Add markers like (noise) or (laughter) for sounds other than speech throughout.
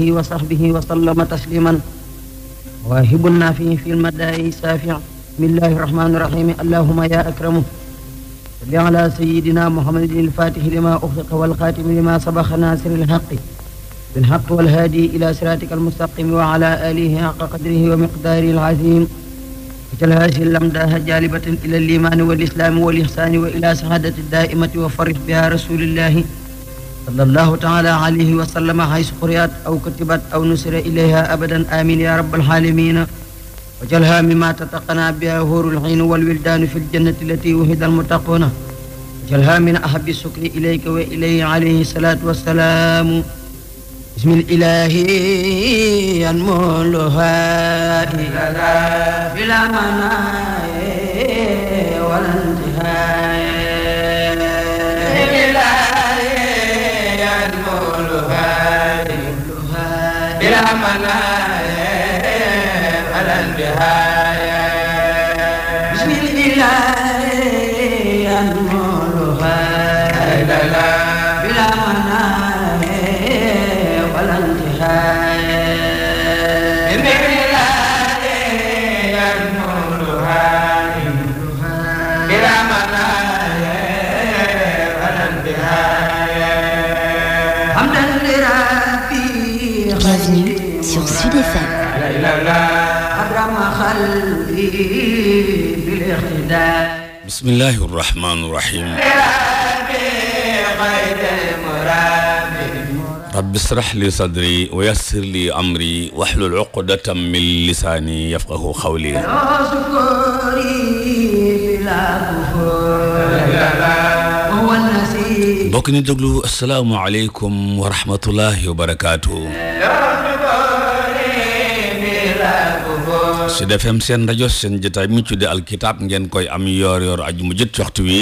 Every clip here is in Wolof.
alihi wa sahbihi wa sallama tasliman waahibun naafihi fi lmadaayi saafi bismillahi rahmani rahimi allahuma ya akramu salli ala sayidina muhammadin alfaatihi lima uxliqa walxaatimi lima sabaxa naasiri lxaqi bilxaq walhaadi ila siraatika almustaqimi wa ala alihi xaqa qadrihi wa miqdaarihi alazim اجعلها لمداها جالبة إلى الإيمان والإسلام والإحسان وإلى سعادة الدائمة وفرج بها رسول الله sallallahu taala alayhi wa sallama haysu quriat aw kutibat aw nusira ilayha abadan amin ya rabbal alamina wajalha mima tataqana biha hurul hin wal wildanu fi ljannati allati wuhida almutaquna wajalha min ahabi sukri ilayka wa ilayhi alayhi salatu wassalamu bismi ilahi an moloha ilala filamanaye منايا على النهاية بسم الله sur Sud FM bismillahi rahmaani rahiim rabbi israh li sadri wa yassir li amri wahlul uqdatam min lisaani yafqahu qawli mbokk ni déglu assalaamu aleykum wa rahmatullahi wa barakaatuh Sud FM seen rajo seen jotaay mi tudde alkitab ngeen koy am yoor yoor aju mu jët ci waxtu wi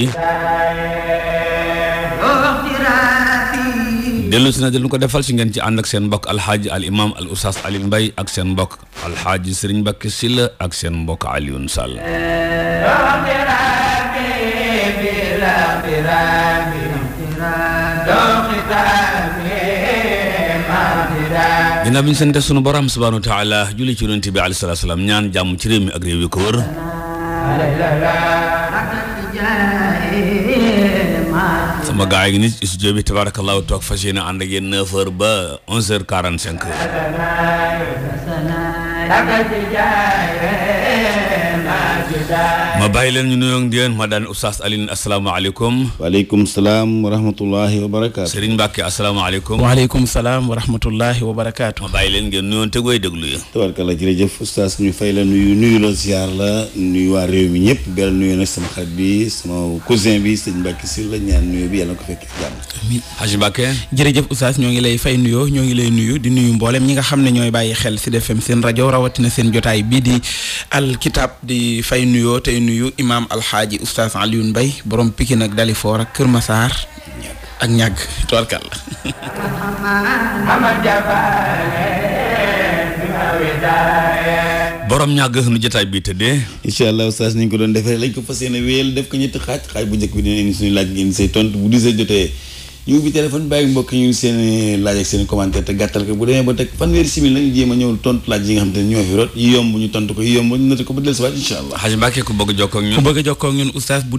dellu si na dellu ko defal ci ngeen ci ànd ak seen mbokk alxaaji al imam al oustaz Aliou Mbaye ak seen mbokk alxaaji Serigne Mbacké Sylla ak seen mbokk Alioune Sall naa bi ñu sante sunu borom subhaanahu wa taala julli ci yonent bi alayhi salaatu salaam ñaan jàmm ci réew mi ak réew yu ko wër sama gaa yi nit studio bi tabaarakallaahu toog fas yéene ànd ak yéen 9 heures ba 11 heures 45 ma bàyyi leen ñu nuyoog ngeen ma daan Oustaz Alioune asalaamaaleykum. waaleykum salaam wa rahmatullahi wa barakaatu. Serigne Mbacke asalaamaaleykum. waaleykum salaam wa rahmatullahi wa barakaatu. ma bàyyi leen ngeen nuyoon te goy déglu yéen. tabarkalla jërëjëf Oustaz ñu fay la nuyu nuyu la ziar la nuyu waa réew mi ñëpp bel nuyu nag sama xarit bi sama cousin bi sëñ Mbacke si la ñaan nuyu bi yàlla na ko fekk jàmm. amiin Haji Mbacke. jërëjëf Oustaz ñoo ngi lay fay nuyoo ñoo ngi lay nuyu di nuyu mboolem ñi nga xam ne ñooy bàyyi xel Sud FM seen rajo rawatina seen jotaay bii di Al Kitab di fay nuyu nuyoo tey nuyu imaam alxaaji oustaz Alioune Mbaye borom Kër Massar ak ñàgg toorkal (laughs) jotaay bi tëddee. incha allah oustaz ni ñu ko doon defee lañ ko fas yéene wéyal def ko ñetti xaaj xaaj bu njëkk bi dinañ indi suñu laaj ngeen say tontu bu 10 jotee. ñu ubbi téléphone bàyyi mbokk ñu seen bu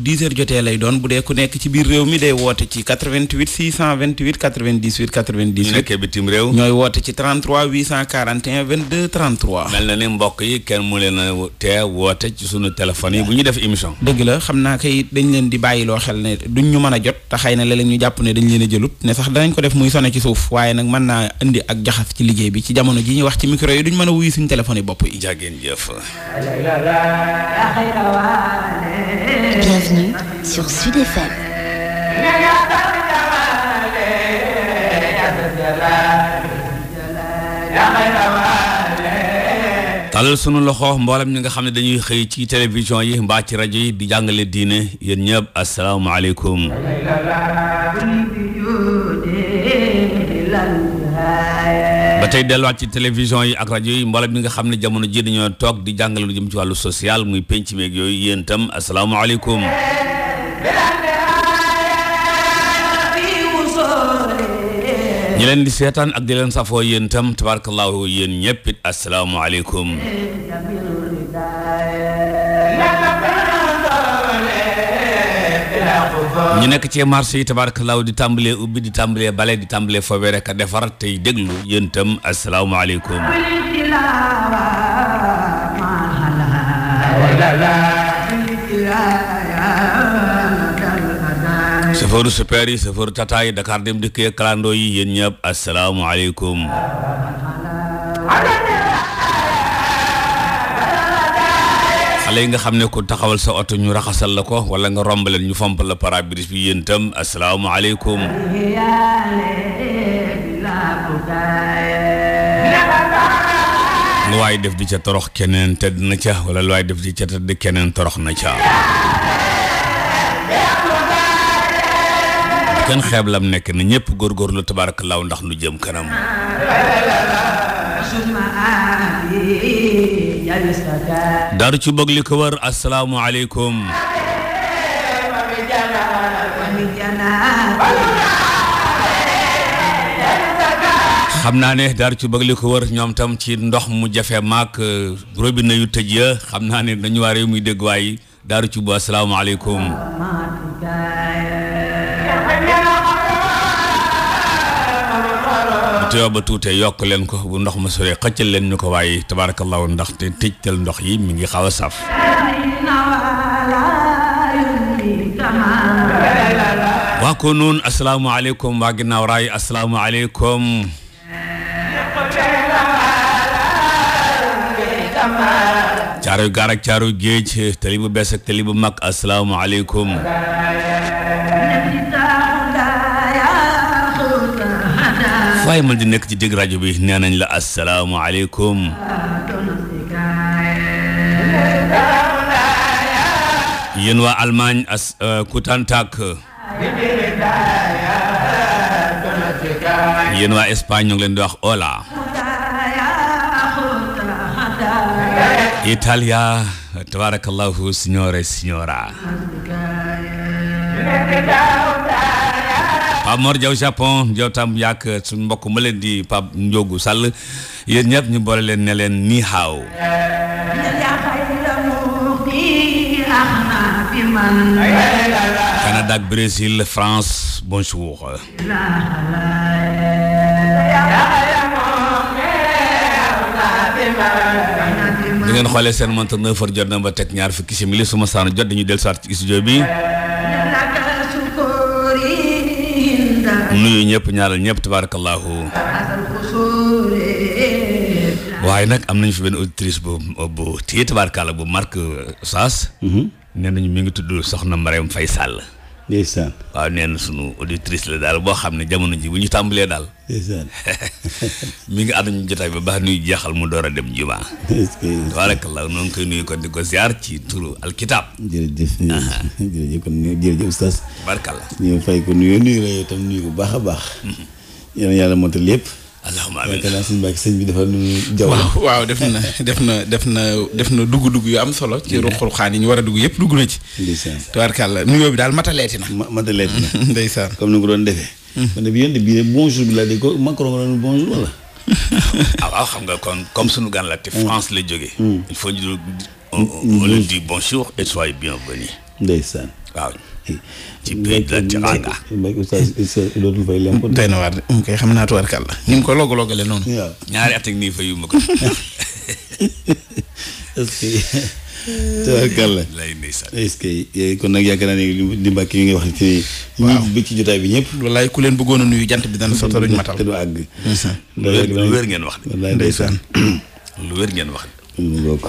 dee ku nekk ci biir réew mi day woote ci 88 628 98 98 nekkee bitim réew ñooy woote ci mel na ni mbokk yi kenn mu leen a woote ci sunu téléphone yi bu ñu def émission dëgg la xam naa kay dañ leen di bàyyi xel ne duñ ñu a jot te xëy na ñu jàpp ne dañ leen leen a ne sax danañ ko def muy sone ci suuf waaye nag mën naa indi ak jaxas ci liggéey bi ci jamono ji ñuy wax ci micro yi duñ mën a wuyu suñu téléphone yi bopp yi. jàggeen jëf. tàllal sunu loxo mboolem mi nga xam ne dañuy xëy ci télévision yi mbaa ci rajo yi di jàngale diine yéen ñëpp asalaamaaleykum ba tey delluwaat ci télévision yi ak rajo yi mboolem ñi nga xam ne jamono ji dañoo toog di jàngale lu jëm ci wàllu social muy penc meeg yooyu yéen itam asalaamaaleykum ñi leen di seetaan ak di leen safoo yéen itam tabarakallahu yéen ñëpp it asalaamaaleykum ñu nekk ci marché yi tabarakallahu di tàmbalee ubbi di tàmbalee bale di tàmbalee foofee rek a defar tey déglu yéen itam asalaamaaleykum sëfëru super yi sëfëru tata yi Dakar dem dikk yeeg kalandoo yi yéen ñëpp asalaamualeykum. xale yi nga xam ne ku taxawal sa oto ñu raxasal la ko wala nga romb ñu fompal la pare bi yéen itam asalaamualeykum. lu waay def di ca torox keneen tëdd na ca wala lu waay def di ca tëdd keneen torox na ca. kenn xeeb lam nekk na ñëpp góorgóorlu tabaarakallaahu ndax nu jëm kanam daaru ci bëgg li ko wër asalaamualeykum xam naa ne daaru ci bëgg li ko wër ñoom tam ci ndox mu jafe maak euh, robinet yu tëj ya xam naa ne dañu waa réew muy dégg waaye daaru ci bu asalaamualeykum tuyaaba ba tuutee yokk leen ko bu ndox ma soree xëccal leen ñu ko waaye tabaarakallaahu ndax te tëjtal ndox yi mi ngi xaw a saf waa ko noonu asalaamaaleykum waa ginnaaw raay asalaamaaleykum caaru gaar ak caaru géej tali bu bees ak tali bu mag asalaamaaleykum waaye man di nekk ci dégg rajo bi nee nañ la asalaamaaleykum yéen waa Allemagne as euh, Kutantak yéen waa Espagne ñu ngi leen di wax hola Italia tabarakallahu Pape Mor Diaw Japon Diaw tam yàgg suñ mbokk ma leen di Pape Ndiogu Sall yéen ñëpp ñu boole leen ne leen nii xaaw Canada ak Brésil France bonjour di ngeen xoolee seen montre neuf heures jot na ba teg ñaar fukki simili su ma saan jot dañuy dellusiwaat ci studio bi nuyu ñëpp ñaar ñëpp tabaarakallaahu waaye nag am nañu fi benn auditrice bu bu téye bu marque Saas. Mhm. nee nañu mi ngi tudd Soxna Mariam fay Sall. ndeysaan waaw nee sunu auditrice la daal boo xam ne jamono ji bu ñu tàmbalee daal. ndeysaan (laughs) mi ngi ànd ñu jotaay ba baax nuy jeexal mu door a dem juma. tabarakallah noo ngi koy nuyu kon di ko ziar ci turu alkitab. jërëjëf jërëjëf kon jërëjëf oustaz. ñu fay ko nuyoo nuyu la tam nuyu bu baax a baax. Mhm. yéen yàlla moo motal lépp. allahumma amiin yaakaar naa sëñ Mbacke sëñ waaw waaw def na def na def na def na dugg-dugg yu am solo ci ruqruqaan yi ñu war a dugg yëpp dugg na ci ndeysaan tubaarkàlla nuyoo bi daal mataleeti na mataleeti na (laughs) ndeysaan comme ni ko doon defee ma ne bi yéen bii bonjour bi laa dégg ko Macron nga doon bonjour wala (laughs) ah, waaw xam nga kon comme sunu gan la te hmm. France la jógee hmm. il faut ñu hmm. on le dit bonjour et soyez bienvenus ndeysaan waaw ci géej la ci rànga. mbay oustaz dootul fay lemp. doy na waar de mu koy xam naa tubarkàll la. ni mu ko loogu loogale noonu. waaw ñaari at ak nii fa yumb ko. est-ce (laughs) que (laughs) tubarkàll la. lay ndeysaan est-ce eh, kon nag yaakaar naa ne li mbàkk yi nga wax ci. waaw ñi bi ci jotaay bi ñëpp. wallaay a nuyu jant bi dana sotti duñ matal. te du àgg. lu wér ngeen nag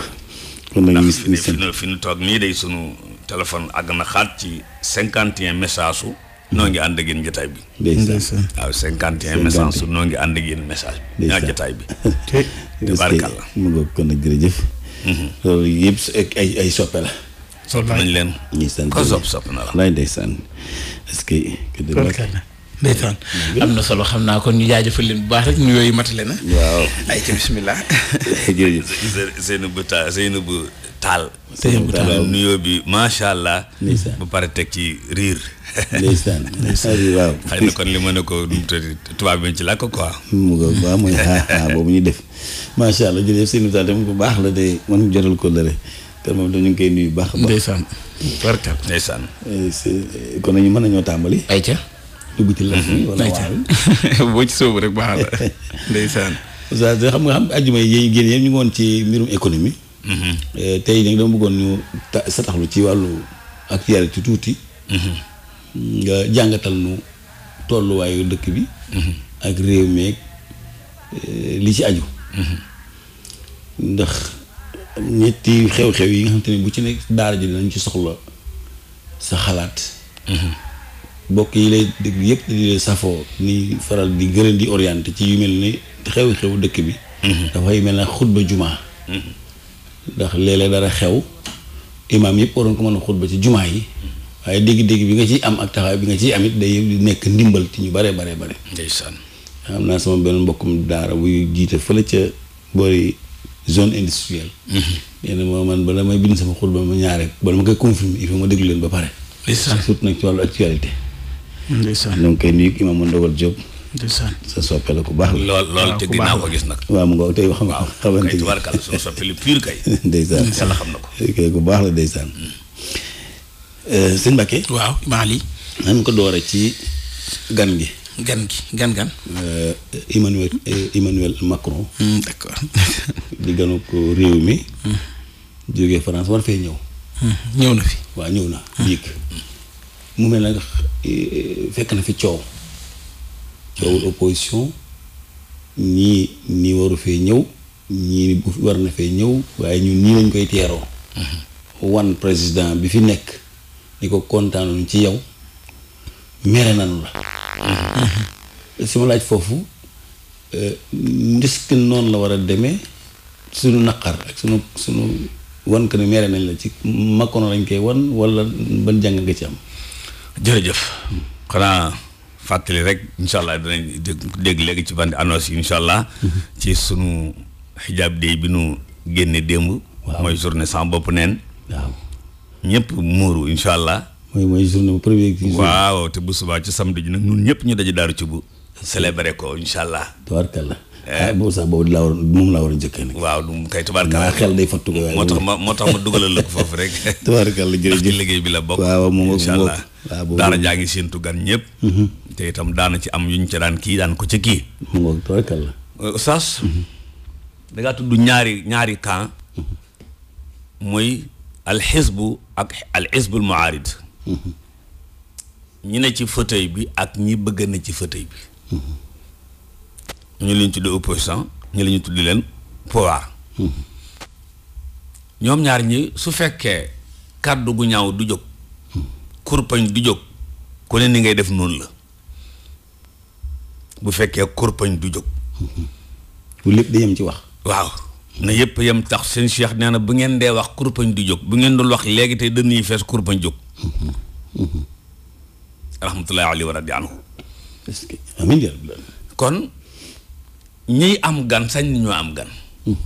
ñu ngi toog nii day sunu. téléphone àgg na xaat ci cinquante et message su noo ngi ànd ak yéen bi. ndeysaan waaw cinquante et un message su bi. ndeysaan jotaay bi. te mu ngoog kon nag jërëjëf. Mm-hmm. loolu yëpp ay ay soppe la. sopp nañ leen. ko sopp sopp na la. wallaay ndeysaan est-ce que. ndeysaan am na solo xam naa kon ñu jaajëfal leen bu baax rek ñu yooyu matale na. waaw ay ci bismillah. (laughs) taal. sëñ bu taal nuyoo bi macha allah. bu pare teg ci riir. ndeysaan (laughs) waaw. xëy na kon li ma ne ko tubaab bi ci làkk quoi. mu ko boobu ñu def macha allah jërëjëf sëñ bu taal tamit bu baax la de man jotal ko lëre te moom dañu ngi koy nuyu baax a baax. ndeysaan barkal ndeysaan. Eh, kon nañu mën nañoo tàmbali. ayca. dugg ci las (laughs) mi boo ci sóobu rek baax la (laughs) ndeysaan. parce que xam nga xam ajjuma yi yéen ñu ngi ci mbirum économie. Euh, tey nag dama bëggoon ñu sa taxlu ci wàllu actualité tuuti. Mhm. nga jàngatal nu tolluwaayu dëkk bi. Mhm. ak réew meeg euh, li ci aju. Mhm. ndax ñetti xew-xew yi nga xam ne bu ci nekk daara ji dinañ ci soxla sa xalaat. mbokk yi lay dégg yëpp di leen safoo ni faral di gërëm di orienté ci yu mel ni xew-xew dëkk bi. dafay mel ne xutba jumaa ndax léeg-léeg dara xew imaam yëpp waroon ko mën a xutba ci jumaa yi waaye dégg-dégg bi nga ciy am ak taxaw bi nga ciy amit it day nekk ndimbal ti ñu bare bare bare son am naa sama benn mbokkum daara buy jiite fële ca boori zone industrielle mhm. nee na man bala may bind sama xutba ma ñaare bala ma koy confirmer il faut ma déglu leen ba pare surtout nag ci wàllu actualité ndeysaan donc koy nuyu imaam ma ndogal Diop ndeysaan sa soppe la ku baax la. lool lool te dinaa ko gis nag. waaw mu ngoog tey xam nga xamante ni waaw kay tubaarkàlla soppe lu pur kay. ndeysaan xam na ko. kay baax la ndeysaan. Mm. Euh, sëñ Mbacké. waaw Maali. ko doore ci gan gi. gan gi gan gan. Euh, Emmanuel euh, Emmanuel Macron. Mm, d'accord. (laughs) di ganu ko réew mi. Mm. jógee France war fee ñëw. ñëw na fi. waaw ñëw na. biig mu fekk na fi coow. teewul opposition ñii nii waru fee ñëw ñii bu na fee ñëw waaye ñun nii lañ koy teeroo mhm. wan président bi fi nekk ni ko kontaanuñ ci yow mere nanu la mhm. su ma laaj foofu ndis euh, noonu la war a demee suñu naqar ak suñu suñu wan ko ne mere nañ la ci makkono lañ koy wan walla ban jàng nga ci am jërëjëf xanaa fàttali rek incha allah danañ dégg léegi ci bande annonce yi incha allah. Mm-hmm. ci sunu xijaab day bi nu génne démb. mooy journée sans bopp neen. waaw ñëpp muuru incha allah. mooy mooy journée bu premier. waaw te bu subaa ci samedi ji nag ñun ñëpp ñu daje daar ci bu. célébrer ko incha allah. ah boobu sax boobu laa war moom laa war a njëkkee nag. waaw du kay tubaarkàlla xel day fattu ko. moo tax ma moo tax ma dugalal la ko foofu rek. (laughs) tubaarkàlla jërëjëf liggéey bi la bokk. waaw moom ak moom waaw boobu daara jaa ngi séentu gan ñëpp. Mhm. te itam daana ci am yuñ ca daan kii daan ko ca kii. moom ak tubaarkàlla. Euh, Saas. Mhm. da ngaa tudd ñaari ñaari camp. mooy mhm. alxisbu ak alxisbul ne ci fauteuil bi ak ñi bëgg na ci fauteuil bi. ñu leen tuddee opposant ñu la ñu tudd leen pouvoir ñoom ñaar ñi su fekkee kàddu gu ñaaw du jóg kurpañ du jóg ku ne ni ngay def noonu la bu fekkee kurpañ du jóg bu lépp da yem ci wax waaw na yëpp yem tax seen cheikh nee na bu ngeen dee wax kurpañ du jóg bu ngeen dul wax léegi tey dënn yi fees kurpañ jóg (laughs) rahmatullahi alayhi wa radi anhu kon ñiy am gan sañ nañoo am gan. Mhm.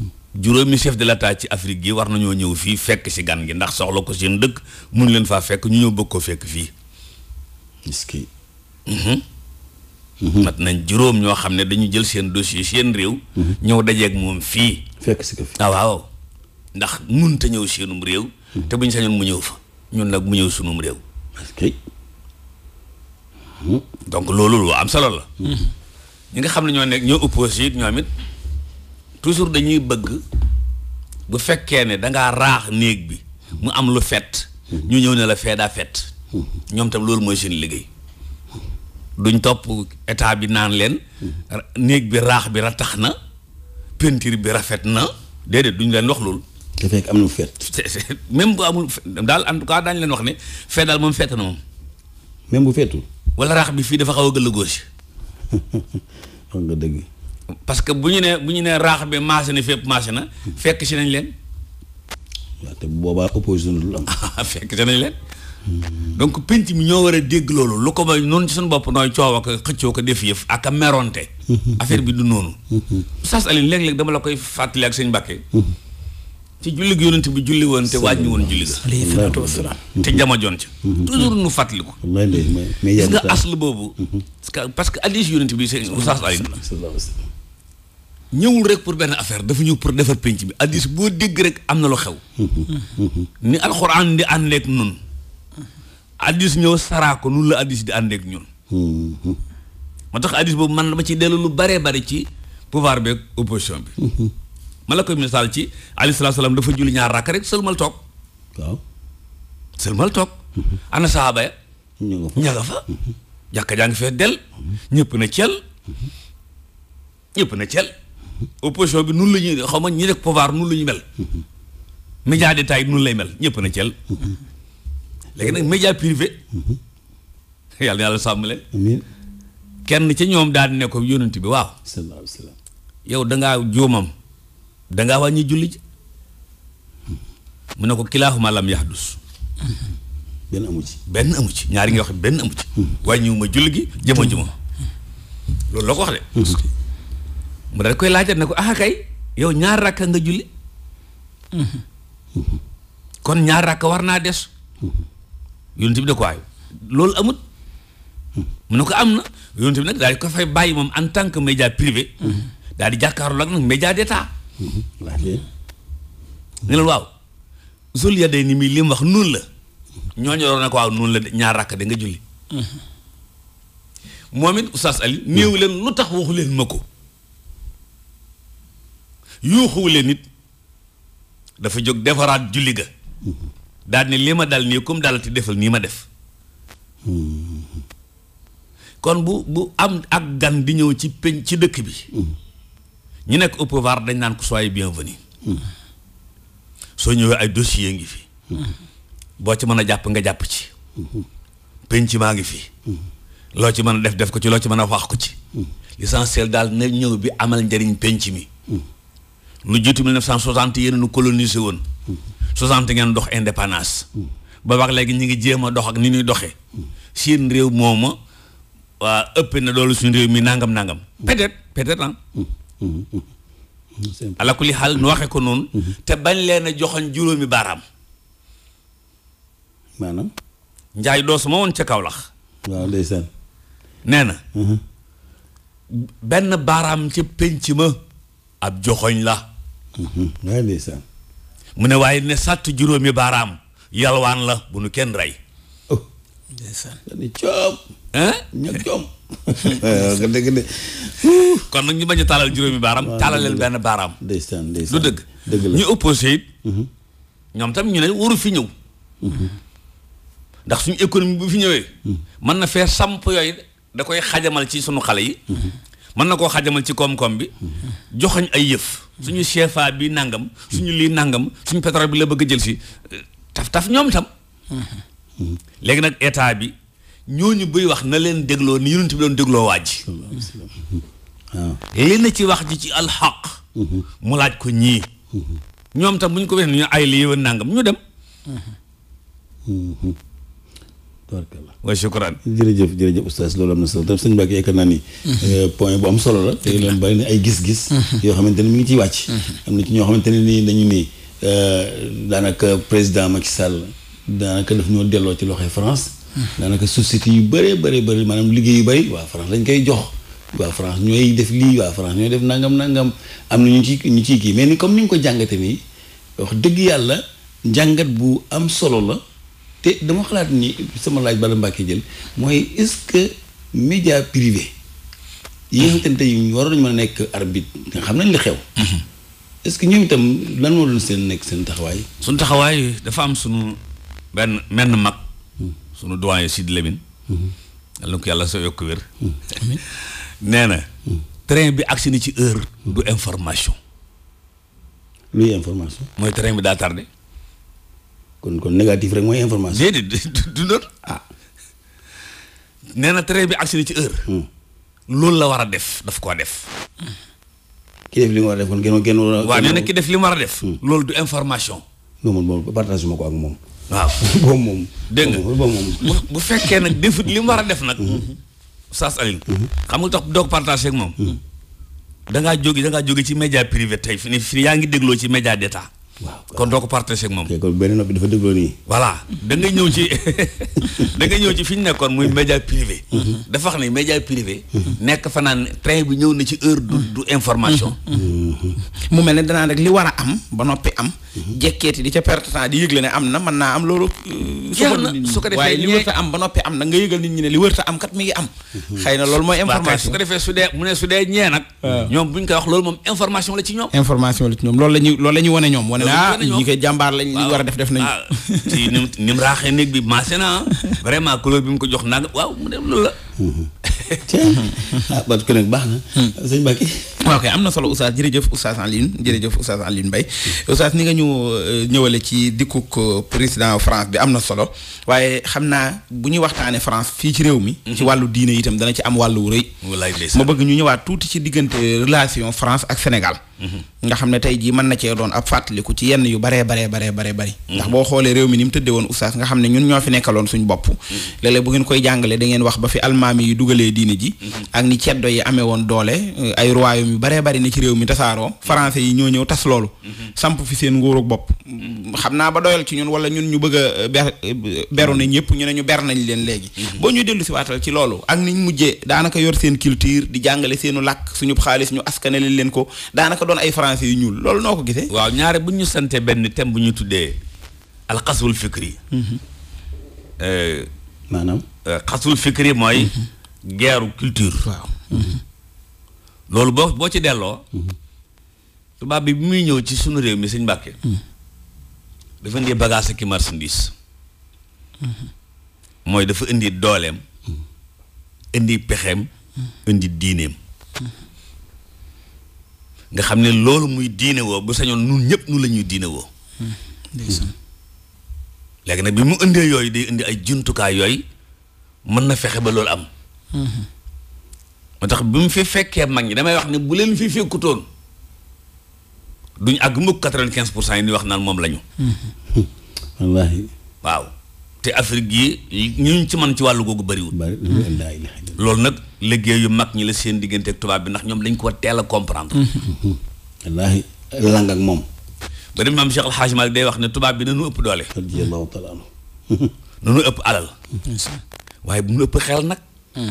juróomi chef de l'État ci Afrique gi war nañoo ñëw fii fekk si gan gi ndax soxla ko seen dëkk mun leen faa fekk ñu ñëw bëgg ko fekk fii. est-ce mhm. mhm. nañ juróom ñoo xam ne dañu jël seen dossier seen réew. ñëw dajeeg moom fii. fekk si ah, waaw. ndax munta ñëw seenum réew. te buñ sañoon mu ñëw fa ñun nag mu ñëw sunum réew. donc loolu lu am solo la. ñi nga xam ne ñoo nekk ñoo opposé it ñoom it toujours dañuy bëgg bu fekkee ne dangaa raax néeg bi mu am lu fet ñu ñëw ne la fee daa fet ñoom tam loolu mooy seen liggéey duñ topp état bi naan leen néeg bi raax bi ratax na peinture bi rafet na déedéet duñ leen wax loolu te fekk am na fet même bu amul daal en tout cas daañu leen wax ne fee daal moom fet na moom même bu fetul wala raax bi fii dafa xaw a gëllëgoo wax nga dëgg. parce que bu ñu nee bu ñu nee raax bi marché na fépp marché na fekk si nañ leen. waaw te bu boobaa opposition lu am. (laughs) fekk si nañ leen. donc penc mi ñoo war a dégg loolu lu ko may noonu ci suñu bopp nooy coow ak xëccoo ko def yëf ak a meronte. (laughs) affaire bi du noonu. (laughs) sas Aline léeg-léeg dama la koy fàttali ak sëñ Mbàkke. ci julli gi yonent bi julli woon te wàññi woon julli ga te jama joon ca mm-hmm. toujours nu fàttaliku mm-hmm. gis nga asl boobu mm-hmm. parce que addis yonent bi seen oustaz Alioune ñëwul rek pour benn affaire dafa ñëw pour defar penc bi addis boo dégg rek am na lu xew ni alxuraan di àndeek nun addis ñëw saraa ko nun la addis di àndeek ñun moo tax addis boobu man na ma ci dellu lu bare bare ci pouvoir beeg opposition bi ma la koy misaal ci alayhi salaatu salaam dafa julli ñaar rakk rek sëlmal toog. waaw sëlmal toog. Mm-hmm. ana saaba ya. ña nga fa mm-hmm. jàkka jaa ngi fee del. Mm-hmm. ñëpp na cel. ñëpp na cel. opposition bi nun la ñuy xaw ma ñi rek pouvoir nun la ñu mel. média d'état yi nun lay mel ñëpp na cel. léegi nag média privé. (laughs) yàlla na yàlla sàmm leen. amiin kenn ca ñoom daal di ne ko yónent bi waaw. sallallahu alayhi wa sallam yow da ngaa juumam. dangaa wàññi julli ji mu ne ko kilaaxuma lam yaxdus benn benn amu ci ñaari nga wax benn amu ci wàññiwuma julli gi jëma jëma loolu la ko wax de mu daal koy laajal ne ko ah yow ñaar rakka nga julli kon ñaar rakka war naa des yonent bi da ko waay loolu amut mu ne ko am na yonent bi nag daal ko fay bàyyi moom en tant que média privé daal di jàkkaarloo ak nag média d'état Mhm. Mhm. ne leen waaw zul ya day ni mii li mu wax nuun la ñoo doon ne ko waaw nuun la ñaar rakk de nga julli mhm. moom it oustaz Ali néew leen lu tax waxu leen ma ko yuuxuwu leen it dafa jóg defaraat julli ga daal ne li ma dal nii comme dalati defal nii ma def kon bu bu am ak gan di ñëw ci peñ ci dëkk bi ñi nekk au pouvoir dañ naan ko soyez bienvenu soo ñëwee ay dossier ngi fi boo ci mën a jàpp nga jàpp ci penc maa ngi fi loo ci mën a def def ko ci loo ci mën a wax ko ci l'essentiel daal ne ñëw bi amal njëriñ penc mi lu jiitu 1960 yéen nu colonisé woon 60 ngeen dox indépendance ba wax léegi ñu ngi jéem a dox ak ni ñuy doxee seen réew mooma waa ëpp na doolu suñu réew mi nangam nangam peut-être peut Mm-hmm. ala kulli xaal nu waxe ko noonu mm-hmm. te bañ leen a joxoñ juróomi baaraam maanaam njaay doosu ma woon ca Kawlax waaw ndeysaan nee na mm-hmm. benn baaraam ca pénc ma ab joxoñ la mu ne waaye ne sàtt juróomi baaraam yalwaan la bu nu kenn rey oh. ndeysaan dañu coom ñag coom nga dégg kon nag ñu bañ a taalal juróomi baaraam. waaw taalal leen benn baaraam. ndeysaan ndeysaan du dëgg. dëgg la ñu opposé it. Mhm. ñoom tam ñu ne waru fi ñëw. Mhm. ndax suñu économie bu fi ñëwee. Mhm. mën na fee samp yooyu da koy xajamal ci suñu xale yi. mën na koo xajamal ci koom-koom bi. joxoñ ay yëf. suñu CFA bi nangam. suñu lii nangam suñu pétrole bi la bëgg a jël si. taf taf ñoom tam. léegi nag état bi. ñooñu buy wax na leen dégloo ni yonent bi doon dégloo waa ji waaw li na ci wax ji ci alxaq mu laaj ko ñii ñoom tam bu ñu ko waxee ñu ay lii wa nàngam ñu dem barkalla wa shukran jërëjëf jërëjëf oustaz loolu am na solo tam sëñ Mbacke yaakaar naa ni euh, point bu am solo la te leen bari na ay gis-gis yoo xamante ne mu ngi ciy wàcc am na ci ñoo xamante ne nii dañu ni euh, daanaka président Macky Sall daanaka daf ñoo delloo ci loxoy France daanaka société yu bëree bëri bëri maanaam liggéey yu bëri waa France lañ koy jox waa France ñooy def lii waa France ñooy def nangam nangam am na ñu ci ñu ciy kii mais ni comme ni nga ko jàngate nii wax dëgg yàlla njàngat bu am solo la te dama xalaat ni sama laaj bala Mbàkke jël mooy est-ce que média privé yi nga xamante ne tey waroon nañu mën a nekk arbitre nga xam nañ li xew mm-hmm. est-ce que ñoom itam lan moo doon seen nekk seen taxawaay suñu taxawaay dafa am suñu benn menn sunu doyen Sidi Lamine. Mhm. yal na ko yàlla sa yokk wér. Mhm. (laughs) nee na. Mhm. train bi agsi na ci heure. du information. luy information. mooy train bi daa tardé. kon kon négatif rek mooy information. déedéet du doon ah. nee na train bi agsi na hmm. la war a def daf koo def. ki def li mu war a def gën a gën def li mu war hmm. loolu du information. non man moom partagé ma ko ak moom. waaw (laughs) moom. dégg nga boobu moom. bu fekkee nag defut li mu war a def nag. Mm-hmm. Oustaz Alioune. Mm-hmm. xam nga tax doog partagé ak moom. Mm-hmm. da ngaa jóge da ngaa jóge ci média privé tey fi ni yaa ngi dégloo ci média d'état. waaw kon doo ko partagé ak moom. ok kon benn noppi dafa dégloo nii. voilà da nga ñëw ci (laughs) da ñëw ci fi ñu nekkoon muy média privé. dafa wax ne média privé. nekk fanaan naan train bi ñëw na ci heure du du information. mu mel ne danaa rek li war a am ba noppi am. jekkeeti di ca perte temps di yëgle ne am na mën naa am loolu. Euh, jeex na su ko defee waaye li wërta am ba noppi am na yëgal nit ñi ne li wërta am kat mi ngi am. xëy na loolu mooy information la ci ñoom. information la ci ñoom ah ñi koy jàmbaar lañ war a def def nañu. Ah, ci ni mu ni néeg bi maase na ah. (laughs) vraiment couleur bi mu ko jox nag waaw mu dem loolu la. Mhm. (laughs) ah ba na. Hmm. sëñ Mbacke. ok am na solo Oustaz jërëjëf Oustaz Alioune jërëjëf Oustaz Alioune Mbaye ni nga ñu euh, ñëwale ci dikkuk euh, président France bi am na solo waaye xam naa bu ñuy waxtaanee France fii ci réew mi. ci hmm. wàllu diine itam dana ci am wàllu rëy. ma bëgg ñu ñëwaat tuuti ci diggante relation France ak Sénégal. Hmm. nga xam ne tey jii mën na cee doon ab fàttaliku ci yenn yu baree baree baree baree bëri ndax boo xoolee réew mi ni mu tëddee woon Oustaz nga xam ne ñun ñoo fi nekkaloon suñu bopp léeg-léeg bu dugalee diine ji mm-hmm. ak ni ceddo yi amee woon doole euh, ay royaume yu baree bari ni ci réew mi tasaaroo mm-hmm. français yi ñoo ñëw tas loolu mm-hmm. samp fi seen nguurug bopp xam naa ba doyal ci ñun wala ñun ñu bëgg a euh, ber euh, beru nañ ñëpp ñu ne ñu ber nañ leen léegi boo ñu dellu si waatal ci loolu ak ni niñ mujjee daanaka yor seen culture di jàngale seenu làkk suñu xaalis ñu askanale leen ko daanaka doon ay français yu ñuul loolu noo ko gisee waaw ñaare bu ñu sante benn thème bu ñu tuddee alxasul fikri guerre culture. loolu boo boo ci delloo. tubaab bi bi muy ñëw ci sunu réew mi sëñ Mbàkke. dafa indi bagage ak marchandise. mooy dafa indi dooleem. indi pexeem. indi diineem. nga xam ne loolu muy diine woo bu sañoon nun ñëpp nu la ñuy diine woo. léegi nag bi mu indee yooyu day indi ay jumtukaay yooyu mën na fexe ba loolu am. moo tax bi mu fi fekkee mag ñi damay wax ne bu leen fi fekkutoon duñ àgg mukk quatre pour cent yi ñuy wax naan moom lañu (laughs) waaw te Afrique yi ñun ci man ci wàllu googu bëriwul lool nag liggéey yu mag ñi la seen diggante tubaab bi ndax ñoom dañ ko teel a comprendre (laughs) wallaahi lang ak moom bari maam Cheikh Al Hadj Malick day wax ne tubaab bi nanu ëpp doole (laughs) nanu ëpp alal waaye bu nu ëpp xel nag bu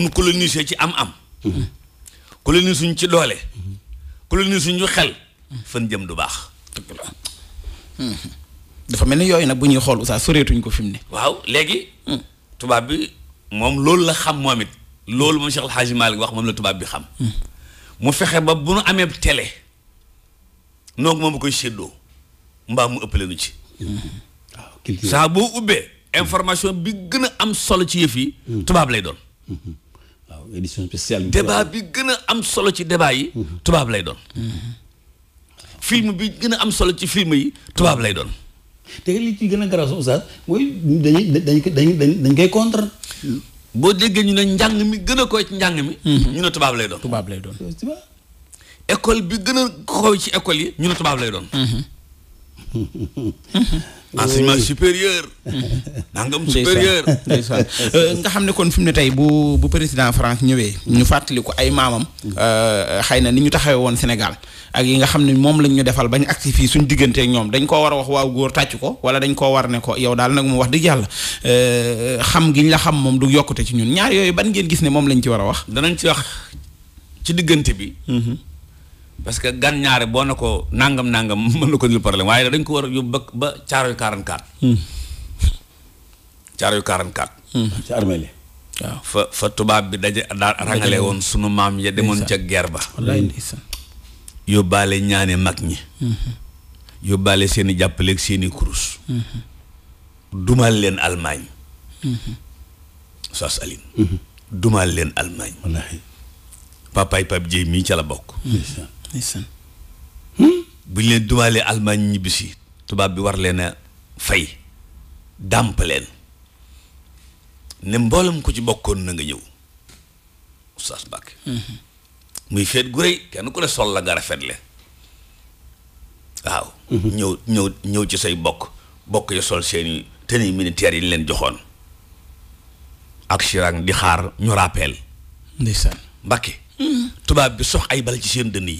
nu coloniser ci am-am. coloniser suñ ci doole. suñ suñu xel. fan jëm du baax. Hmm. dafa mel ni yooyu nag bu ñuy xool oustaz soreetuñ ko fi mu ne. waaw léegi. Hmm. tubaab bi moom loolu la xam moom it. loolu moom Cheikh El Hadj wax moom la tubaab bi xam. Hmm. mu fexe ba bu nu amee télé. noog moom koy séddoo mbaa mu ëppale nu ci. Ah, saa boo ubbee. information bi gën a am solo ci yëf yi. Hmm. tubaab lay doon. Hmm. waaw édition spéciale. bi gën a am solo ci débat yi. Hmm. tubaab lay doon. film bi gën a am solo ci film yi tubaab lay doon. te li ci gën a garaaw oustaz mooy dañuy dañ dañ dañ koy contre. boo déggee ñu ne njàng mi gën a koy ci njàng mi. ñu ne tubaab lay doon. tubaab lay doon. école bi gën a xaw ci école yi. ñu ne tubaab lay doon. enseignement supérieur (laughs) nangam supérieur euh, nga xam ne kon fi mu ne tey bu bu président France ñëwee ñu fàttali ko ay maamam euh, xëy na ni ñu taxawee woon Sénégal ak yi nga xam ne moom lañ ñu defal bañ agsi fii suñ diggante ñoom dañ koo war a wax waaw góor tàcc ko wala dañ koo war ne ko yow daal nag mu wax dëgg yàlla euh, xam giñ la xam moom du yokkute ci ñun ñaar yooyu ban ngeen gis ne moom lañ ci war a wax danañ ci wax ci diggante bi mm-hmm. parce que gan ñaare boo na ko nangam nangam (laughs) mën na ko dil problème waaye dañ ko war a yóbbu ba ba caaro hmm. yu hmm. tubaab bi daje woon sunu maam ya demoon ca guerre ba. wallaay hmm. ndeysaan yóbbaale ñaane mag ñi. yóbbaale seeni i seeni seen i kurus. dumal leen Allemagne. Saas Aline. dumal leen Allemagne. mii ca la bokk. Hmm? bu ñu leen duwalee Allemagne ñibbisi tubaab bi war leen a fay dàmp leen ne mboolem ko ci bokkoon na nga ñëw Oustaz Mbacke mhm. muy feet gu rëy kenn ku ne sol la nga rafetle waaw mhm. ñëw ñëw ñëw ci say bokk bokk ya sol seeni tenue militaire yi ñu leen joxoon ak Chirac di xaar ñu rappel ndeysaan tubaab bi sox ay bal ci seen dënn yi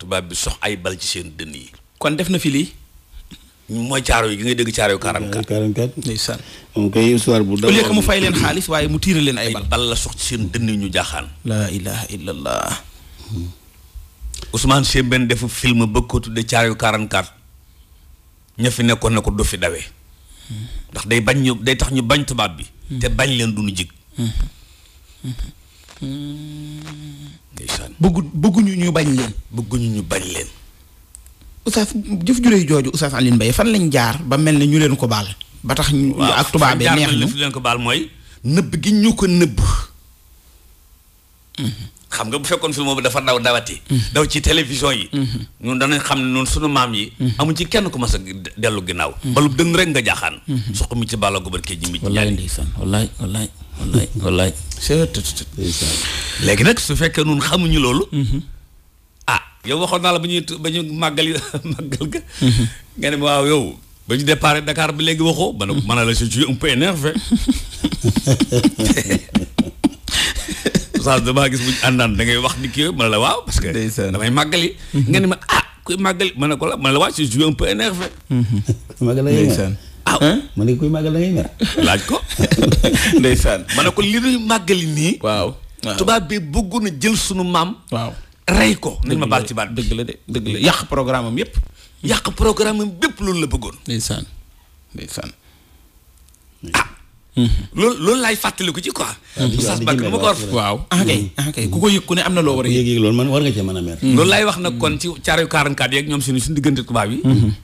tubaab bi sox ay bal ci seen dënn yi kon def na fi lii mooy caaro yi gi ngay dégg caaro yu 44 44 mu fay leen xaalis waaye mu tiire leen ay bal la sox ci seen dënn ñu jaaxaan laa ilaha hmm. defu film bëgg ko tudde caaro fi nekkoon na ko du fi dawee hmm. ndax day bañ ñu day tax ñu bañ tubaab bi hmm. te bañ leen du ñu jig hmm. Hmm. bëggu bëgguñu ñu bañ leen bëgguñu ñu bañ leen Oustaz jëf juree jooju Oustaz Alioune bay fan lañ jaar ba mel ne ñu leen ko baal ba tax ñu ak tubaab bee neex ñu leen ko baal mooy nëbb gi ñu ko nëbb xam nga bu fekkoon film boobu dafa ndaw dawati. daw ci télévision yi. ñun danañ xam ne noonu sunu maam yi. amuñ ci kenn ku ma sa dellu ginnaaw. Hmm. balub dëng rek nga jaaxaan. Hmm. suq mi ci bàlla gobar kii ji mi. wallaay ndeysaan wallaay wallaay wallaay wallaay. léegi nag su fekkee ñun xamuñu loolu. Hmm. ah yow waxoon naa la ba ñuy ba ñu màggali (laughs) màggal ga. nga ne ma waaw yow. ba ñu départ Dakar bi léegi waxoo. ma ne ma ne la je suis un peu (laughs) oustaz damaa gis bu ñu àndaan da ngay wax ni kii ma ne la waaw parce que damay màggali nga ne ma ah kuy màggali ma ne ko la (laughs) ah, ma ne ma ne kuy màggal da laaj ko (laughs) ndeysaan ma ne ko li nuy màggali nii waaw tubaab bi bëggoon a jël suñu maam waaw rey ko nañ ma baal ci baat dëgg la de dëgg la yàq programme am yëpp yàq programme am bépp loolu la bëggoon ndeysaan ndeysaan ah, loolu loolu laay fàttaliku ci quoi. Ah, Oustaz Bakk nu ma ko war waaw. ah kay ah kay ku ko yëg ku ne am na loo war a yëg loolu man war nga cee mën a mer. Hmm. loolu laay wax nag kon ci caaru 44 yeeg ñoom suñu suñu diggante tubaab yi. Hmm.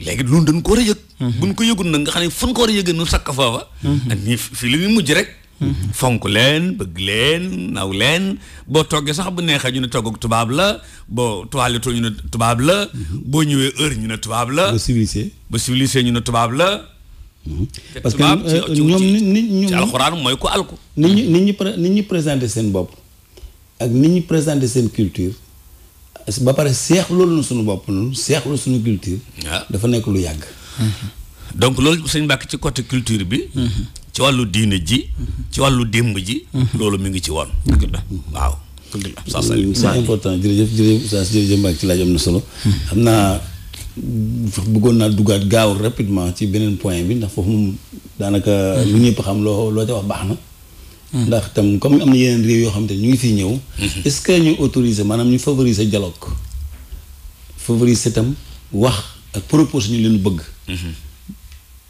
léegi loolu dañ ko war a yëg. Hmm. buñ ko yëgul nag nga xam ne fu ñu ko war a yëgee nu sakk foofa. ak nii fii li ñuy mujj rek. fonk leen bëgg leen naw leen boo toggee sax bu neexee ñu ne togg tubaab la boo toiletoo ñu ne tubaab la boo ñëwee heure ñu ne tubaab la. ba ba civilisé ñu ne tubaab la. Mhm. parce que euh, ñoom nit ñi ci alxuraan mooy ko alku nit ñi nit ñi nit ñi présenté seen bopp ak nit ñi présenté seen culture ba pare loolu na suñu bopp noonu seexlu suñu culture ah. dafa nekk lu yàgg mhm. donc loolu sëñ Mbàkke ci côté culture bi mhm. ci wàllu diine ji ci wàllu démb ji loolu mu ngi ci woon waaw c'est important jërëjëf jërëjëf Oustaz jërëjëf Mbàkke ci laaj am na solo xam naa bëggoon naa duggaat gaaw rapidement ci beneen point bi ndax foofu moom daanaka. Mm-hmm. lu ñëpp xam loo loo ca wax baax na. Mm-hmm. ndax tam comme am na yeneen réew yoo xam te ñu ngi fiy ñëw. Mm-hmm. est-ce que ñu autoriser maanaam ñu favoriser dialogue. favoriser itam wax ak proposer ñu leen bëgg.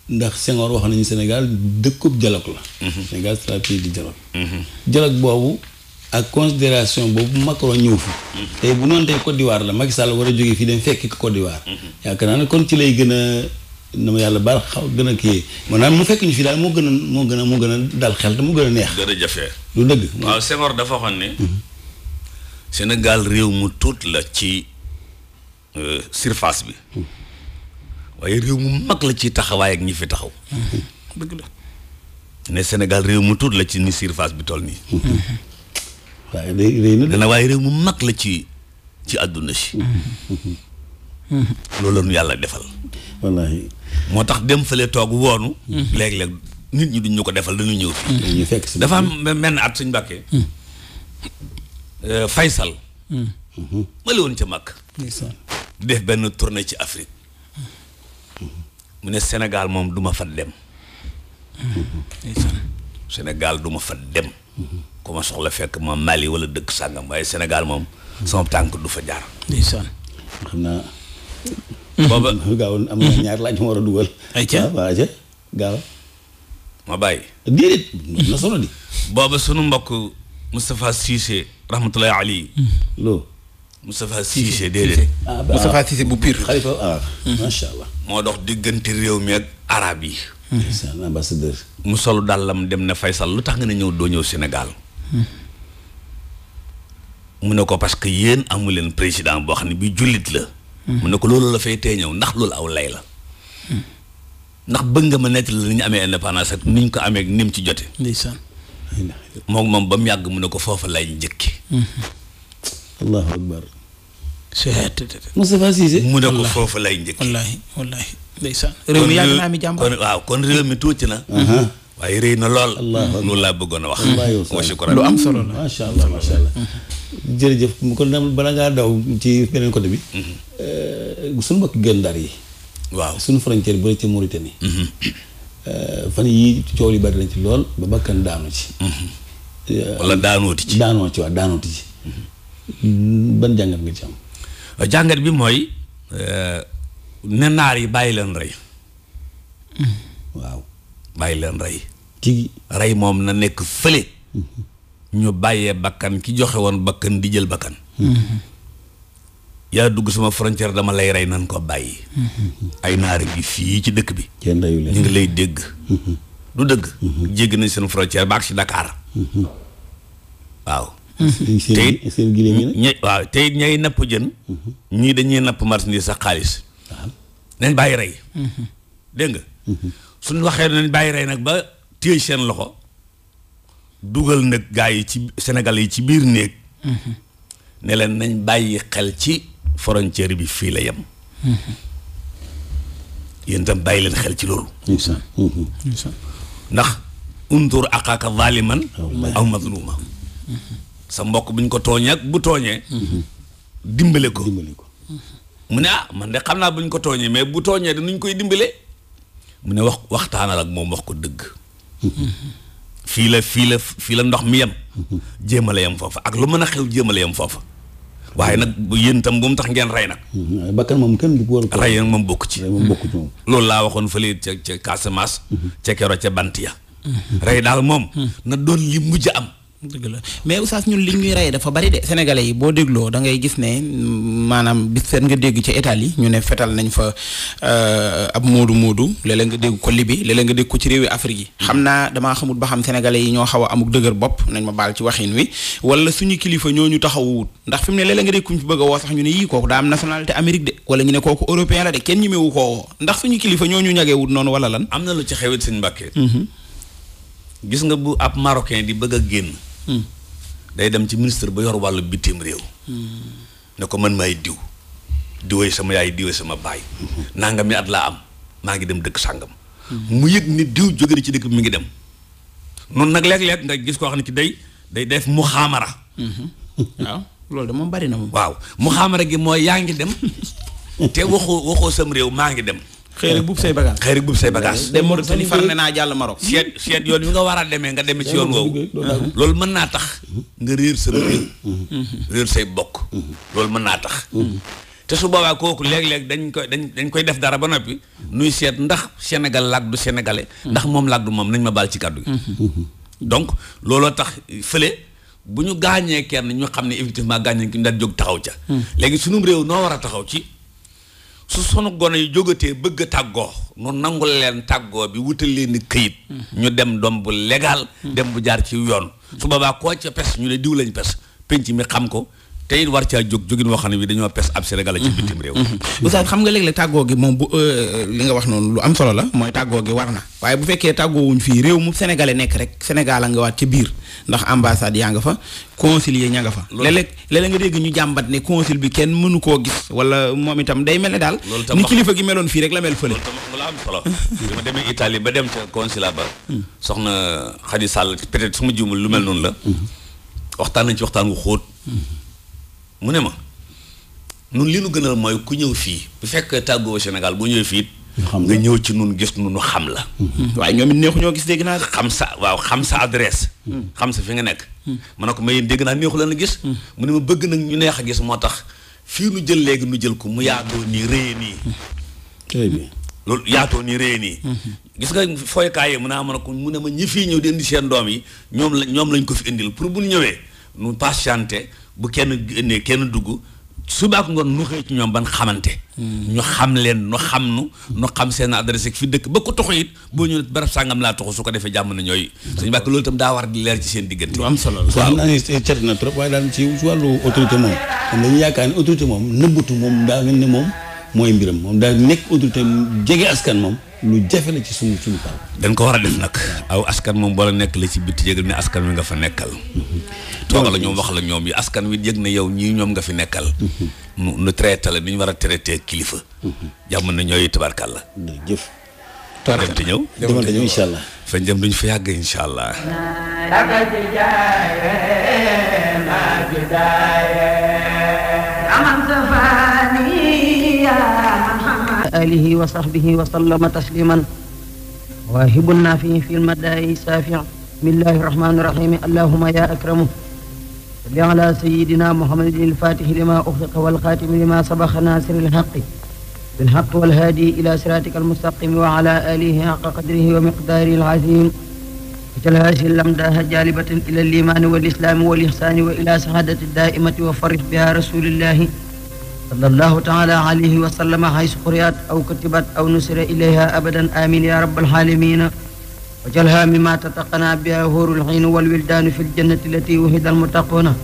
ndax Senghor wax nañu Sénégal dëkkub dialogue la. Sénégal c'est un pays de boobu. ak consideration boobu Macron ñëw fi tey bu noonu tey Côte d'Ivoire la Macky Sall war a jógee fii dem fekk Côte d'Ivoire yaakaar naa ne kon ci lay gën a na yàlla baal xaw gën a kii maanaam mu fekk ñu fi daal moo gën a moo gën a moo gën a dal xel te mu gën a neex gën a jafe lu dëgg waaw Senghor dafa waxoon ne mhm. Sénégal réew mu tuut la ci euh, surface bi mhm. waaye réew mu mag la ci taxawaay ak ñi fi taxaw mhm. dëgg la ne senegal réew mu tuut la ci ni surface bi toll nii waaye rëy dana waaye réew mu mag la ci ci àdduna si (laughs) loolu la yàlla defal moo tax dem fële toog woonu mm-hmm. léeg-léeg nit ñi duñ ñu ko defal dañu ñëw fii mm-hmm. fekk si dafa am menn at suñ mbàkkee mm-hmm. euh, Faysal ma li woon ca mag def benn tournée ci Afrique mu ne Sénégal moom duma fa dem senegal duma fa dem ku ma soxla fekk ma Mali wala dëkk sàngam waaye Sénégal moom. sama tànk du fa jaar. ndeysaan. Mm-hmm. Mm-hmm. (laughs) na laaj ma war a dugal. ayca bàyyi. déedéet na solo di. booba sunu mbokk Moustapha Cissé rahmatullahi alayhi. Mm-hmm. loo. Moustapha Cissé déedéet. ah ba Moustapha Cissé bu pire. xalifa ah moo dox diggante réew mi ak arab yi. ambassadeur. mu la dàllam dem ne Faysal lu tax nga ne ñëw doo ñëw Sénégal. mu ne ko parce que yéen amu leen président boo xam ne bi jullit la. mu ne ko loolu la fay tee ñëw ndax loolu aw lay la. ndax bëgg nga ma nekk la ni ñu amee indépendance ak ko amee ak mu ci jote ndeysaan. moom moom ba mu yàgg mu ne ko foofa lay njëkki. allahu akbar. Moustapha Cissé. mu ne ko foofa lay njëkki. wallaahi wallaahi ndeysaan. réew mi yàgg naa mi waaw kon réew mi tuuti na. waaye rëy na lool. lool laa bëggoon a wax. wa shukran lu am solo la macha allah macha allah. jërëjëf kon bala ngaa daw ci beneen côté bi. Mhm. Euh, suñu mbokk gëndar yi. waaw suñu frontière bu la ci mhm. euh, fan yii coow li bari na ci lool ba bakkan daanu ci. Mhm. Euh, wala daanuuti ci daanoo ci waa daanuuti ci. ban jàngat nga ci am. jàngat bi mooy. ne naar yi bàyyi leen rey. waaw bàyyi leen rey. ci rey moom na nekk fële ñu bàyyee bakkan ki joxe woon bakkan di jël bakkan yaa dugg sama frontière dama lay rey nan ko bàyyi ay naari bi fii ci dëkk bi ñu ngi lay dégg du dëgg jégg nañ seen frontière ba ak si Dakar waaw tey seen gileem yi tey ñay napp jën ñii dañuy napp marchandise sax xaalis nañ bàyyi rey mhm. dégg suñ waxee nañ bàyyi rey nag ba téye seen loxo dugal nag gaa yi ci Sénégal yi ci biir néeg mhm. ne leen nañ bàyyi xel ci frontière bi fii la yem mhm. yéen tam bàyyi leen xel ci loolu mhm. ndax untur aqaaka zaliman aw mazluma sa mbokk buñ ko tooñee ak bu tooñee dimbale ko mu ne ah man de xam naa buñ ko tooñee mais bu tooñee dañuñ koy dimbale mu ne wax waxtaanal ak moom wax ko dëgg (laughs) fii la fii la fii la ndox mi yem (laughs) jéem a la yem foofa ak lu mën a xew jéem a la yem foofa waaye nag yéen itam bu mu tax ngeen rey nag (laughs) bakkan moom kenn du ko war rey nag moom bokk ci moom bokk ci loolu laa waxoon fële ca ca Casamance ca kero ca bant ya rey daal moom na doon li mujj am dëgg la mais oustaz ñun li ñuy rey dafa bari de sénégalais yi boo dégloo da gis ne maanaam bis seet nga dégg ci état yi ñu ne fetal nañ fa euh, ab moodu moodu léeg-léeg nga dégg ko Libi léeg-léeg nga dégg ko ci réewi Afrique yi. xam naa damaa xamul ba xam sénégalais yi ñoo xaw a amuk dëgër bopp nañ ma baal ci waxin wi wala suñu kilifa ñoo ñu taxawut ndax fi mu ne léeg-léeg nga dégg kuñ bëgg woo sax ñu ne kooku daa am nationalité Amérique de wala ñu ne kooku européen la de kenn ñemewu koo woo ndax suñu kilifa ñoo ñu ñagewut noonu wala lan. am na lu ci xewit sëñ Mbàkke mhm. gis nga bu ab marocain di day dem ci ministre ba yor wàllu bitim réew. ne ko man maay diw. diwee sama yaay diwee sama baay. nangam mi at laa am maa ngi dem dëkk sàngam. mu yëg ni diw jóge ci dëkk bi mi ngi dem. noonu nag léeg-léeg nga gis koo xam ne ci day day def mu xaamara. waaw loolu de moom bari na moom. waaw mu xaamara gi mooy yaa ngi dem. te waxoo waxoo sam réew maa ngi dem. xëy rek buub say bagage xëy rek buub say bagage dem Mauritanie far ne naa jàll Maroc seet seet yoon nga war a demee nga demee ci yoon woowu loolu mën naa tax nga réer sa réew mm-hmm. mm-hmm. bokk loolu mën naa tax mm-hmm. te su boobaa kooku léeg-léeg dañ koy dañ dañ koy def dara ba noppi nuy seet ndax Sénégal laag du sénégalais ndax moom laag du moom nañ ma baal ci kàddu gi donc looloo tax fële bu ñu gaañee kenn ñu xam ne effectivement gaañee ki ñu daal jóg taxaw ca léegi sunum réew noo war a taxaw ci su sunu gone yu jógatee bëgg tàggoo nu nangul leen tàggoo bi wutal leen ni këyit ñu dem doom bu légal dem bu jaar ci yoon su boobaa koo ca pes ñu ne diw lañ pes penc mi xam ko te it war caa jóg jógin woo ne bi dañoo pes ab Sénégal ci mhm. bitim réew mhm. Oustaz xam nga léeg-léeg tàggoo gi moom bu euh, li nga wax noonu lu am solo la mooy tàggoo gi war na waaye bu fekkee tàggoowuñ fii réew mu sénégalais nekk rek Sénégal a nga waat ci biir ndax ambassade yaa nga fa conseiller ña nga fa léeg-léeg léeg-léeg nga dégg ñu jàmbat ne consul bi kenn mënu koo gis wala moom itam day mel ne daal ni kilifa gi meloon fii rek la mel fële la am solo bi ma Italie ba dem ca consulat ba hmm. soxna Xadi Sall peut-être su ma juumul lu mel noonu la hmm. waxtaan nañ ci waxtaan wu mu ne ma nun li nu gënal mooy ku ñëw fii bu fekkee tàggoo Sénégal boo ñëwee fii nga ñëw ci nun gis nu nu xam la mhm. waaye ñoom it neexu ñoo gis dégg naa xam sa waaw xam sa adresse mhm. xam sa fi nga nekk mhm. ma ne ko may dégg naa neexu la na gis mu ne bëgg nag ñu a gis moo tax fii nu jël léegi nu jël ko mu yaatoo nii réye nii loolu yaatoo nii réye nii gis nga fooykaay mun naa ah, mën a ko mu ne ma ñi fii ñëw di indi seen doom yi ñoom la ñoom lañ ko fi indil pour bu ñëwee nu patienté bu kenn génnee kenn dugg subaak ngoon nu xëy ci ñoom ba ban xamante hmm. ñu xam leen nu xam nu nu xam seen adresse fi dëkk ba ko toxu it boo ñëwee barab sàngam laa toxu su ko defee jàmm na ñooy hmm. suñu bàkk loolu itam daa war di leer ci seen diggante lu am solo waaw naa ne cati na trop waaye daal ci wàllu autorité moom dañu yaakaar ne autorité moom nëbbatu moom daa mel ne moom mooy mbiram moom daal nekk autorité jege askan moom lu jafe la ci suñu suñu dañ ko war a def nag aw askan moom boo la nekk la ci bitti yëgal ne askan wi nga fa nekkal. Mm-hmm. toogal la wax la ñoom yi askan wi yëg na yow ñii ñoom nga fi nekkal. Mm-hmm. la ni ñu war a traité kilifa. Mm-hmm. jàmm na ñooy tabarkal la. jëf. dem te ñëw dem te ñëw incha allah. fañ dem duñ fa yàgg incha allah. آله وصحبه وسلم تسليما واهبنا فيه في المدعي سافع بسم الله الرحمن الرحيم اللهم يا أكرم صل على سيدنا محمد الفاتح لما أغلق والخاتم لما سبق ناصر الحق بالحق والهادي إلى صراطك المستقيم وعلى آله حق قدره ومقداره العظيم اجعل هذه الأمداه جالبة إلى الإيمان والإسلام والإحسان وإلى سعادة الدائمة وفرح بها رسول الله sallallahu taala alayhi wa sallama haysu quriyat aw kutibat aw nusira ilayha abadan amin ya rabbal alamina wajalha mima tataqana biha hurul hin wal wildaanu fi ljannati allati wuhida almutaquna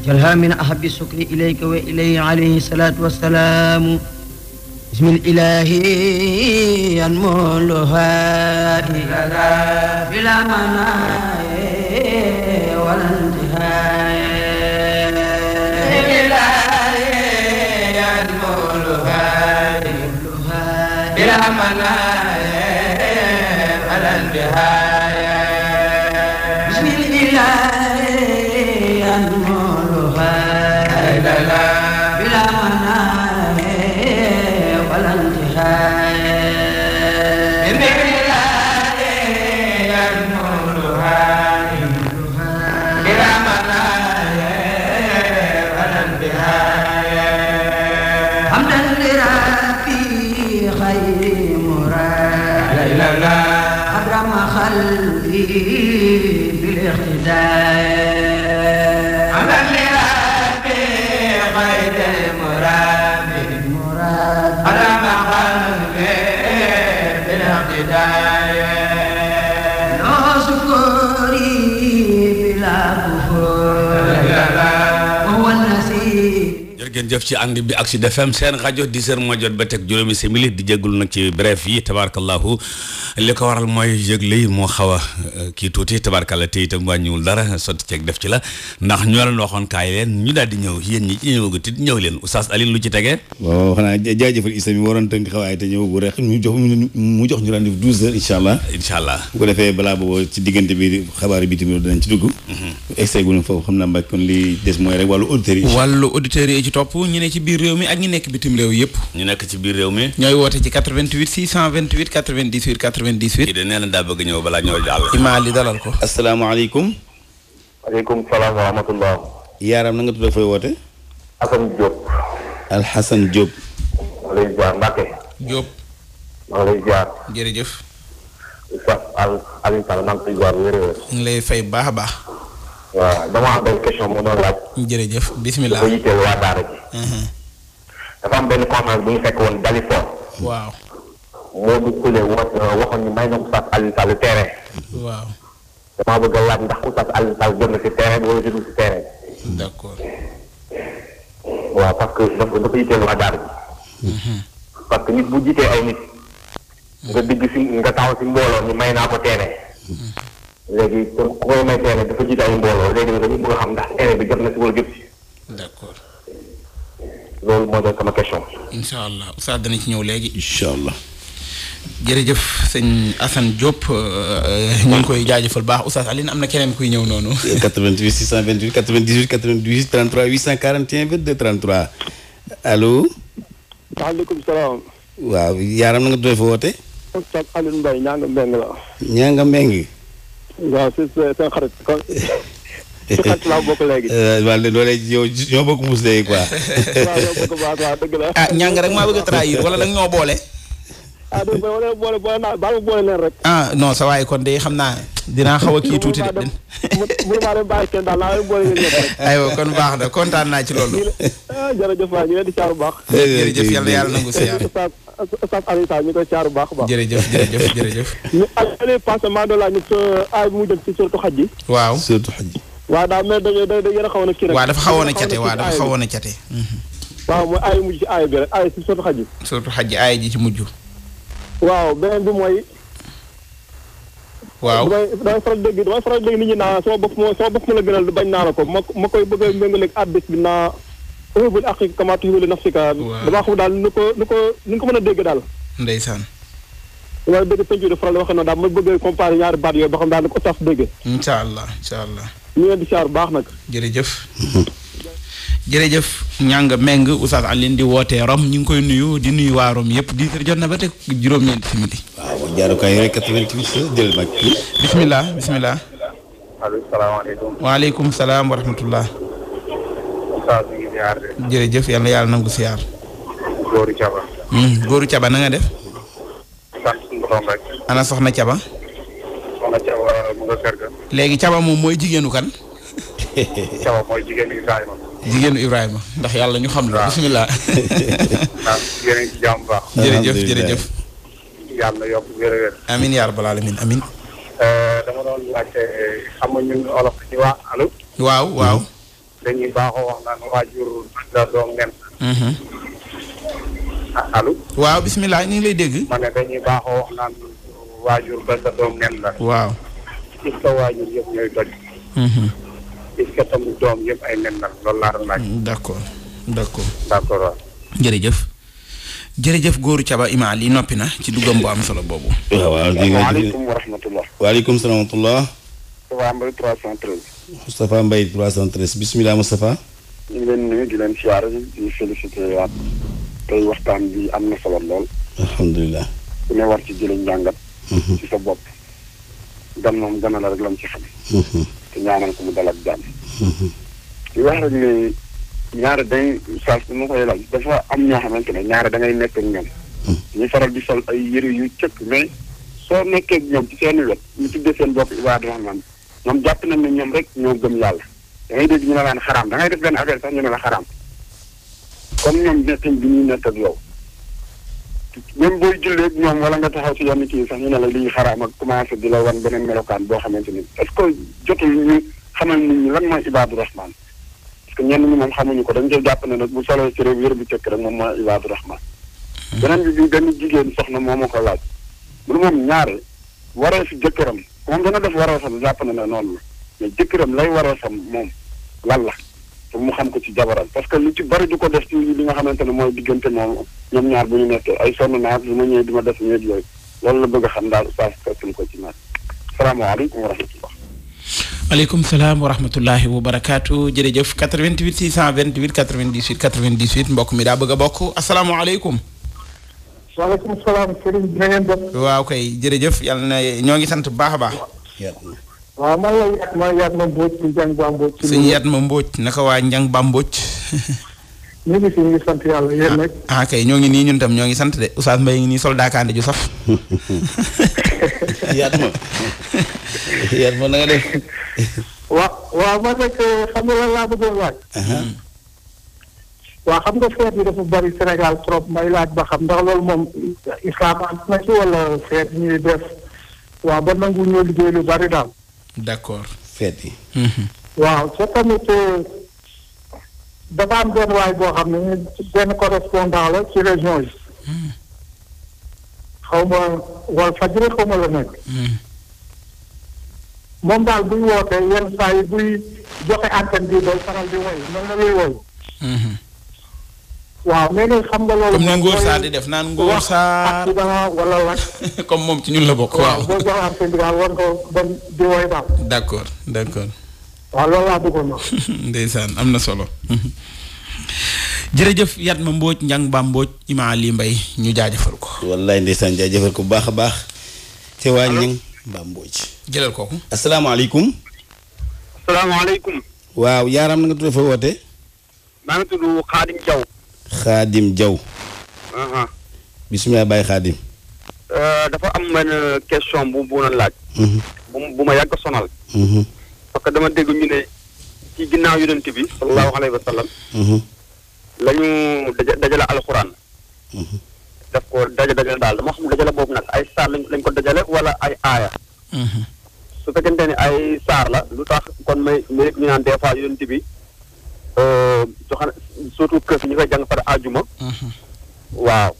wajalha min ahabi sukri ilayka wa ilayhi alayhi salatu wassalaamu بسم الإله ينملها بلا مناي ولن منايا على البهايا بسم الله ngeen jëf ci ànd bi ak Sud FM seen rajo 10h moo jot ba teg juróomi simili di jégalu nag ci bref yi tabaarakallahu li ko waral mooy yëgle yi moo xaw a euh, kii tuuti tabarkalla te itam wàññiwul dara sotti ceeg def ci la ndax ñoo leen waxoon kaay leen ñu daal ñëw yéen ñi ci ñëw leen oustaz Alioune lu ci rek mu jox ñu rendez-vous douze allah incha allah bu ko defee balaa boobu ci diggante bi xabaar bi tamit danañ ci dugg mm-hmm. egce gu ñu foofu xam naa mbàkk kon li des mooy rek wàllu auditeurs yi wàllu auditeurs yi ci topp ñu ne ci biir réew mi ak ñu nekk bitim réew yëpp 98. kii de nee na daa bëgg ñëw balaa ñëw daal. Imaali dalal ko. asalaamaaleykum. maaleykum salaam na nga tudd fooy woote. Assane Diop. Alxasan Diop. maa lay jaar baax a baax. waaw dama am benn question moo doon laaj. jërëjëf bisimilah uh-huh. dafa am benn conférence bu fekk woon Dalifort. waaw. Modou Koule woote euh, waxoon ni may na Oustaz Alioune Sall terrain. waaw. damaa bëgg a laaj ndax Oustaz Alioune Sall jëm na si terrain wala jëmul si terrain. d'accord. waaw parce que dafa dafa yitteel waa daara bi. Mhm. parce que nit bu nga mhm. digg si nga taxaw si mbooloo ñu may naa ko terrain. Mhm. léegi kon ku koy may terrain dafa jiite ay mbooloo léegi nag dañu bëgg a xam ndax terrain bi jot na si wala jëm d'accord. loolu moo doon sama question. incha allah Oustaz dana ci ñëw léegi. incha allah. jërëjëf sëñ Assane Diop euh, ñu ngi koy jaajëfal baax Oustaz Alioune am na keneen kuy ñëw noonu. 88 628 98 98 33 841 22 33 allo. waaleykum salaam. waaw yaaram na nga doon fa woote. Oustaz Alioune Mbaye ñaanga mbeng la. ñaanga mbeng. waaw si (laughs) euh, ñoo bokk muus léegi quoi. (laughs) dëgg la. ah ñaanga rek maa bëgg a trahir wala nag ñoo boole. ah déedéet wala boole boole naa leen rek. ah non sa waaye kon de xam naa dinaa xaw a kii tuuti de. mënumaa dem bàyyi kenn daal naa leen boole leen (laughs) kon baax na kontaan naa ci loolu. Ah, jërëjëf waay ñu leen di caaru baax. jërëjëf yàlla yàlla nangu si yaar. Oustaz Alioune Sall ñu koy caaru baax baax. jërëjëf jërëjëf jërëjëf. (laughs) ñu allé passé maa doon laaj ñu bi mu jëm ci surtout xaj ji. waaw surtout xaj ji. waaw daa xawoon a kii rek. a cate a cate. Mhm. waaw mooy aay mujj ci aay bi rek aay surtout xaj ji. surtout xaj ji ji ci mujj. waaw beneen bi mooy. waaw damay damay faral dégg damay faral dégg nit ñi naa sama bopp moo sama bopp ma la gënal bañ naa la ko ma ma koy bëgg a méngaleeg addis bi naa uhibul axi kama tuhibbu nafsika. waaw damaa xam daal nu ko ni ko nu ko mën a dégg daal. ndeysaan. damay dégg penc de faral waxee na daal ma bëgg comparé ñaari baat yooyu ba xam daal nu ko tax dégg. incha allah incha allah. ñu ngi leen di xaar baax nag. jërëjëf. (laughs) jërëjëf ñàng meng Oustaz Alioune di wootee rom ñu ngi koy nuyu di nuyu waa Rome yëpp di jot na ba teg juróom-ñeenti simili. waaw jaarukaay rek 88 jël bisimilah bisimilah. salaamaaleykum. waaleykum yàlla yàlla nangu siyaar. Góoru hmm, na nga def. ana Soxna Caba. Soxna Caba mu léegi Caba moom mooy jigéenu kan. jigéenu Ibrahima ndax yàlla ñu xam la bisimilah. waaw yéen a (laughs) jërëjëf jërëjëf. yàlla yokk wér wér. amiin yaa rabbal aalamiin amiin. Euh, olof ñu wax allo. waaw waaw. dañuy baaxoo wax naan waajur la doom nen. Mhm. ñu ngi lay dégg. ma ne la. waaw. est waajur yëpp ñooy doj. Mhm. ci setam doom yëpp ay nen la loolu laa doon laaj. Mm, d'accord d'accord. d'accord waaw. jërëjëf. jërëjëf góoru caba imaal yi noppi na ci duggam bu am solo boobu. waaw waaw dégg nga waaleykum wa rahmatulah. waaleykum salaam wa rahmatulah. Moustapha Mbaye 313. Moustapha Mbaye 313 bisimilah Moustapha. ñu ngi leen di leen siyaare di félicité waat tey waxtaan bi am na solo lool. alhamdulilah. ku ne war ci jëlee njàngat. Mhm. ci sa bopp. gan moom gana la rek lañ ci xam. Mhm. te ñaanal ko mu dal ak jàmm. li wax rek ni ñaare day saa su ma koy laaj dafa am ñoo xamante ne ñaare da ngay nekk ak ñoom. ñu faral di sol ay yére yu cëkk mais soo nekkee ñoom ci seen wet ñu tuddee seen bopp Ibaadu Rahmaan ñoom jàpp nañ ne ñoom rek ñoo gëm yàlla. da ngay dégg ñu ne laan xaraam da ngay def leen affaire sax ñu ne la xaram comme ñoom nekkañ bi ñuy nekk yow. même booy jullee ak ñoom wala nga taxaw si yenn kii sax ñu ne la lii xaraam ak commencé di la wan beneen melokaan boo xamante ni est-ce que jotul ñu xamal nit ñi lan mooy ibaadu rahman parce que ñenn ñi moom xamuñu ko dañ koy jàpp ne nag bu solo ci réew yër bu cëkk rek moom mooy ibaadu rahman hmm. beneen bi bi benn jigéen soxna moo ma ko laaj munu moom ñaare waree fi jëkkëram moom dana def waree sam jàpp na ne noonu la mais jëkkëram lay waree sam moom lan la pour mu xam ko ci jabaram parce que lu ci bari du ko def ci li nga xamante ne mooy diggante moom ñoom ñaar bu ñu nekkee ay sonn naa lu ma ñëwee du ma def ñëw yooyu loolu la bëgg a xam daal oustaz fekk ko ci naan salaamaaleykum wa rahmatullah. maaleykum salaam wa rahmatullahi wa barakaatu jërëjëf 88 628 98 98 mbokk mi daa bëgg a bokk asalaamaaleykum. waaleykum salaam Serigne bi na ngeen def. waaw kay jërëjëf yàlla ñoo ngi sant bu baax a baax. waaw man la yaat ma yaat ma mbóoj ci njàng ba mbóoj. ci suñu yaat ma mbóoj naka waa njàng ba mbóoj. ñu ngi si ñu ngi sant yàlla yéen ah, nag. ah kay ñoo ngi nii ñun tam ñoo ngi sant de Oustaz Mbaye ngi nii sol daakaande ju saf. (laughs) yaat ma yaat ma na nga def. waaw waaw man nag eh, xam nga lan laa bëggoon laaj. waaw xam nga feet yi dafa bari Sénégal trop may laaj ba xam ndax loolu moom islam am na ci wala feet ñuy def waaw ba nangu ñoo liggéey lu bari daal. d'accord mhm. waaw sa tamit euh, dafa am benn waay boo xam ne benn correspondant la ci région yi. Mhm. xaw ma wala fajri xaw ma la nekk. Mhm. moom daal buy wootee yenn saa yi buy joxe antenne bi day faral di woy mën na luy woy. waaw mais léegi xam nga loolu. comme ni Ngor Sarr di def naan Ngor Sarr (laughs) comme moom ci ñun la bokk. waaw boo d' accord d' accord. ndeysaan am na solo. (laughs) jërëjëf Yatma Mbodj Njang Ba Mbodj Ima Ali Mbaye ñu jaajëfal ko. wallaay ndeysaan jaajëfal ko bu baax a baax. te waa Njang Ba Mbodj. jëlal kooku. asalaamaaleykum. asalaamaaleykum. waaw yaaram na nga tudd fa woote. maa ngi tudd Xaadim Jaw xaadim jaw uh-huh. bisimilah Baye xaadim uh, dafa am benn question bu mm-hmm. bu laaj bu ma yàgg sonal mm-hmm. parce que dama dégg ñu ne ci ginnaaw yonent bi sallallahu alayhi wa sallam mm-hmm. la ñu dajale alxuraan daf ko daja dajale daal dama xam dajale boobu nag ay saar lañ ko dajale wala ay aaya su fekkente ni ay saar la lu tax kon may may ñu naan des fois yonent bi Euh, joxe surtout que fi ñu koy jàng par ajuma mhm. waaw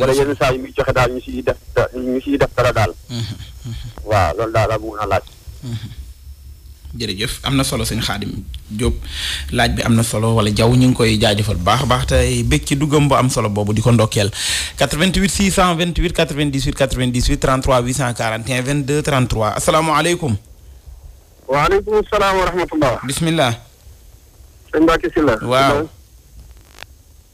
wala yenn saa yi muy joxe daal ñu siy def ñu siy def dara daal mhm. Mhm. waaw loolu daal laa bëggoon a laaj jërëjëf am na solo sëñ Xaadim Jóob laaj bi am na solo wala jaww ñu ngi koy jaajëfal baax a baax tey bëgg duggam bu am solo boobu di ko ndokkeel 88 628 98 98 33 841 22 33 asalaamaaleykum. waaleykum salaam wa rahmatullah. bismillah. sëñ Mbacke Sylla. waaw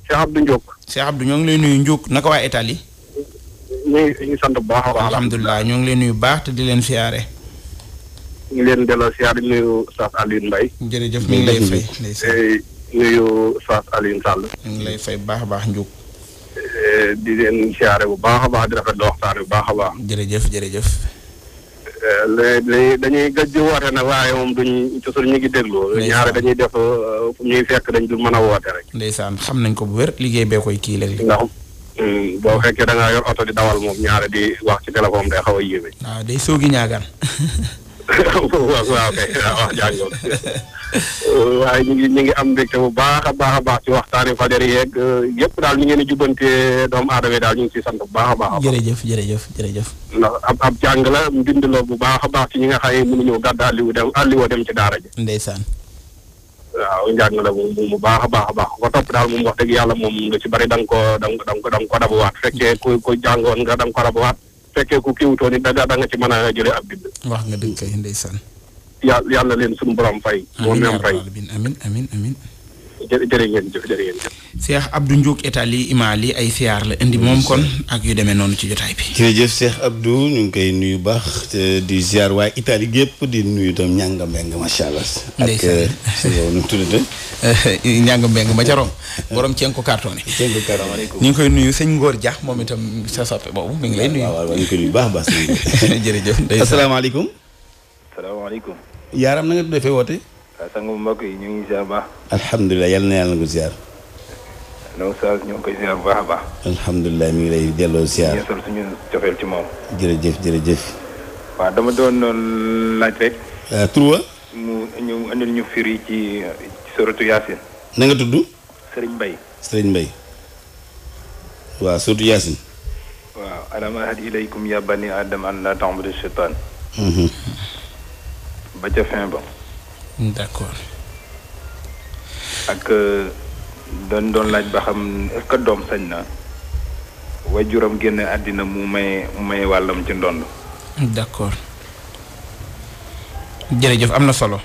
Cheikh Abdou Ndiouk. Cheikh Abdou ñoo ngi lay nuyu Ndiouk naka waa Italie. ñu sant bu baax a baax. alhamdulilah ñoo ngi lay nuyu baax te di leen siyaare. ñu leen delloo siyaare nuyu Oustaz Alioune Mbaye. jërëjëf mi ngi lay fay ndeysaan eh, nuyu Oustaz Alioune Sall. mi ngi lay fay baax a baax Ndiouk. Eh, di leen siyaare bu baax a baax di rafetlu waxtaan bu baax a baax. jërëjëf jërëjëf. léegi dañuy gëj di woote nag waaye moom duñ toujours ñu ngi déglu. ñaare dañuy def euh, fu ñuy fekk dañ du mën a woote rek. ndeysaan xam nañ ko bu wér liggéey bee koy kii léegi léeg ndax hmm, boo fekkee da yor oto di dawal moom ñaare di wax ci téléphone day xaw a yéeme. waaw ah, day soogi ñaagaan. (laughs) waaw waaw kay (laughs) ah, waaw jaa ngi euh, waaye ñu ngi am mbégte bu baax a baax a baax ci waxtaan fajar yeeg euh, yëpp daal ñu ngeen di jubbantee doomu aadama daal ñu ngi ciy sant bu baax a baax. jërëjëf jërëjëf jërëjëf. ndax ab ab jàng la mbind la bu baax a baax ci ñi nga xam ne mënuñoo gàdd àlliwu dem àlliwoo dem ci daara ji. ndeysaan. waaw njàng la moom bu baax a baax a baax ko topp daal moom wax dëgg yàlla moom lu ci bari da koo da nga ko da nga ko rabawaat fekkee ku ku jàngoon nga da nga ko rabawaat fekkee ku kiiwutoon it da da nga ci mën a jëlee ab bind. wax nga dëgg kay ndeysaan. yàlla yàlla leen sunu borom fay. amiin yaa rabbal aalamiin moom am fay. jërë ngeen jëf jërë ngeen jëf. Cheikh Abdou ay siyaar la indi moom kon ak yu demee noonu ci jotaay bi. jërëjëf Cheikh Abdou ñu ngi koy nuyu baax di siyaar waaye Itali gépp di nuyu itam Ñanga Mbeng macha allah. ndeysaan ak si yow nu ma (laughs) ca Rome borom ceeb ko cartonné. ñu ngi koy nuyu sëñ ngoor Dia moom itam sa soppe boobu mu ngi lay nuyu. waaw waaw baax baax. (laughs) jërëjëf asalaamaaleykum. asalaamaaleykum. yaaram na nga defee woote. Ah, sangu mbokk yi ñu ngi ziar baax. alhamdulilah yal na yàlla na ko ziar. donc saa ñu ngi koy ziar bu baax a baax. alhamdulilah mi ngi lay delloo ziar. ñu ngi suñu cofeel ci moom. jërëjëf jërëjëf. waa dama doon laaj rek. Euh, tur ñu andil ci ci Yaasin. na nga tudd. Serigne Mbaye. Serigne Mbaye. waaw surtout Yaasin. waaw alam ahad ilaykum ya bani adam an la ta'budu shaytan mhm. ba ca fin ba. d'accord. ak euh, dañ doon laaj ba xam est-ce que doom sañ na wajuram génn àddina mu may mu may wàllam ci ndond. d'accord jërëjëf am na solo.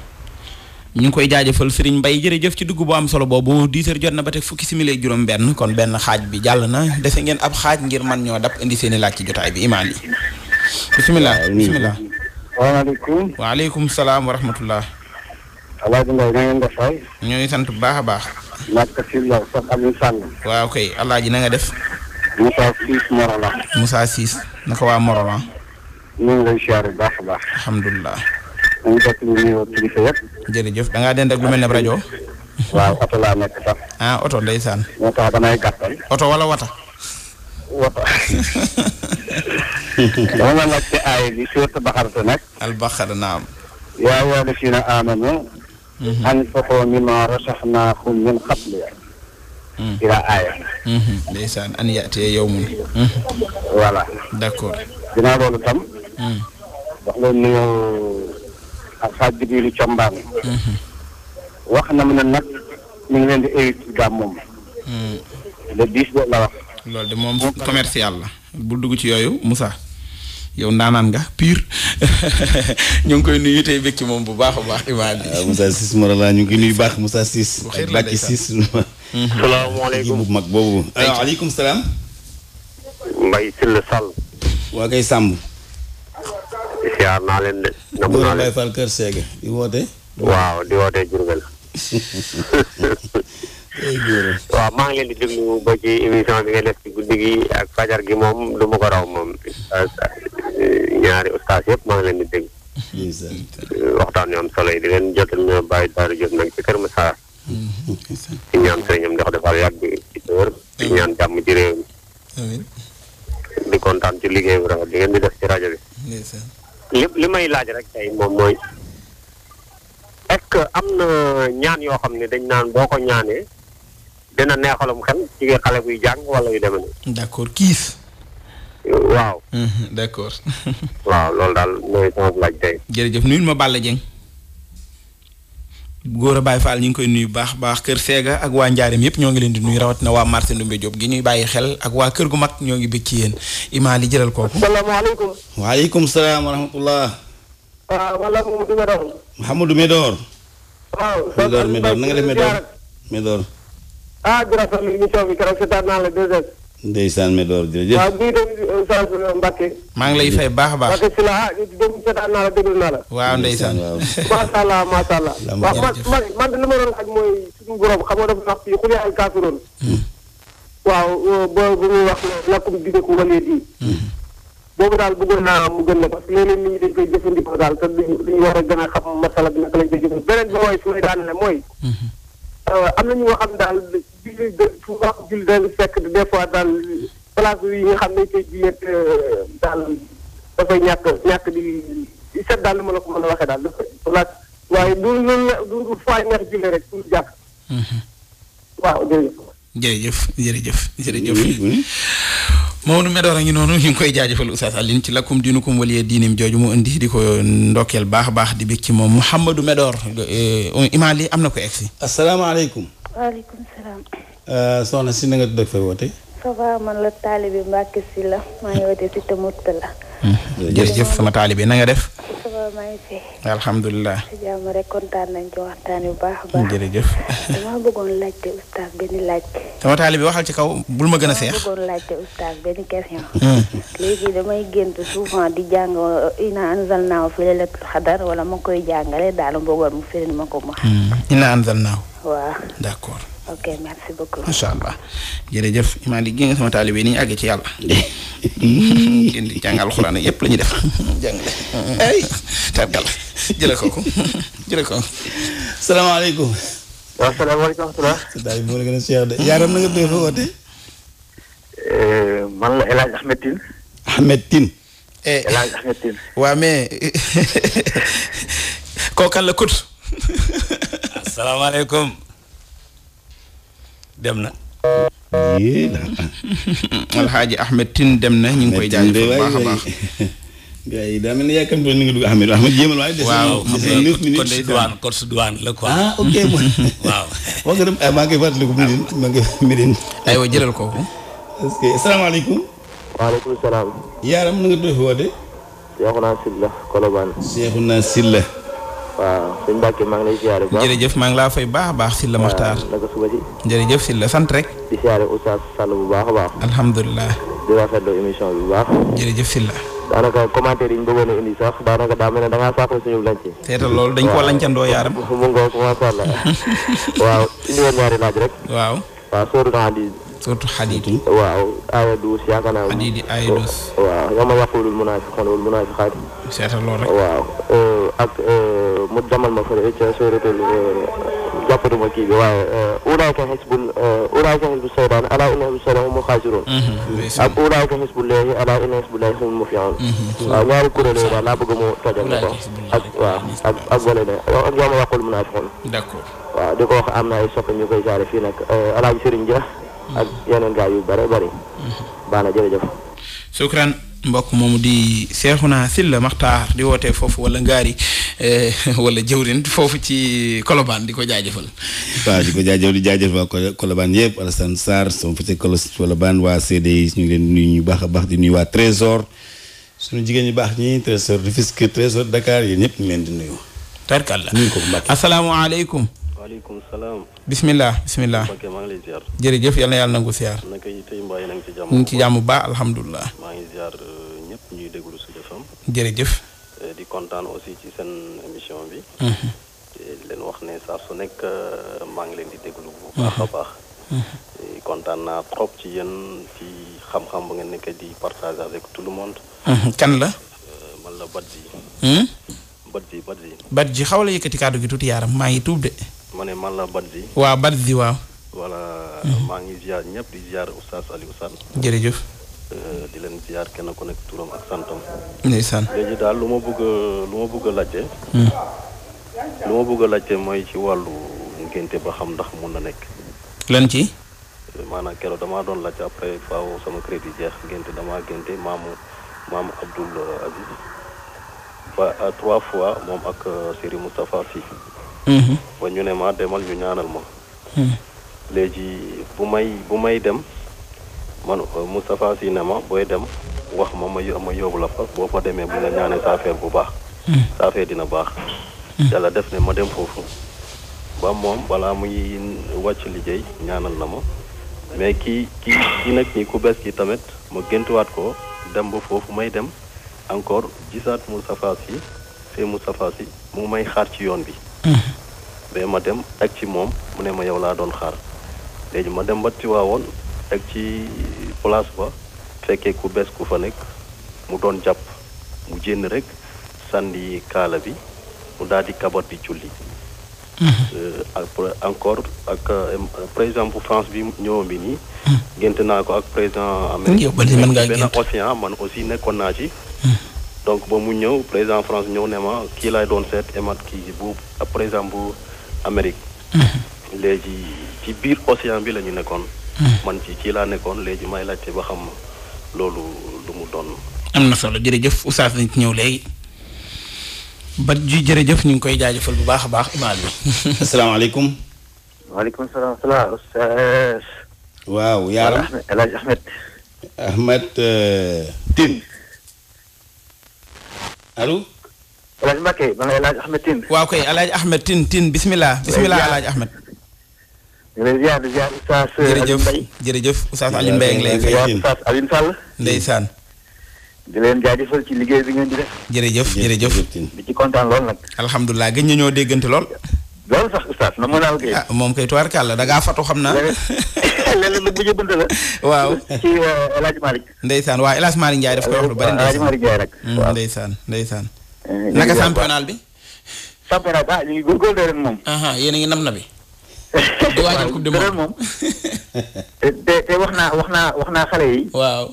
ñu ngi koy jaajëfal Serigne Mbaye jërëjëf ci dugg boo am solo boobu 10h jot na ba teg fukki simili juróom benn kon benn xaaj bi jàll na dese ngeen ab xaaj ngir man ñoo dab indi seeni laaj ci jotaay bi imaam yi bisimilah bisimilah waaleykum waaleykum salaam wa Alaaji Mbaye na ngeen def waay. ñu ngi sant bu baax a baax. Màkka si Lo sax waaw kay Alaaji na nga def. Moussa Ciss Morolan. Moussa siis naka waa Morolan. ñu ngi lay siyaare bu baax a baax. alhamdulilah. ñu ngi jot ñu nuyoo kilifa yëpp. jërëjëf da ngaa dend waaw oto laa nekk sax. ah oto moo tax damay gàttal. oto wala wata. wata. (laughs) dama la laajte naam. yaa ayyuhaa llaziina aamanuu Mm-hmm. anfiqu mimma rasaxnaakum min qabli mm-hmm. ila aaya mm-hmm. ndeysaan an yaatee yow mun voilà d'accord dinaa loolu tam wax leen ni Alxaaj Jibrilu Combaan wax na mu ne nag mu ngi leen di éviter gàmm moom le dix boobu la wax loolu de moom commercial la bul dugg ci yooyu Moussa yow ndaanaan nga pire (laughs) ñu ngi koy nuyu tey bëgg moom bu baax a baax imaam ah, bi. Moussa ngi koy baax Moussa Ciss. waxee la de sax (laughs) salaamaaleykum bu mag boobu. Ah, waaleykum salaam. Mbaye Sylla Sall. waa kay Samb. (laughs) waaw maa ngi leen di déglu ba ci émission bi nga def ci guddi gi ak fajar gi moom du ko raw moom. ñaari ustaas yëpp maa ngi leen di dégg. Euh, waxtaan yu am solo yi di leen jotal ñu bàyyi Daaru Jóob nag ci Kër Massar. di ñaan sëriñam ndax dafa yàgg ci ñaan jàmm ci réew mi. di kontaan ci liggéey bi rafet di ngeen di def ci rajo bi. li li may laaj rek tey moom mooy est-ce que am na ñaan yoo xam ne dañ naan boo ko ñaanee dina neexalum xel ci xale buy jàng wala yu demee nii. d'accord kiis. waaw. Mhm, d' accord. (laughs) waaw loolu daal mooy sama laaj tey. jërëjëf nuyul ma Balla Dieng. Gora Baye Fall ñu ngi koy nuyu baax baax Kër Sega ak waa Njaareem yëpp ñoo ngi leen di nuyu rawatina waa marché Ndoumbé Diop gi ñuy bàyyi xel ak waa kër gu mag ñoo ngi bëgg ci yéen Ima li jëral kooku. salaamaaleykum. waaleykum salaam wa rahmatulah. waaw ah, man la Mouhamadou Médor. Mouhamadou Médor. waaw Médor Médor na nga def Médor. Médor. ah ndeysaan mi door jërëjëf waaw guy doon Saliou Mbacke. maa ngi lay fay baax a baax. Mbacke si la ah déglu seetaan naa la déglu naa la. waaw ndeysaan. (laughs) macha allah macha allah. waaw man man man li ma doon laaj mooy suñu borom xam hmm. waaw boo euh, bu muy wax lakum diinukum waliya diin. boobu daal bëggoon naa mu gën la parce que léeg-léeg nit dañ koy jëfandikoo daal te duñ duñ war a gën a xam masala bi naka lañ koy jëfandikoo beneen bi mooy su may daanale mooy. Hmm. Euh, am na ñu nga xam daal julli de fu wax julli daal fekk des daal place yi nga xam ne koy julleet euh, daal dafay ñàkk ñàkk di set daal li ma la ko mën a waxee daal dafay place waaye du lu du fay neex julli rek pour jàkk mhm. waaw jërëjëf jërëjëf jërëjëf jërëjëf Mamadou Medor a ngi noonu ñu ngi koy jaajëfal Oustaz Alioune ci lakkum diinukum waliya diinim jooju mu indi di ko ndokkeel baax baax di bég ci moom Mouhamadou Medor euh, imaam li am na ko egsi asalaamaaleykum waaleykum salaam euh, soxna si na nga tudd ak woote ça va man la taalibi si la maa ngi wootee si Tamut la. jërëjëf sama taalibi def. alhamdulilah. kontaan nañ ci waxtaan yu baax a baax. jërëjëf. dama bëggoon laajte waxal ci kaw bul ma gën a seex. dama bëggoon laajte oustaz hmm. gént souvent di jàng inna anzalnaahu fi laylatul xadar wala ma koy jàngale daal ma bëggoon mu firil ma ko ma. Hmm. inna anzalnaahu. waaw d' accord. ok merci beaucoup. macha allah jërëjëf nga sama taalibe ni ñu ci yàlla. ngeen di jàng alxuraan yëpp la ñuy def jàngale. ay tàggal kooku jële kooku. salaamaaleykum. waaw salaamaaleykum salaam. daal bi moo de yaaram na nga eh, man la El Ahmed Tine. Ahmed Tine. Eh. El Hadj eh, (laughs) la kut. asalaamaaleykum. dem na. (laughs) alxaaji Ahmed Tine dem na ñu ngi koy jaajëfal a baax. (laughs) gars yi Ahmed Ahmed jéemal waaye. des waaw kon day douane corps la quoi. ah ok mooy. (laughs) waaw. Ah, maa ngi koy fàttaliku Médine maa ngi koy Médine. aywa jëlal kooku. est-ce que asalaamaaleykum. waaleykum salaam. yaaram na nga doon fi woote. Cheikhouna Sylla Colobane. Cheikhouna Sylla. waaw sëñ Mbacke maa ngi lay ziare bu baax jërëjëf maa ngi laa fay baax a baax si la Maxtaar naka suba si jërëjëf si la sant rek di ziare Oustaz Sall bu baax a baax alhamdulilah di rafetlu émission bi bu baax jërëjëf si la daanaka commentaire yi ñu bëggoon a indi sax daanaka daa mel ne da ngaa saako suñu lanc seetal loolu dañ ko lancandoo yaaram (laughs) mu ngoo macha allah (laughs) waaw indi woon ñaari laaj rek waaw waaw sóoru naa di surtout xadiit yi waaw aaya duus yaakaar naa xadiit yi aaya duus waaw yama yaqulul munaafiqoon wal munaafiqaat seetal loolu rek waaw oh. ak euh, mu demal ma fële ca sóoratul euh, jàppatuma kii bi waaye ulaayka euh, xisbul ulaayka xisbu saydaan alaa inna xisbu saydaan humu xaasiroon mhm. ak ulaayka xisbullaahi alaa inna xisbullaahi humul mufi'uun mhm. waaw ñaari kuréel yooyu daal mu tojal ko ak waaw ak wala ne ak yow ma di ko wax am na ay soppi ñu koy jaare fii nag alaaji sëriñ ja ak mhm. yeneen gaay yu bare bari baana jërëjëf sukran mbokk moomu di naa Silla Maxtaar di wootee foofu wala ngaari eh, (laughs) wala jëwrin foofu ci Colobane di ko jaajëfal. waaw di ko jaajëfal di jaajëfal waa Colobane yëpp Alassane Sarr sama fëte Colobane waa CDI ñu ngi leen nuyu ñu baax a baax di nuyu waa Trésor suñu jigéen ñu baax ñi Trésor Rufisque Trésor Dakar yi ñëpp ñu leen di nuyu. tarkalla nuyu ko bu baax asalaamaaleykum. waaleykum salaam. bisimilah bisimilah. ok maa ngi lay ziar. jërëjëf yal na yàlla nangu ziar. naka yi tey na nga ci jàmm. mu ngi ci jàmm ba alhamdulilah. maa ngi ziar euh, ñëpp ñuy déglu Sud FM. jërëjëf. Euh, di kontaan aussi ci seen émission bi. Mhm. leen wax ne saa su nekk euh, maa ngi leen di déglu bu mhm. baax a baax. Mhm. kontaan naa trop ci yenn ci xam-xam bu ngeen nekk di partager avec tout le monde. kan la. man la Badji. Hmm? Badji Badji. Badji xaw la yëkkati kàddu gi tuuti yaaram maa ngi tuub de. ma ne man la Badji. waaw Badji waaw. voilà mhm. maa ngi ziar ñëpp di ziar Oustaz Aliou Sall. jërëjëf. Euh, di leen ziar kenn ku nekk turam ak santam. san léegi daal lu ma bëgg a lu ma bëgg a laajte. Hmm. lu a laajte mooy ci wàllu ngénte ba xam ndax mun na nekk. lan ci. Euh, maanaam keroog dama doon laajte après faaw sama crédit jeex ngénte damaa ngénte maamu maamu Abdoul Aziz. ba euh, trois fois moom ak Serigne Moustapha Sy. Mm-hmm. ba ñu ne maa demal ñu ñaanal ma mm-hmm. léegi bu may bu may dem man euh, Moustapha Sy ne ma booy dem wax ma ma yo ma yóbbu la fa boo fa demee bu nga ñaanee sa affaire bu baax mm-hmm. sa affaire dina baax yàlla def ne ma dem foofu ba moom balaa muy wàcc liggéey ñaanal na ma mais kii kii kii nag nii ku bees ki tamit ma gëntuwaat ko dem ba foofu may dem encore gisaat Moustapha Sy fee Moustapha mu may xaar ci yoon bi mais ma dem ak ci moom mu ne ma yow laa doon xaar léegi ma dem ba Tiwaawoon ak ci place ba fekkee ku bees ku fa nekk mu doon jàpp mu jénn rek sànni kaala bi mu daal di kabar di julli mm-hmm. euh, après encore ak euh, président bu France bi ñëwoon bi nii mm-hmm. gént naa ko ak président Amérique mën ngaa gént benn océan man aussi nekkoon naa ci mm-hmm. donc ba mu ñëw président France ñëw ne ma kii laay doon seet emat kii bu par exemple Amérique. Mhm. léegi ci biir océan bi la ñu nekkoon. Mhm. man ci kii laa nekkoon léegi may laajte ba xam loolu lu mu doon. am na solo jërëjëf oustaz nañ ci ñëw léegi. ba ji jërëjëf ñu ngi koy jaajëfal bu baax a baax imaam bi. (laughs) asalaamaaleykum. waaleykum salaam salaam oustaz. waaw yaaram El Hadj Ahmed. Euh, allo. El Hadj Mbacké man la El Hadj Ahmed Tine. waaw kay El Hadj Ahmed Tine Tine bisimilah. bisimilah El Hadj Ahmed. Euh, jërëjëf jërëjëf jërëjëf Oustaz Alioune lay fay. Oustaz Alioune Sall. ndeysaan. jërëjëf jërëjëf. di ci lool nag. alhamdulilah na ñoo déggante lool. ah moom kay tubaarkàlla da ngaa fatu xam naa. (laughs) lenn (laughs) lu mujj bunt la. waaw ci euh, El Hadj Malick. ndeysaan waaw El Hadj Malick Ndiaye daf koy wax lu bari. El rek. Mm, ndeysaan ndeysaan. Eh, naka championnat bi. championnat ah ñu ngi góorgóorlu ren moom. a ngi nam na bi. (laughs) moom. te wax naa wax naa wax xale yi. waaw.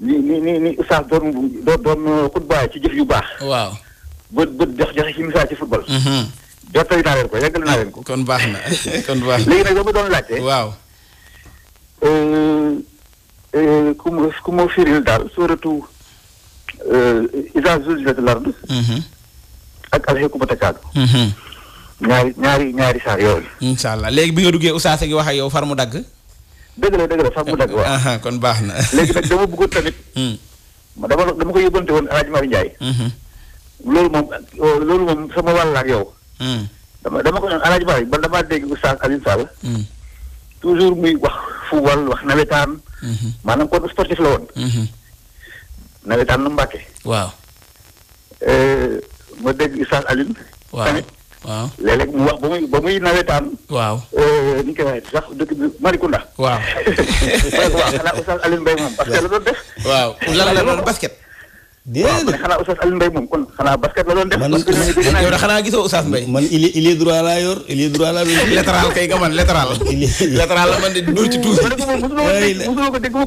ni ni ni ni doon doon doon xutba euh, ci jëf yu baax. waaw. bët bët jox joxe ci misaal ci football. Mhm. jottali naa naa leen ko. kon baax na (laughs) kon baax na léegi nag dama doon laajte. waaw. Eh, eh, ku mu ku mu firil daal suratu eh, iza zulzilatil ard mhm. ak alhaakumut takaasur mhm. ñaari ñaari ñaari saar yooyu. incha léegi bi nga duggee Oustaz gi wax ak yow far mu dagg. dëgg la dëgg la far mu dagg waaw. kon baax na. léegi nag dama bëggoon tamit. (laughs) Hmm. dama ko yóbbante woon El Hadj Mari Ndiaye. Mhm. loolu moom loolu moom sama wàll la ak hmm. dama dama ko doon El Mari man damaa dégg Oustaz Alioune toujours muy wax football wax nawetaan. Mhm. maanaam kon sportif la woon. Mhm. nawetaan nu Mbàkke. waaw. Euh, ma dégg Ustaz Alioune. waaw tamit léeg mu wax ba muy ba muy nawetaan. waaw euh, ni koy waxee sax dëkk bi Malicounda. waaw. (laughs) waaw la doon def. waaw basket. déedéet waaw xanaa Oustaz Alioune moom kon xanaa basket la doon xanaa gisoo Oustaz Mbaye. man il est droit laa yor il droit laa (laughs) man latéral. latéral de dóor ci tuuti. mosuloo ko dégg mu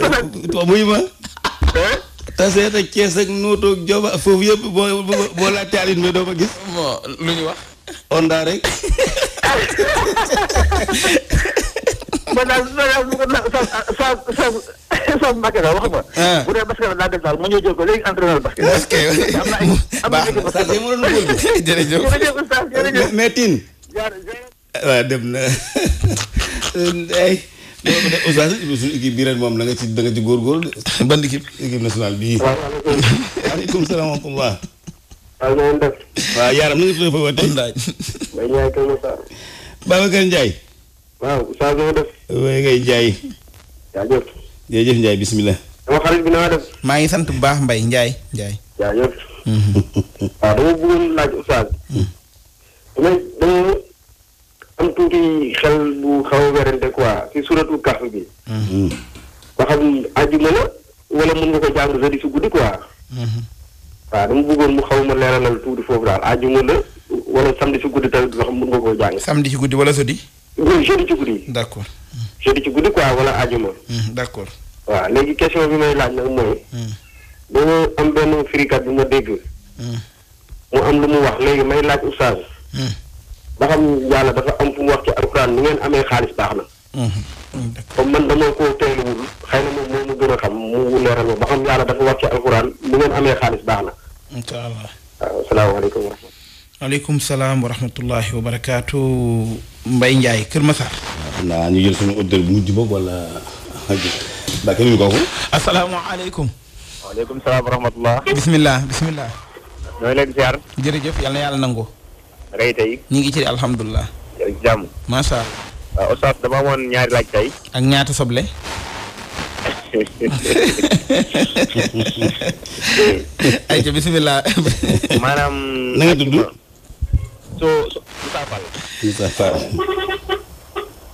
eh, muy eh, (laughs) ma. Eh? Taseet Cees ak Nooto Joba foofu yëpp boo boo laajte Alioune Mbaye gis. bon lu ñu wax. Onda rek. (laughs) man daal man daal sa bu dee basket laa def daal ma ñëw jël ko léegi entraîneur basket. ok am (laughs) dem na. ay. (laughs) oustaz suñu équipe bi ren moom da nga ci da nga ci góorgóorlu. (laughs) bii. waaw waaleykum na ngeen def. waaw yaaram na nga tudd fa ba tey. Babacar waaw saa nga def. wala ngay jaay. jaajëf. jërëjëf Ndiaye bisimilah. sama xarit bi na nga def. maa ngi sant bu baax Mbaye Ndiaye Ndiaye. jaajëf. Mm-hmm. (laughs) waaw dama bëggoon laaj oustaz. Mm-hmm. damay dama am tuuti xel bu xaw a werante quoi ci suratu Kahf bi. Mm-hmm. ba xam àjjuma la wala mën nga ko jàng jeudi si guddi quoi. waaw dama bëggoon mu xaw ma leeralal tuuti foofu daal àjjuma la wala samedi si guddi tamit ba xam mën nga koo jàng. samedi si guddi wala jeudi. oui jeudi ci guddi. d' accord jeudi ci guddi quoi wala àjjuma. Hmm, d' accord. waaw léegi question bi may laaj nag mooy. Hmm. dañoo am benn ma dégg. Hmm. mu lu mu wax léegi may laaj oustaz. ba xam yàlla dafa am fu mu wax ci alquran ni ngeen amee xaalis baax na. comme man dama ko teeluwul xëy na moom moo ma gën a xam mu leeral ma ba xam yàlla dafa wax ci alquran ngeen amee xaalis baax na. incha allah waaw salaamaaleykum wa rahmatulah. salaam wa rahmatullahi mbay Ndiaye Kër Massar. waaw naa ñu jël suñu auditeur bu mujj boobu wala. daa kenn ñu kooku. asalaamaaleykum. waaleykum salaam wa rahmatulah. bisimilah bisimilah. ñoo leen ziar. jërëjëf yal na yàlla nangu. rëy tey. ñu ngi ci alhamdulilah. jërëjëf jàmm. macha dama amoon ñaari laaj tey. ak ñaata soble. (laughs) ayca bisimilah. maanaam. na so so Moussa Fall. Moussa Fall.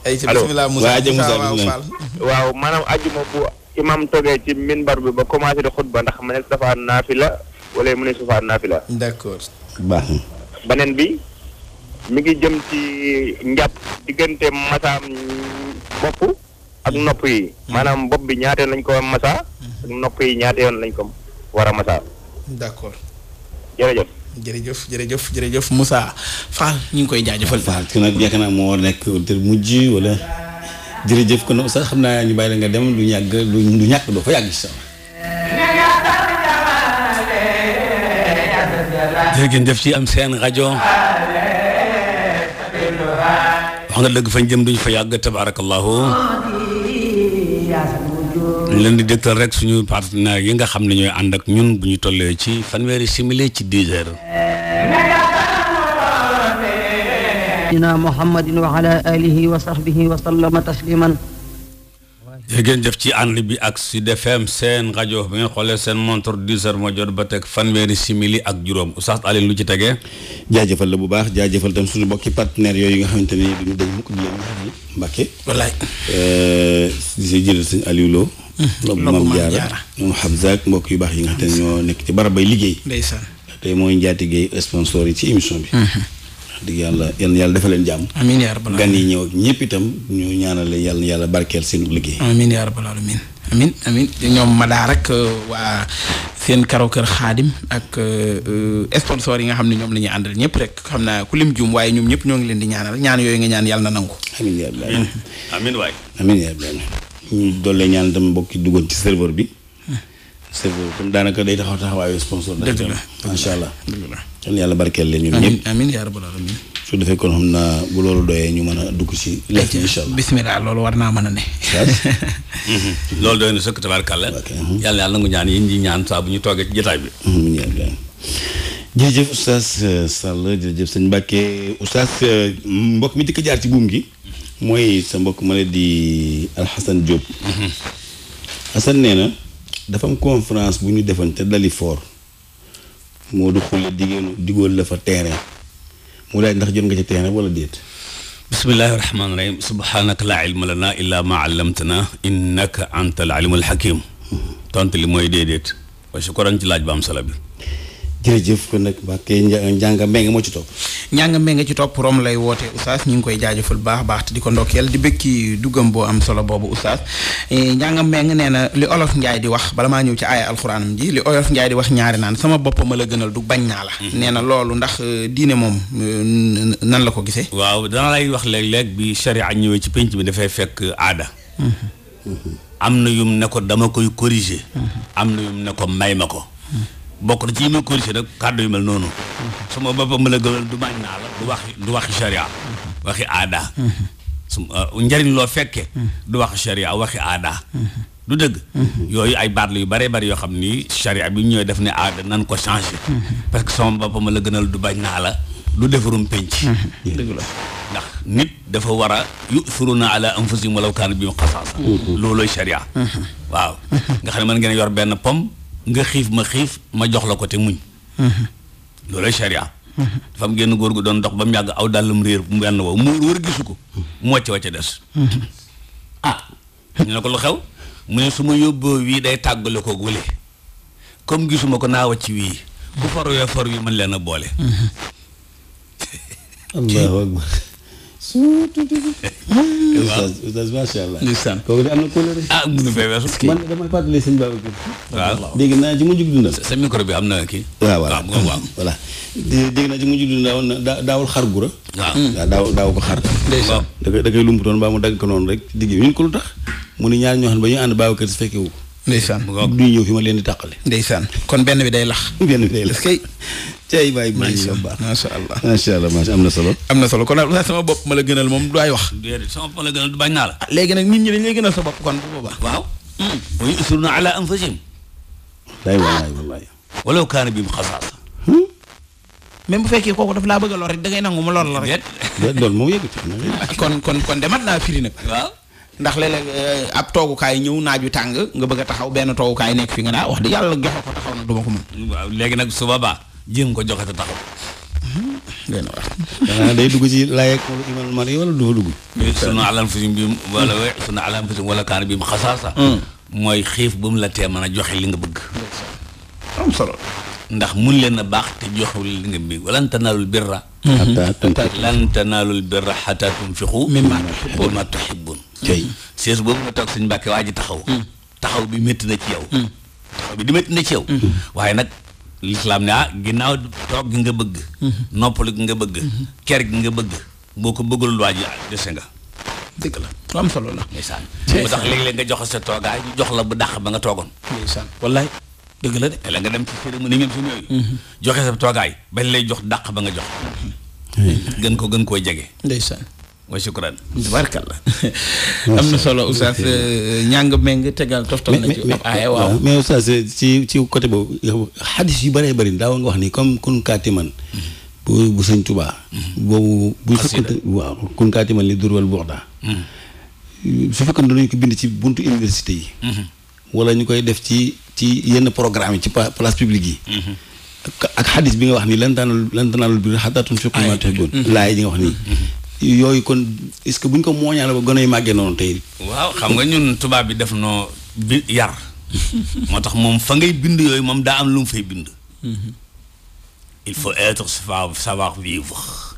ay ci bismillah Moussa Fall waaw maanaam ajjuma bu imam toogee ci minbar bi ba commencé di xutba ndax ma ne dafa naafila wala mu ne sufa naafila. d'accord baax na. beneen bi mi ngi jëm ci njàpp diggante masaam bopp ak nopp yi maanaam bopp bi ñaata yoon lañ ko masa ak nopp yi ñaata yoon lañ ko war a masa. d'accord jërëjëf. jërëjëf jërëjëf jërëjëf Moussa Fall ñu ngi koy jaajëfal. Fall ki nag yaakaar naa moo nekk auditeur mujj wala jërëjëf kon nag xam naa ñu bàyyi nga dem lu ñàgg lu ñàkk doo fa yàgg si sama. jërë ngeen def ci am seen rajo wax nga dëgg fañ jëm duñ fa yàgg tabaarakallaahu ñu leen di dégtal rek suñu partenaire yi nga xam ne ñooy ànd ak ñun bu ñu tollee ci fanweeri simili ci 10 heures. dina muhammadin wa ala alihi wa sahbihi wa sallama tasliman jërëjëf jëf ci ànd bi ak Sud FM seen rajo ba ngeen xoolee seen montre 10 heures moo jot ba teg fanweeri simili ak juróom Oustaz Alioune lu ci tegee jaajëfal la bu baax jaajëfal tam suñu mbokki partenaires yooyu nga xamante ni duñu dañ mukk di leen Mbàkke wallaay euh, di si jëlal sëñ Aliou Lo ndobu maam jaara ñoom xam zaak mbokk yu baax yi nga xam ne nekk ci barab bay liggéey ndeysaan tey mooy njaatigéey sponsor yi ci émission bi mhm. dëgg yàlla yal yàlla defal leen jàmm. amiin yaa yi ñëw ak ñëpp itam ñu ñaanale yàlla yàlla barkeel seen liggéey. amiin yaa rabbal aalamiin amiin amiin ñoom Madaa rek euh, waa seen karo kër xaadim ak euh, sponsor yi nga xam ne ñoom la ñuy àndal ñëpp rek xam naa ku lim juum waaye ñoom ñëpp ñoo ngi leen di ñaanal ñaan yooyu nga ñaan yàlla na nangu. amiin yaa ñu doole ñaan tam mbokk yi duggoon ci serveur bi. serveur bi comme daanaka day taxaw taxawaayu sponsor. dëgg la macha allah. dëgg la kon yàlla barkeel leen ñun ñëpp. amiin yaa rabbal aalamiin. su defee kon xam naa bu loolu doyee ñu mën a dugg ci lekk allah bisimilah loolu war naa mën a ne. (laughs) loolu doy na sëkk tabaarkàlla. yàlla uh-huh. yàlla nangu ñaan yi ñi ñaan saa bu ñu toogee ci jotaay bi. Uh-huh, jërëjëf Oustaz uh, Sall jërëjëf sëñ Mbacke Oustaz uh, mbokk mi dikk jaar ci guum gi. mooy sa mbokk ma di Alxasan Diop. Mhm. Xasan nee na dafa am conférence bu ñu defoon te dali foor moo du xulle digéenu digóol la fa terrain mu laaj ndax jot nga ci terrain wala déet bismillahi rahmaani rahim subhanaka laa ilma lana illa ma allamtana innaka anta al alimul hakim mhm. tont li mooy déedéet wa shukran ci laaj ba am sala bi jërëjëf kon nag Mbacke Ndianga Mbengue moo ci topp. Ndianga Mbengue ci topp Rome lay woote Oustaz ñu ngi koy jaajëfal baax baax te di ko ndokkeel di bëkki duggam boo am solo boobu Oustaz eh, Ndianga Mbengue nee na li olof Ndiaye di wax bala maa ñëw ci ay alxuraanam ji li olof Ndiaye di wax ñaari naan sama bopp ma la gënal du bañ naa la. Mm-hmm. nee na loolu ndax eh, diine moom eh, nan la ko gisee. waaw dana lay wax léeg-léeg bi charia ñëwee ci penc mi dafay fekk aada. Mm-hmm. am na yum ne ko dama koy corriger. Mm-hmm. am na yum ne ko ma ko. bokk na ci yi ma corrigé nag kàddu yu mel noonu mhm. sama boppam ma la gëmal du maañ naa la du wax mhm. mhm. uh, du waxi sharia waxi aada su njariñ loo fekke du waxi sharia waxi aada du dëgg yooyu ay baat la yu bare bari yoo xam ni sharia bi ñooy def ni aada nan ko changé parce que sama boppam ma la gënal du bañ naa la du defarum penc dëgg la ndax nit dafa war a yusuruna ala anfusihim walaw kaana bihim xasaasa loolooy sharia waaw nga xam ne mën ngeen yor benn pom nga xiif ma xiif ma jox la ko te muñ mhm. loolooy sharia dafa am génn góor gu doon dox ba mu yàgg aw dàll dàllam réer mu wenn wow mu wër gisu ko mu wàcc wàcc des mhm. ah ñu ne ko lu xew mu ne su ma yóbboo wii day tàggale ko wële comme gisuma ko naa wàcc wii bu for wee for wi mën leen a boole mhm. (laughs) waaw oustaz macha allah. ndeysaan kooku de am na kóolóore. ah man damay fàttali sëñ Babacar. waaw dégg naa ci mujj dundam. sa micro bi am na kii. waaw waaw waaw voilà. dégg naa ci mujj dundam daa daawul xar gura. waaw daaw daaw ko xar. ndeysaan da koy da koy lumbutoon ba mu dagg ko noonu rek digg bi ñu ko lu tax. mu ne ñaar ñoo ba ñu ànd Babacar si fekke wu. ndeysaan du ñëw fi ma leen di tàqale. ndeysaan kon benn bi day lax. benn bi day lax tey waay maa ngi baax macha allah macha allah macha am na solo. am na solo kon daal sama bopp ma la gënal moom du ay wax. déedéet sama bopp ma la gënal du bañ naa la. Ah, léegi nag nit ñi dañ lay gënal sa bopp kon bu boobaa. waaw. wa yusiruna ala anfusihim. day wallaay wallaay. walaw kaana bihim xasaasa. Hmm? même bu fekkee kooku daf laa bëgg a lor rek dangay nangu ma lor la rek. loolu moom yëggu kon kon kon demat naa firi nag. waaw. ndax léeg-léeg eh, ab toogukaay ñëw naaju tàng nga bëgg a taxaw benn toogukaay nekk fi nga naa ah, wax dëgg yàlla joxe ko taxaw na du ma ko mën. waaw léegi nag su boobaa jéem ko joxe te taxaw. benn wax danaa day dugg ci layeeg moom imal mari wala du fa dugg. sunu alam fusim bi wala we sunu alam fusim wala kaan bi mu xasaasa. Hmm. mooy xiif ba mu la tee mën a joxe li nga bëgg. am solo. ndax mun leen a baax te joxul li nga bëgg lan tanaalul birra. lan tanaalul birra xataa tunfiqu mimmaa tuhibbuun. sees boobu nga toog suñu mbàkke waa ji taxaw. Hmm. taxaw bi métti na ci yow. Hmm. taxaw bi di métti na ci yow. waaye nag. lislaam ne ah ginnaaw toog gi nga bëgg mhm. noppalu gi nga bëgg mhm. ker gi nga bëgg boo ko bëggul waa ji ah, dese nga dëgg la lu am solo la ndeysaan bu tax léeg-léeg nga jox sa toogaay ñu jox la bu dàq ba nga toogoon ndeysaan wallaay dëgg la de te la nga dem ci cérémonie ñoom suñu yooyu mhm. joxe sa toogaay ba lay jox dàq ba nga jox gën ko gën koo jege wa shukran tabarakallah (laughs) am na solo oustaz euh, ñàng méng tegal toftal na ci ab aaya waaw mais oustaz euh, ci ci côté boobu xadis yu bëree bëri daa woon nga wax ni comme kun kaati man bu bu sëñ tubaa boobu bu fekkonte waaw kun kaati man li durwal buxda hmm. su fekkoon danañ ko bind ci buntu université yi hmm. wala ñu koy def ci ci yenn programme yi ci place publique yi hmm. ak xadis bi nga wax ni lan tanaalul lan tanaalul bir hatta tunfiqu mimmaa laay yi nga wax nii yooyu kon est-ce que buñ ko mooñaale ba gone yi màggee noonu tey. waaw xam nga ñun tubaab bi def noo bi yar. moo tax moom fa ngay bind yooyu moom daa am lu mu fay bind. il faut être savoir savoir vivre.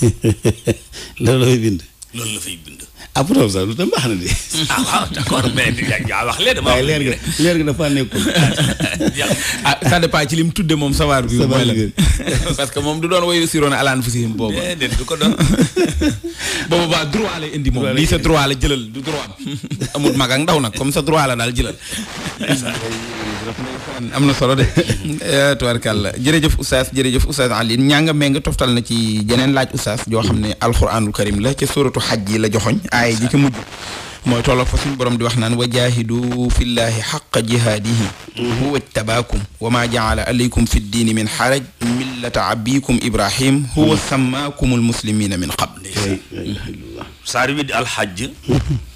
(laughs) loolu la fay bind. loolu la fay bind. ah sax lu tam baax na de. ci li mu tudde moom sawaar (laughs) parce que moom du doon si him boobu. Eh, déedéet du (laughs) indi moom lii la jëlal du droit (laughs) ndaw nag comme sa droit daal jëlal. am na solo de. Eh, tubaarkàlla jërëjëf oustaz jërëjëf oustaz Alioune ñaa nga mee nga toftal na ci jeneen laaj oustaz joo xam ne alxuraanul karim la ca suratu xaj yi la joxoñ aay ji ci mujj mooy tolloog fa suñu borom di wax naan wa jaahidu fillahi xaqa jihaadihi mhm. huwa tabaakum wa maa jaala alaykum fi ddiini min xaraj millata abikum ibrahim huwa mhm. sammaakum almuslimina min qabl saar wi di alxajj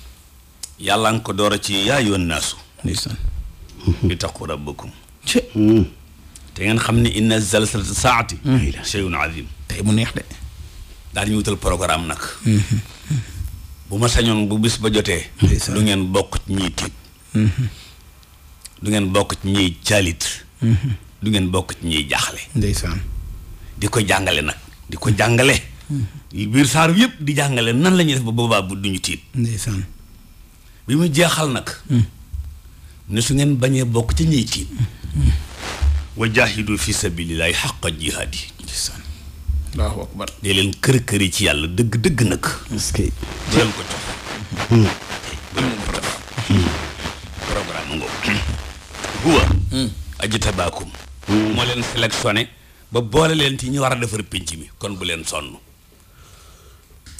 (laughs) yàlla nga ko door a ci yaa yoon naasu ndeysaan (laughs) itaqu rabbakum hmm. te ngeen xam ne inna zalzalata saati hmm. shay'un azim tey mu neex de daal ñu wutal programme nag hmm. bu ma sañoon bu bis ba jotee du ngeen bokk ci ñiy tiit mhm. du ngeen bokk ci ñiy caalit mhm. du ngeen bokk ci ñiy jaaxle di ko jàngale nag di ko jàngale mhm. biir saar yëpp di jàngale nan lañu ñuy def ba boobaa bu duñu tiit ndeysaan bi mu jeexal nag ne su ngeen bañee bokk ci ñiy tiit wa jaahidu fi sabilillahi xaqa jihaadi ndeysaan allahu akbar di leen kër kër yi ci yàlla dëgg dëgg nag. est-ce que. bu leen ko jox. Hmm. Hmm. Hmm. moo leen sélectionné ba boole leen ci ñu war a defar pénc mi kon bu leen sonn.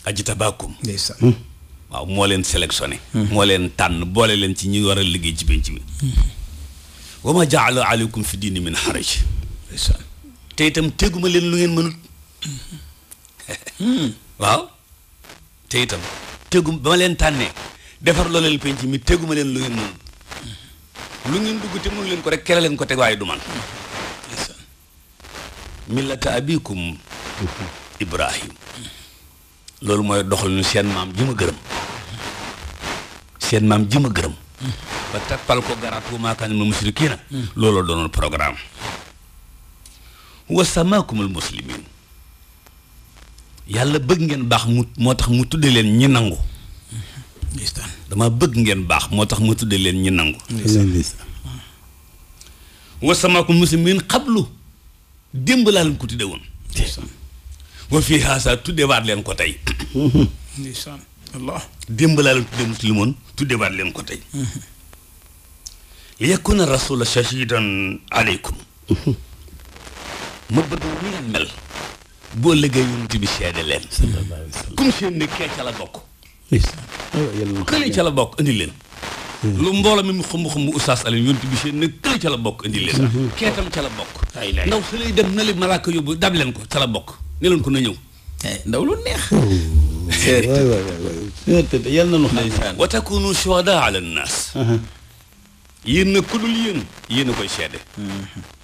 ajtabaakum. ndeysaan. waaw moo leen sélectionné. moo leen tànn boole leen ci ñu war a liggéey ci pinc mi. wa ma jaala aleykum fi diini min xaraj. ndeysaan. te itam teguma leen lu ngeen mënut. Mm-hmm. (laughs) waaw te itam tegu ba ma leen tànnee defar la leen penc mi teguma leen lu ngeen moom mm-hmm. lu ngeen dugg te mënu leen ko rek kere leen ko teg waaye du man mm-hmm. millata abikum ibrahim loolu mooy doxal ñu seen maam ji ma gërëm seen maam ji ma gërëm ba tappal ko garaatu maa kaana minal mushrikiina looloo doonoon programme wa samaakumul yàlla bëgg ngeen baax mu moo tax mu tuddee leen ñi nangu dama bëgg ngeen baax moo tax mu tuddee leen ñi nangu wa samaakum muslimin xablu démb laa leen ko tudde woon wa fii haasa tuddewaat leen ko tey allah démb laa leen tudde muslimoon tuddewaat leen ko tey li yakuna rasula shahidan aleykum mm-hmm. ma bëgg ni ngeen mel boo lëggee yonent bi seede leen. comme seen ne kee ca la bokk. kële ca la bokk indi leen. lu mbooloo mi mu xumb xumb Oustaz Alioune yonent bi seen ne kële ca la bokk indi leen. Mhm. kee tam ca la bokk. aylaay ndaw su lay dem na li malaaka yóbbu dab leen ko ca la bokk ne leen ko na ñëw. Eh, ndaw lu neex. Oh. seet waay waay waay yal na nu xam. wa takunu shuhadaa ala nnaas. Uh-huh. yéen na ku dul yéen yéen a koy seede. Mhm.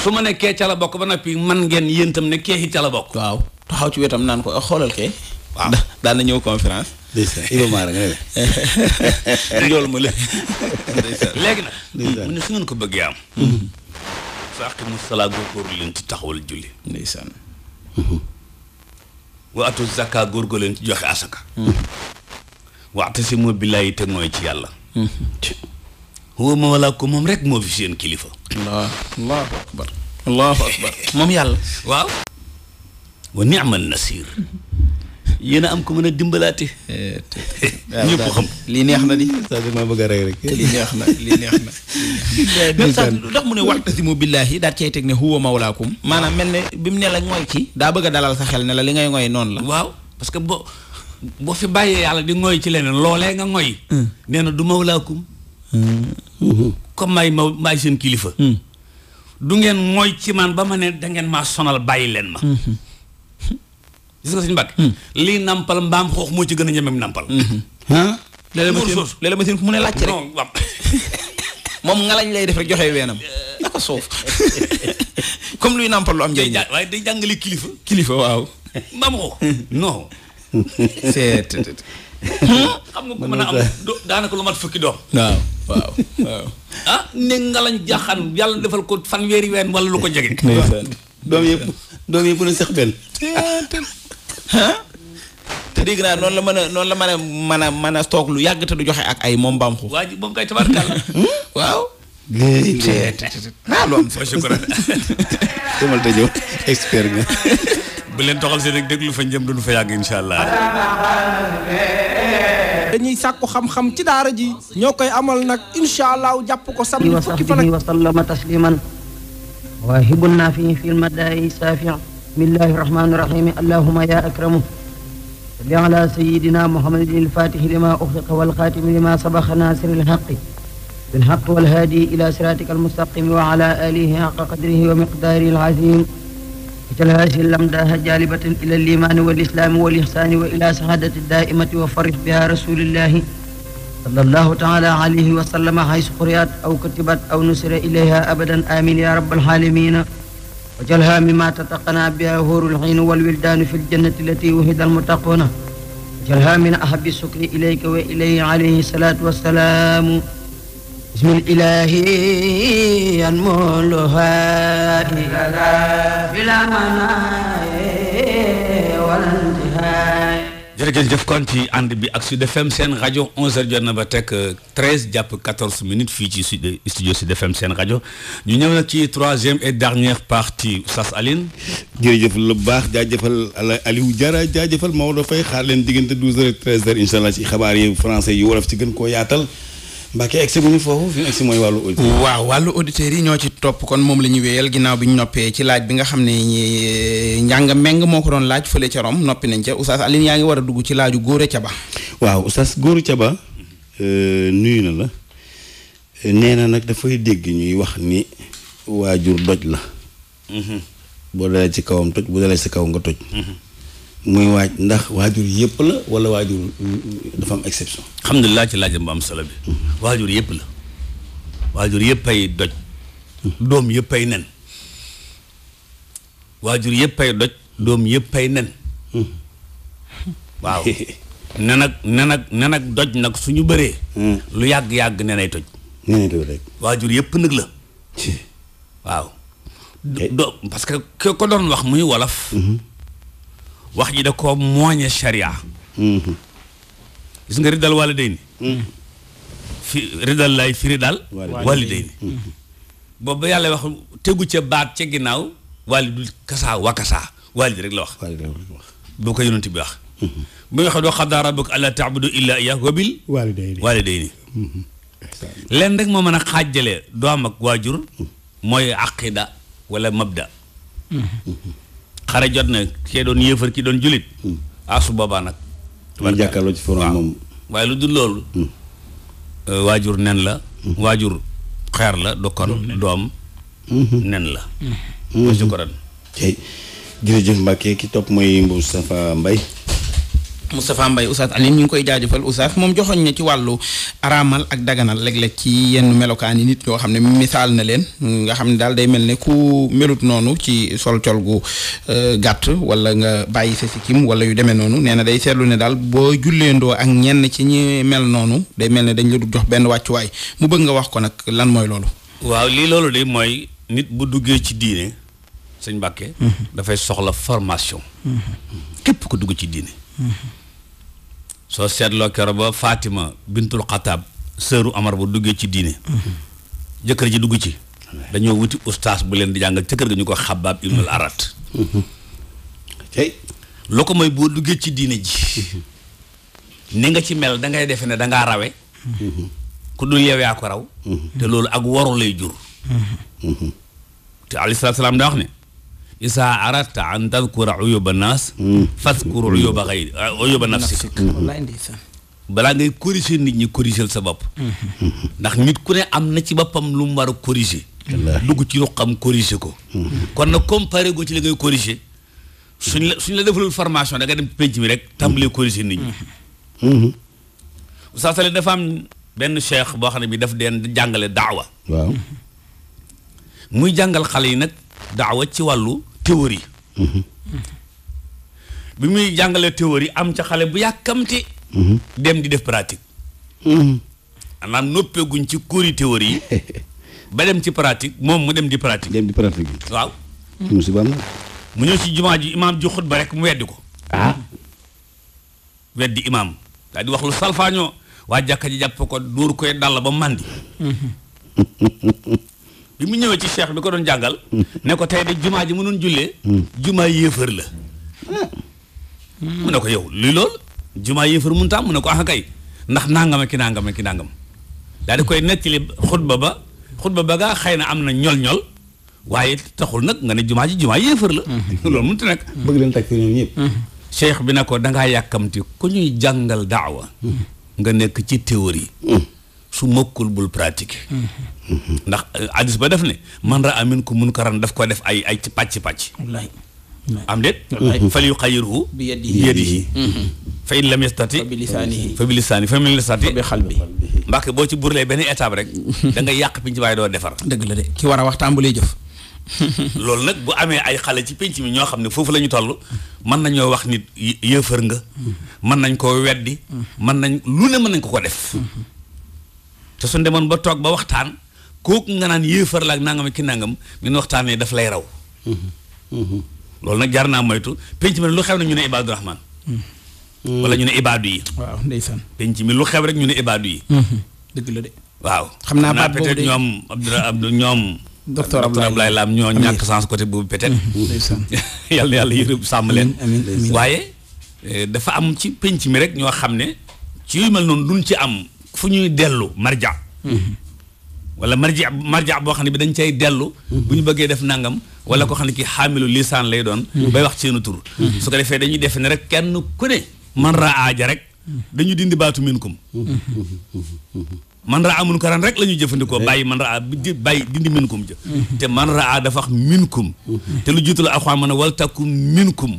su ma nekkee ca la bokk ba noppi man ngeen yéen tam ne kee it ca la bokk. waaw taxaw ci wetam naan ko oh, xoolal kee. waaw daan na ñëw conférence. ndeysaan Ibrahima nga ne. loolu (laughs) léegi. nag. mu ne su ngeen ko bëggee am. Mm-hmm. fa aqimu salaa góorgóorlu leen ci taxawal julli. ndeysaan. Mm-hmm. wa atu zaka góorgóorlu leen ci joxe asaka. Mm-hmm. waxtasimu billaahi te mooy ci yàlla. huwa mawlaakum moom rek moo fi seen kilifa. allah allahu akbar allahu akbar (laughs) moom yàlla waaw. wa ni'mal nasir. yéen a am ko mën a dimbalaate. Eh, ñëpp xam lii neex na li saa di bëgg a neex na li neex na. même sax (laughs) ndax mu ne wa'tasimu billaahi daal cay teg ne huwa mawlaakum. maanaam mel ne bi mu ne la ngooy daa bëgg a dalal sa xel ne la li ngay ngooy noonu la. waaw parce que boo boo fi bàyyee yàlla di ngooy ci leneen loolee nga ngooy. Mm. nee du mawlaakum. comme maay ma maay seen kilifa hmm. du ngeen mooy ci man ba ma ne dangeen maa sonal bàyyi leen ma hmm. gis nga suñu mbàkk hmm. lii mbaam xoox moo ci gën a ñemem nampal léeg ma seen mu ne laajte rek (laughs) moom ngalañ lay def joxe weenam euh. naka suuf (laughs) comme luy nampal lu am waaye day jàngale kilifa kilifa waaw mbaam xoox non (laughs) c'est xam nga ko mën a am daanaka lu mat fukki doom. waaw waaw waaw. ah ne ngalañ jaaxaan yàlla defal ko fanweeri weer wala lu ko jege. doom yëpp doom yëpp na seq benn. te dégg naa noonu la mën a noonu la mën a mën a mën a lu yàgg te du joxe ak ay moom mbaam xu. waa ji moom kay tabarkaal hmm? waaw. lu am. macha allah. demal te ñëw expert nga. (laughs) bu leen toxal seen rek déglu fa njëm du fa yàgg incha allah. dañuy sàkku xam-xam ci daara ji ñoo koy amal nag incha allah jàpp ko samedi fukki fan ak wa sallama tasliman waahibu naafi fi lmadaayi saafi bismillahi rahmani rahimi allahuma ya akramu صل على سيدنا محمد الفاتح لما أغلق والخاتم لما سبق ناصر الحق بالحق والهادي إلى صراطك المستقيم وعلى آله حق قدره ومقداره العظيم مثل هذه الأمداح جالبة إلى الإيمان والإسلام والإحسان وإلى السعادة الدائمة وفرح بها رسول الله صلى الله تعالى عليه وسلم حيث قرئت أو كتبت أو نسر إليها أبدا آمين يا رب العالمين وجلها مما تتقنى بها هور العين والولدان في الجنة التي وهد المتقون وجلها من أحب السكر إليك وإليه عليه الصلاة والسلام بسم الإله أنمولها بلا مناهي ولا انتهاء jërëjëf kon ci ànd bi ak Sud FM seen rajo 11h jot na ba teg 13 euh, jàpp 14 minutes fii ci sud studio Sud FM seen rajo ñu ñëw na ci troisième et dernière partie Oustaz Alioune. jërëjëf lu baax jaa al jaajëfal Aliou Diarra jaajëfal Maodo Faye xaar leen diggante 12h ak 13h incha allah ci xabaar yi français yi wolof ci gën koo yaatal. Mbacke egsi bu ñu foofu fi ñu egsi mooy wàllu auditeurs waaw wàllu auditeurs yi ñoo ci topp kon moom la ñu wéyal ginnaaw bi ñu noppee ci laaj bi nga xam ne eh, njàng meng moo ko doon laaj fële ca noppi nañ ca Oustaz Alioune yaa ngi war a dugg ci laaju Gora Thiaba waaw Oustaz Gora Thiaba euh, nuyu na la nee na nag dafay dégg ñuy wax ni waajur doj la mhm. boo dalee ci kawam toj bu dalee si kaw nga toj mhm. muy waaj ndax waajur yëpp la wala waajur dafa am exception. alhamdulilah ci laaj bu am solo bi. waajur yëpp la. waajur yëpp ay doj. doom yëpp ay nen. waajur yëpp ay doj. doom yëpp ay nen. Hmm. waaw (laughs) nen ak nen doj nag suñu bëree. Hmm. lu yàgg yàgg nenay toj. nenay toj rek. waajur yëpp nag la. waaw. Eh. do parce que ko doon wax muy wolof. Hmm. wax ji da ko mooñe sharia mhm. gis nga riddal waalidayni mhm. fi riddal lay fi riddal waalidayni mhm. boobu yàlla wax tegu ca baat ca ginnaaw waalidul kasaa wa kasaa waalid rek la wax boo ko yonent bi wax bu nga xam doo xaddaa rabbuka allaa ta'budu illaa iyyaahu wa bil waalidayni leen rek moo mën a xaajale doom ak waajur mooy aqida wala mabda xare jot na kee doon yéefar ki doon julit hmm. asu ah, boobaa nag ñu jàkkaarloo ci forom waaye lu dul loolu hmm. euh, waajur nen la hmm. waajur xeer la du kon doom nen la ma sukkuran jërëjëf Mbacke ki topp mooy Moustapha mbay mu Moustapha Mbaye Oustaz Alioune ñu ngi koy jaajafal Oustaz moom joxoñ na ci wàllu araamal ak daganal léeg-léeg ci yenn melokaan nit ñoo xam ne misaal na leen nga xam ne daal day mel ne ku melut noonu ci sol col gu euh, gàtt wala nga bàyyi sa sikkim wala yu demee noonu nee na day seetlu ne daal boo julleendoo ak ñenn ci ñi mel noonu day mel ne dañ la du jox benn wàccuwaay mu bëgg nga wax ko nag lan mooy loolu. waaw lii loolu de mooy nit bu duggee ci diine sëñ Mbàkke. Mhm. dafay soxla formation. Mhm. képp ku dugg ci diine. Mhm. soo seetloo keroog ba Fatima bintul Xataab sëru Amar ba duggee ci diine mm-hmm. jëkkër ji dugg ci dañoo wuti ustaas bu leen di jàngal ca kër ga ñu ko xabaab ibnul mm-hmm. arat tey loo ko mooy boo duggee ci diine ji mm-hmm. ni nga ci mel da ngay defe ne dangaa rawe ku dul yow yaa ko raw te loolu ak waru lay jur te alayhi salaam daa wax ne isaa aradta an tadkura uyuba naas fadkur uyuba xayri uyuba nafsik balaa ngay corriger nit ñi corriger sa bopp ndax nit ku am na ci boppam lu mu war a dugg ci ruqam corriger ko kon nag comparé go ci li ngay corriger suñ la suñ la defalul formation da nga dem penc mi rek tàmbalee corriger nit ñi Oustaz dafa am benn cheikh boo xam ne bi daf deen jàngale daawa waaw muy jàngal xale yi nag daawa ci wàllu théorie. Mhm. bi muy jàngalee théorie am ca xale bu yàkkamti. Mhm. dem di def pratique. Mhm. maanaam noppeeguñ ci cours yi théorie (laughs) ba dem ci pratique moom mu dem di pratique. dem di pratique. waaw. mu ñëw ci jumaa ji imaam ji xutba rek mu weddi ko. ah. weddi imaam daal di wax lu salfaañoo waa jàkka ji jàpp ko dóor koy dàll ba màndi (laughs) bi mu ñëwee ci cheikh bi ko doon jàngal. ne ko tey de jumaa ji mu doon jullee. jumaa yéefar la. mu ne ko yow luy lool jumaa yéefar mun taam mu ko ah ndax nangama ki nangama ki nangam daal koy nettali xutba ba xutba ba gaa xëy na am na ñol-ñol waaye taxul nag nga ne jumaa ji jumaa yéefar la. (laughs) loolu mënut a nekk. bëgg leen takk ñoom ñëpp. cheikh bi ne ko da yàkkamti ku ñuy jàngal daawa. Mm. nga nekk ci théorie. Mm. su mokkul bul pratique ndax euh, hadis ba def ne man raa amin ko mun karan daf ko def ay ay ci pàcc pàcc. wallaay am déet. wallaay fal yuxayyirhu bi yadihi mm-hmm. fa in lam yastati. fa bi lisaanihi fa bi lisaanihi fa min yastati. fa bi xalbi mbàkke boo ci burlee benn étape rek. da nga yàq pinc waaye doo defar. dëgg la ki war a waxtaan bu lay jëf. (laughs) loolu nag bu amee ay xale ci pénc mi ñoo xam ne foofu la ñu toll mën nañoo wax nit yëfër nga mm-hmm. mën nañ koo weddi mm-hmm. mën nañ lu ne mën nañ ko ko def te suñ demoon ba toog ba waxtaan kooku nga naan yéefar la ak nangam ki nangam min waxtaanee dafa lay raw. loolu nag jaar naa moytu penc mi lu xew na ñu ne Ibaadu Rahmaan. wala ñu ne ibaadu yi. waaw ndeysaan. penc mi lu xew rek ñu ne ibaadu yi. dëgg la de. waaw xam naa baat boobu de ñoom Abdoulaye Abdou ñoom. docteur Abdoulaye Lam ñoo ñàkk sens coté boobu peut-être. Mhm. (laughs) yàlla yàlla bu sàmm leen. waaye eh, dafa am ci penc mi rek ñoo xam ne ci yu mel noonu duñ ci am fu ñuy dellu marja wala marja marja boo xam ne bi dañ cay dellu bu ñu bëggee def nangam wala ko xam ne ki xaamilu saan lay doon bay wax seenu tur su ko defee dañuy defe ne rek kenn ku man ra aaja rek dañu dindi baatu minkum man raa mun karan rek la jëfandikoo eh. bàyyi man raa bàyyi dindi minkum ja te man raa dafa wax minkum te lu jiitu la alxuraan ma ne wal takkum minkum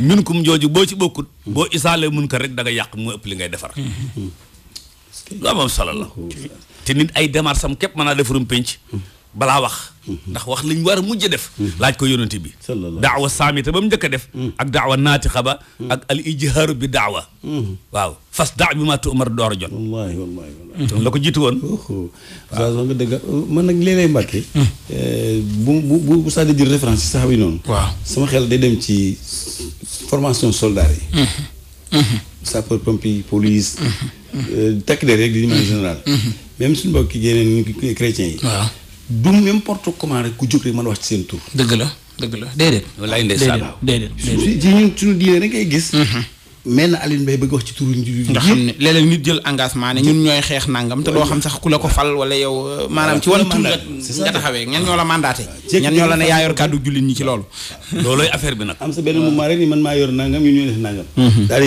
minkum jooju boo ci bokkut boo isaale mun kar rek da yàq moo ëpp li ngay defar lu am solo la te nit ay démarche képp mën naa defarum pénc balaa wax ndax wax liñ war a mujj def laaj ko yonente bi daawa saamita ba mu njëkk def ak daawa naatixa ba ak al ijhaaru bi daawa waaw fas daa bi ma tuumar door jot wallaahi la ko jiitu woon saa man nag léeg-léeg mbàkke eh, bu bu saa di jël référence ci saxaaba yi noonu waaw sama xel day dem ci formation soldat yi mm-hmm. Mm-hmm. sapeur pompier police. Mhm. Euh, takk der rek di manière mhm. générale. Mhm. même suñu mbokki yeneen ñi chrétiens yi. waaw du n'importe comment rek ku jóg rek mën a wax ci seen tur. dëgg la dëgg la déedéet. walaay ndeysaan déedéet déedéet. suñu ci suñu diine rek ngay gis. mel na Alioune Mbaye bëgg wax ci turu njiit nga xam ne léeg nit jël engagement ne ñun ñooy xeex nangam te doo xam sax ku la ko fal wala yow euh, maanaam ci wan tur nga taxawee ñan ñoo la mandaté ah, ñan ñoo la ne yaa yor kàddu jullit ñi ci loolu loolooy affaire bi nag am sa benn moment rek ni man maa yor nangam ñun ñoo def nangam mhm. daal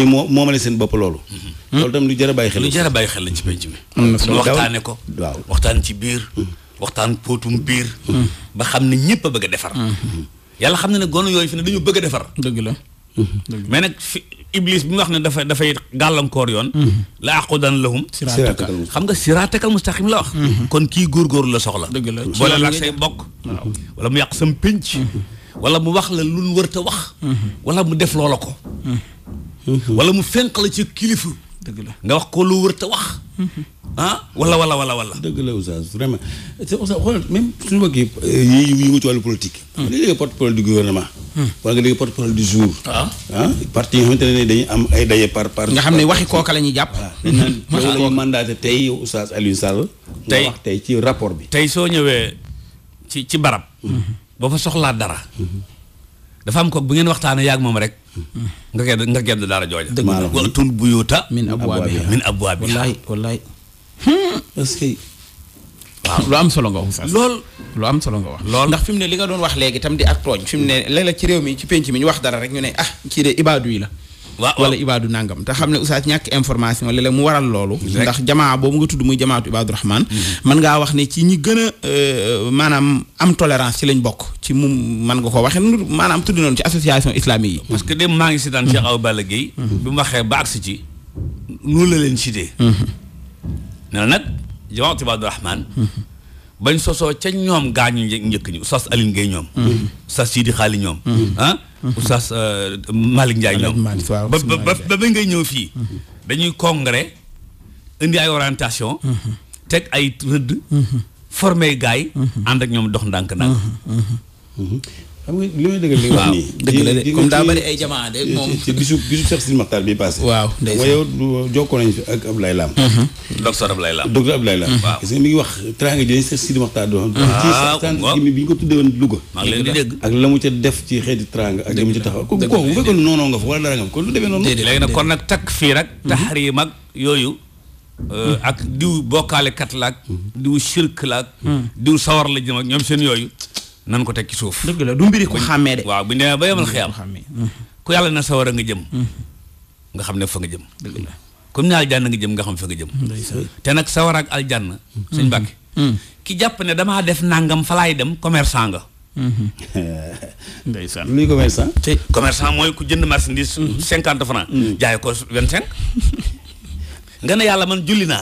di a bàyyi xel lu jar a bàyyi xel lañ ci penc mi waxtaane ko waaw waxtaan ci biir mhm. waxtaan póotum biir mhm. ba xam ne ñëpp a bëgg a defar yàlla xam ne ne gone yooyu fi ne bëgg a dëgg la Mm-hmm. mais nag fi iblis bi mu wax ne dafa dafay gàllankoor yoon mm-hmm. la aqudan lahum siraatakal xam nga siraatakal mustaqim la wax mm-hmm. kon kii góorgóorlu la soxla boole la say bokk wala mu yàq sam pénc wala mu wax la lu nu wax wala mu def loola ko wala mu fenq la ci kilifa dëgg la nga wax ko loo wër te wax. Mm-hmm. ah wala wala wala dëgg la oustaz vraiment c'est pour ça xoolal même suñu mbokk yi euh, yi yëngu ci wàllu politique. Mm. nga dégg porte parole du gouvernement. Mm. wala nga dégg porte parole du jour. ah, ah nga xamante ne dañuy am ay daje par par. nga xam ne waxi kooka la ñuy jàpp. Ah, (laughs) waxi kooka la ñuy mandaté tey oustaz Alioune Sall. tey wax tey ci rapport bi. tey soo ñëwee ci ci barab. Mm-hmm. ba fa soxlaa dara. Mm-hmm. dafa am ko bu ngeen waxtaanee yaag moom rek. nga gedd nga gedd dara jooja. dëgg la waqtul buyuta. min abwaabiha min abwaabiha. wallaay a hmm. est-ce que. waaw lu am solo nga wax. lool lu am solo nga wax. lool ndax fi mu ne li nga doon wax léegi tam di ak tooñ. fi mu ne léeg ci réew mi ci penc mi ñu wax dara rek ñu ne ah ci de ibaadu yi la. wala ibaadu nangam te xam ne oustaz ñàkk information léeg-léeg mu waral loolu ndax jamaa boobu nga tudd muy jamaatu ibaadu rahman man mm-hmm. ngaa wax ne ci ñi gën a euh, maanaam am tolérance ci lañ bokk ci mu man nga ko waxe maanaam tudd noonu ci association islamique yi parce que dem maa ngi si daan Cheikh Awa Balla Gueye mm-hmm. bi mu waxee ba agsi ci noonu la leen cité mm-hmm. ne la nag jamaatu ibaadu rahman bañ sosoo ca ñoom gaañu njëkk ñi oustaz Alioune Guèye ñoom mm-hmm. oustaz Sidi Xaali ñoom mm-hmm. ah mm-hmm. oustaz euh, Malick Ndiaye ñoom ba ba ba ngay ñëw fii dañuy congrès indi ay orientation teg ay rëdd formé gaay ànd ak ñoom dox ndànk-ndànk xam nga li may dëggal li nga wax nii. dëgg la de comme daa bari ay jamaa de moom. ci bisu bisu bi passé. waaw ndeysaan ak Abdoulaye mhm. Lam. docteur Abdoulaye Lam. docteur Abdoulaye Lam. waaw gis ngi wax teraanga jëlee Cheikh Sidi Makhtar doon. Ah, waaw bi ñu ko tuddee woon Louga. di dégg ak la mu ca def ci xeeti teraanga ak la mu ca taxaw. dëgg la kooku bu noonu nga fa wala dara nga fa kon lu demee noonu. déedéet léegi kon nag takk fii nag. Mhm. ak yooyu. Euh, ak diw bokkaale kat ak mhm. diw shirk la ak diw sawar la jëm ñoom seen yooyu nan ko teg ci suuf. du mbiri ko xàmmee de. waaw bu ñu demee ba yemal xiyam mhm. ku yàlla na sawar a nga jëm. Mhm. nga xam ne fa nga jëm. comme ni aljanna nga jëm nga xam fa nga jëm. te nag sawar ak aljanna. Mhm. suñ bàkke ki jàpp ne damaa def nangam fa laay dem commerçant nga. (laughs) ndeysaan luy commerçant. te commerçant mooy ku jënd marchandise. cinquante franc. jaay ko vingt cinq. (laughs) nga ne yàlla man julli naa.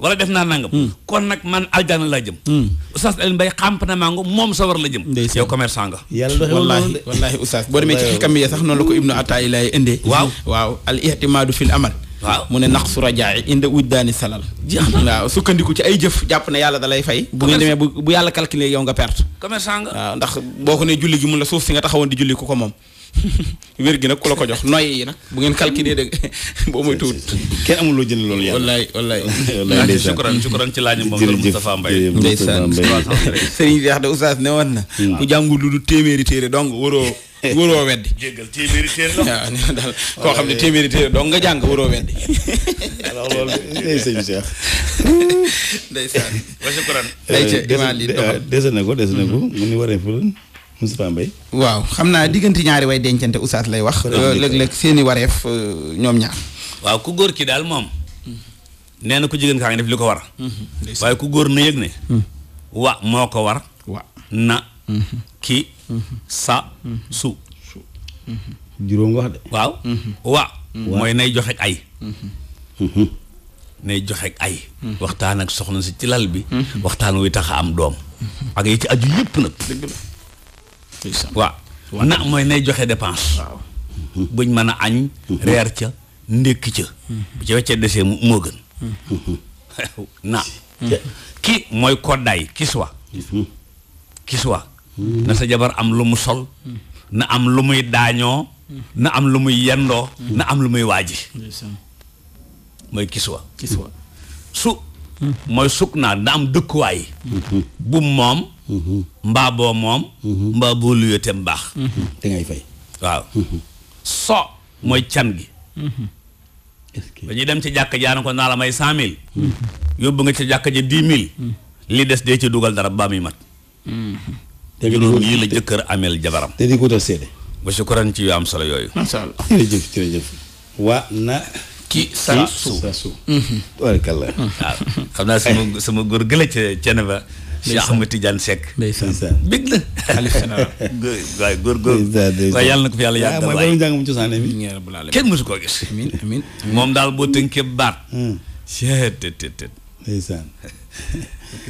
wala def naa nangam. Hmm. kon nag man aljana laa jëm. Hmm. oustaz Alioune Mbaye xàmp na mango moom sawar la jëm. yow commerçant nga. yàlla doxee wallaahi wallaahi oustaz boo demee ci xikam sax noonu la ko ibnu Ataa Ilaay indee. waaw waaw al ihtimaadu fil amal. waaw mu ne nax su rajaay inda wujdaani salal waaw sukkandiku ci ay jëf jàpp na yàlla dalay lay fay bu ngeen bu yàlla calculé yow nga perte commerçant nga ndax boo ko ne julli gi mun la suuf si nga taxawoon di julli ku ko moom (laughs) wér gi nag ku ko jox noyyi yi nag bu ngeen calculer dëgg (laughs) boo mooy tuut kenn amul loo jënd loolu yàlla wallaay wallaay wallaay ci laaj moom Moustapha Mbaye ndeysaan sëriñ bi wax de oustaz ne woon na hmm. ku jàngul lu du téeméeri téere donc waroo (laughs) waroo weddi jéggal téeméeri téere xam ne téeméeri téere donc nga jàng waroo weddi alors loolu day eh, sëñ wa sukkuran euh, euh, dese na ko dese ko hmm. mu ni waree fulan Moustapha Mbaye waaw xam naa diggante ñaari way dencante oustaz lay wax. léeg-léeg seeni i wareef euh, ñoom ñaar. waaw ku góor ki daal moom. nee na ku jigéen kaa ngi def li ko war. Mhm. waaye ku góor na mhm. wa moo ko war. wa na. Mhm. ki. sa. su. juróom wax waaw. wa. mooy nay joxe ay. nay joxe ay. waxtaan ak soxna si ci lal bi. waxtaan wuy tax a am doom. ak yi ci aju yëpp nag. waaw na mooy nay joxe dépense mhm. buñ mën a añ mhm. reer ca ndékki ca mhm. bu ca weccee desee moo gën (laughs) na ki mooy koddaay kiswa kiswa na sa jabar am lu mu sol na am lu muy daañoo na am lu muy yendoo na am lu muy waaji mooy kiswa kiswa su mooy sukk naa na am dëkkuwaay bu moom Mhm. mbaa boo moom mbaa boo luyee te mbaax mhm. te ngay fay waaw mhm. so mooy can gi dañuy dem ci jàkk jaana ko naa la may cent mille yóbbu nga ci jàkk ji dix mil li des dee ci dugal dara baa muy mat te juróom la jëkkër ameel jabaram te di ko wutal seede ba sukkuran ci yu am solo yooyu masha Allah jërëjëf jërëjëf waa na ki saa su saa su waaw xam naa sama sama góor gële ca cene ba Cheikh Ahmed ma Seck. ndeysaan bég na. (laughs) waaye góor góor. waaye yàlla na ko fi yàlla ah, yàggal waaye mooy njàngam cosaan mi. kenn mësu koo gis. moom daal boo tënkee baat. Hmm. cheet tet tet tet. ndeysaan.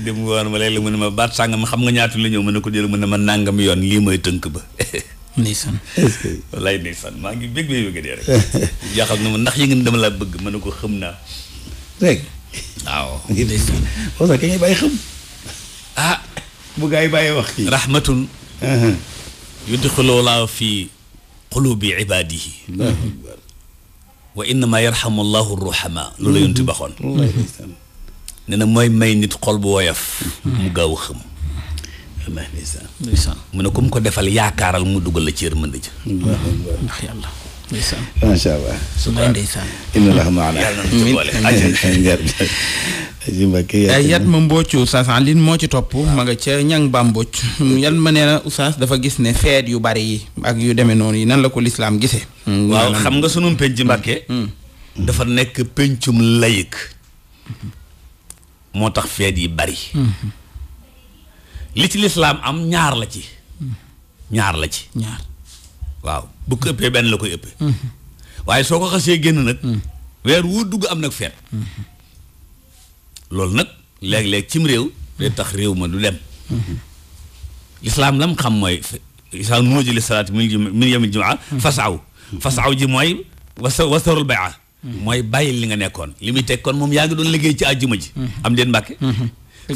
dem ma léeg-léeg mu ne ma baat sàngam xam nga ñaatu la ñëw ma ne ko jël mu ne ma nàngam yoon lii mooy tënk ba. (laughs) ndeysaan. wallaay ndeysaan maa ngi bég bég bég dee rek. (laughs) jaaxal na ma ndax yi dama laa bëgg ma ne ko xam naa. rek. waaw. ndeysaan. parce que kañ bàyyi ah bu gaa yi bàyyi wax kii rahmatun uh-huh. yudxiloo laa fi qulubi ibaadihi wa innama yarhamu llahu ruhama loolu la yontu baxoon nee na mooy may nit xol bu woyof mu gaaw a xëm mu ne ku mu ko defal yaakaaral mu dugal la ci yërmande ja ndax yàlla ndeysaan macha allah. su ma ndeysaan. inna allah maana. yàlla moo ci topp ah. ma nga ca ñang ba mbocc yat ma nee na oustaz dafa gis ne feet yu bari yi ak yu demee noonu yi nan la ko lislaam gisee mm, waaw xam nga sunum penc mm. Mbàkke mm. dafa nekk pencum layik moo tax feet yi bari li ci lislaam am ñaar la ci ñaar la ci waaw bu ko ëppee benn la koy ëppee. waaye soo ko xasee génn nag. weer wu dugg am nag feet. loolu nag léeg-léeg cim réew. day tax réew ma du dem. lislaam lam xam mooy isaa nuuji li salaati min yawmil jumaa fasaw fasaw ji mooy wasa wasarul bay'a mooy bàyyi li nga nekkoon li muy teg kon moom yaa ngi doon liggéey ci àjjuma ji am déet mbàkke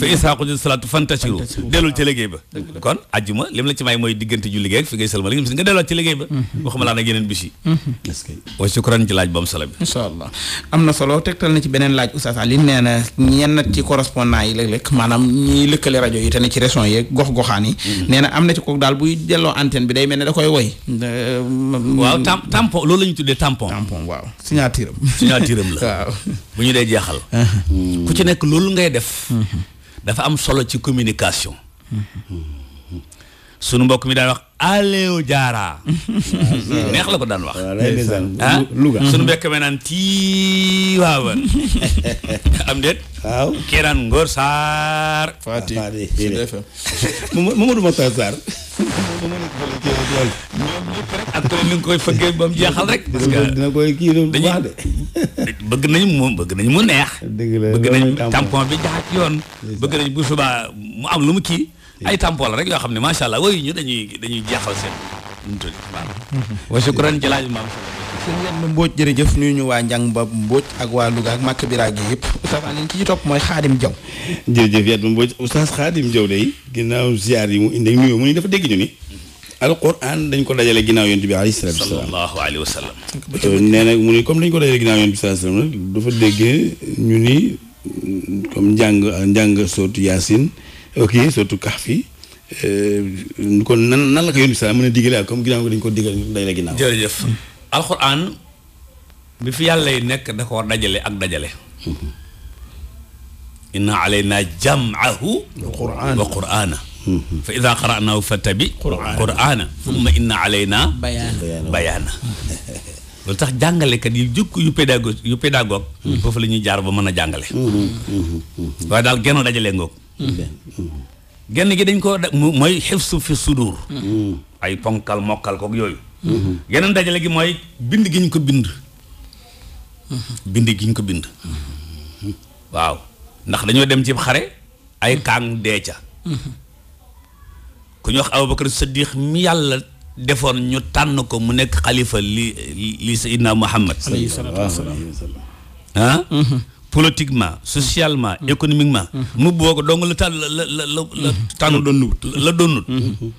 fa isaa xujud salaatu fantashiru dellul ci liggéey ba kon ajjuma lim la ci may mooy diggante ju liggéey ak fi ngay mm-hmm. laa nag yeneen bis yi mm-hmm. wa shukran ci laaj ba am solo bi incha allah am na solo tegtal na ci beneen laaj Oustaz Alioune nee na ñenn ci correspondant yi léeg maanaam ñiy lëkkale rajo yi te ne ci région yi gox goxaan yi nee am na ci kooku daal buy delloo antenne bi day mel ne da koy woy mm-hmm. waaw tampon loolu la ñu tuddee tampon tampon waaw signature am signature am la (laughs) dafa am solo ci communication. Hmm. Hmm. Hmm. sunu mbokk mi daan Aliou Diarra. (laughs) neex la ko daan wax. ah Louga. sunu mbekk mi naan tii waawan (laughs) am déet. waaw kii naan Ngor Sarr. Fatick Sud FM. Mamadou Makhtar ak koy fëggee ba mu jeexal rek. bëgg nañ mu neex. dëgg bëgg nañ tampon bi jaxat yoon. bëgg nañ bu subaa mu am lu mu kii. ay tampon la rek yoo xam ne macha allah wayu ñu dañuy dañuy jeexal seen ñu tudd waaw. wa shukran ci laaj maam sëñ Yadma Mbodj waa Njàng ba ak waa Louga ak Màkk Bira gi yëpp sama leen ci topp mooy Xaadim Jaw jërëjëf Yadma Mbodj oustaz Xaadim Jaw day ziar yi mu indi nuyoo mu ni dafa dégg ñu ni alquran dañ ko dajale ginnaaw yonent bi alayhi salaatu wa salaam sallallahu comme ko dajale ginnaaw yonent bi ñu ni njàng njàng sootu Yaasin ok surtout kax fi euh, kon nan nan la ko yónni salaam mën a digalee ak comme ginnaaw dañu ko digal day la ginnaaw. jërëjëf. Hmm. alxuraan fi yàlla nekk da dajale ak dajale. Hmm. inna alayna jam'ahu wa qur'ana hmm. fa ida qara'nahu fattabi qur'ana thumma inna (laughs) tax jàngalekat yi jukk yu pédagogue yu foofu la ñuy jaar ba mën a jàngale waaye daal genn dajale genn gi dañ koo ko mooy xifsu fi sudur ay ponkal mokkal kook yooyu geneen dajale gi mooy bind gi ñu ko bind bind gi ñu ko bind waaw ndax dañoo dem ci xare ay kaang dee ca ku ñu wax Abubakar Siddiq mi yàlla defoon ñu tànn ko mu nekk xalifa li li Seydina Muhammad sallallahu alayhi wa sallam ah mm-hmm. politiquement socialement mm. économiquement mm. mu boo ko dong la tànn la la la la la mm. doonnut mm-hmm.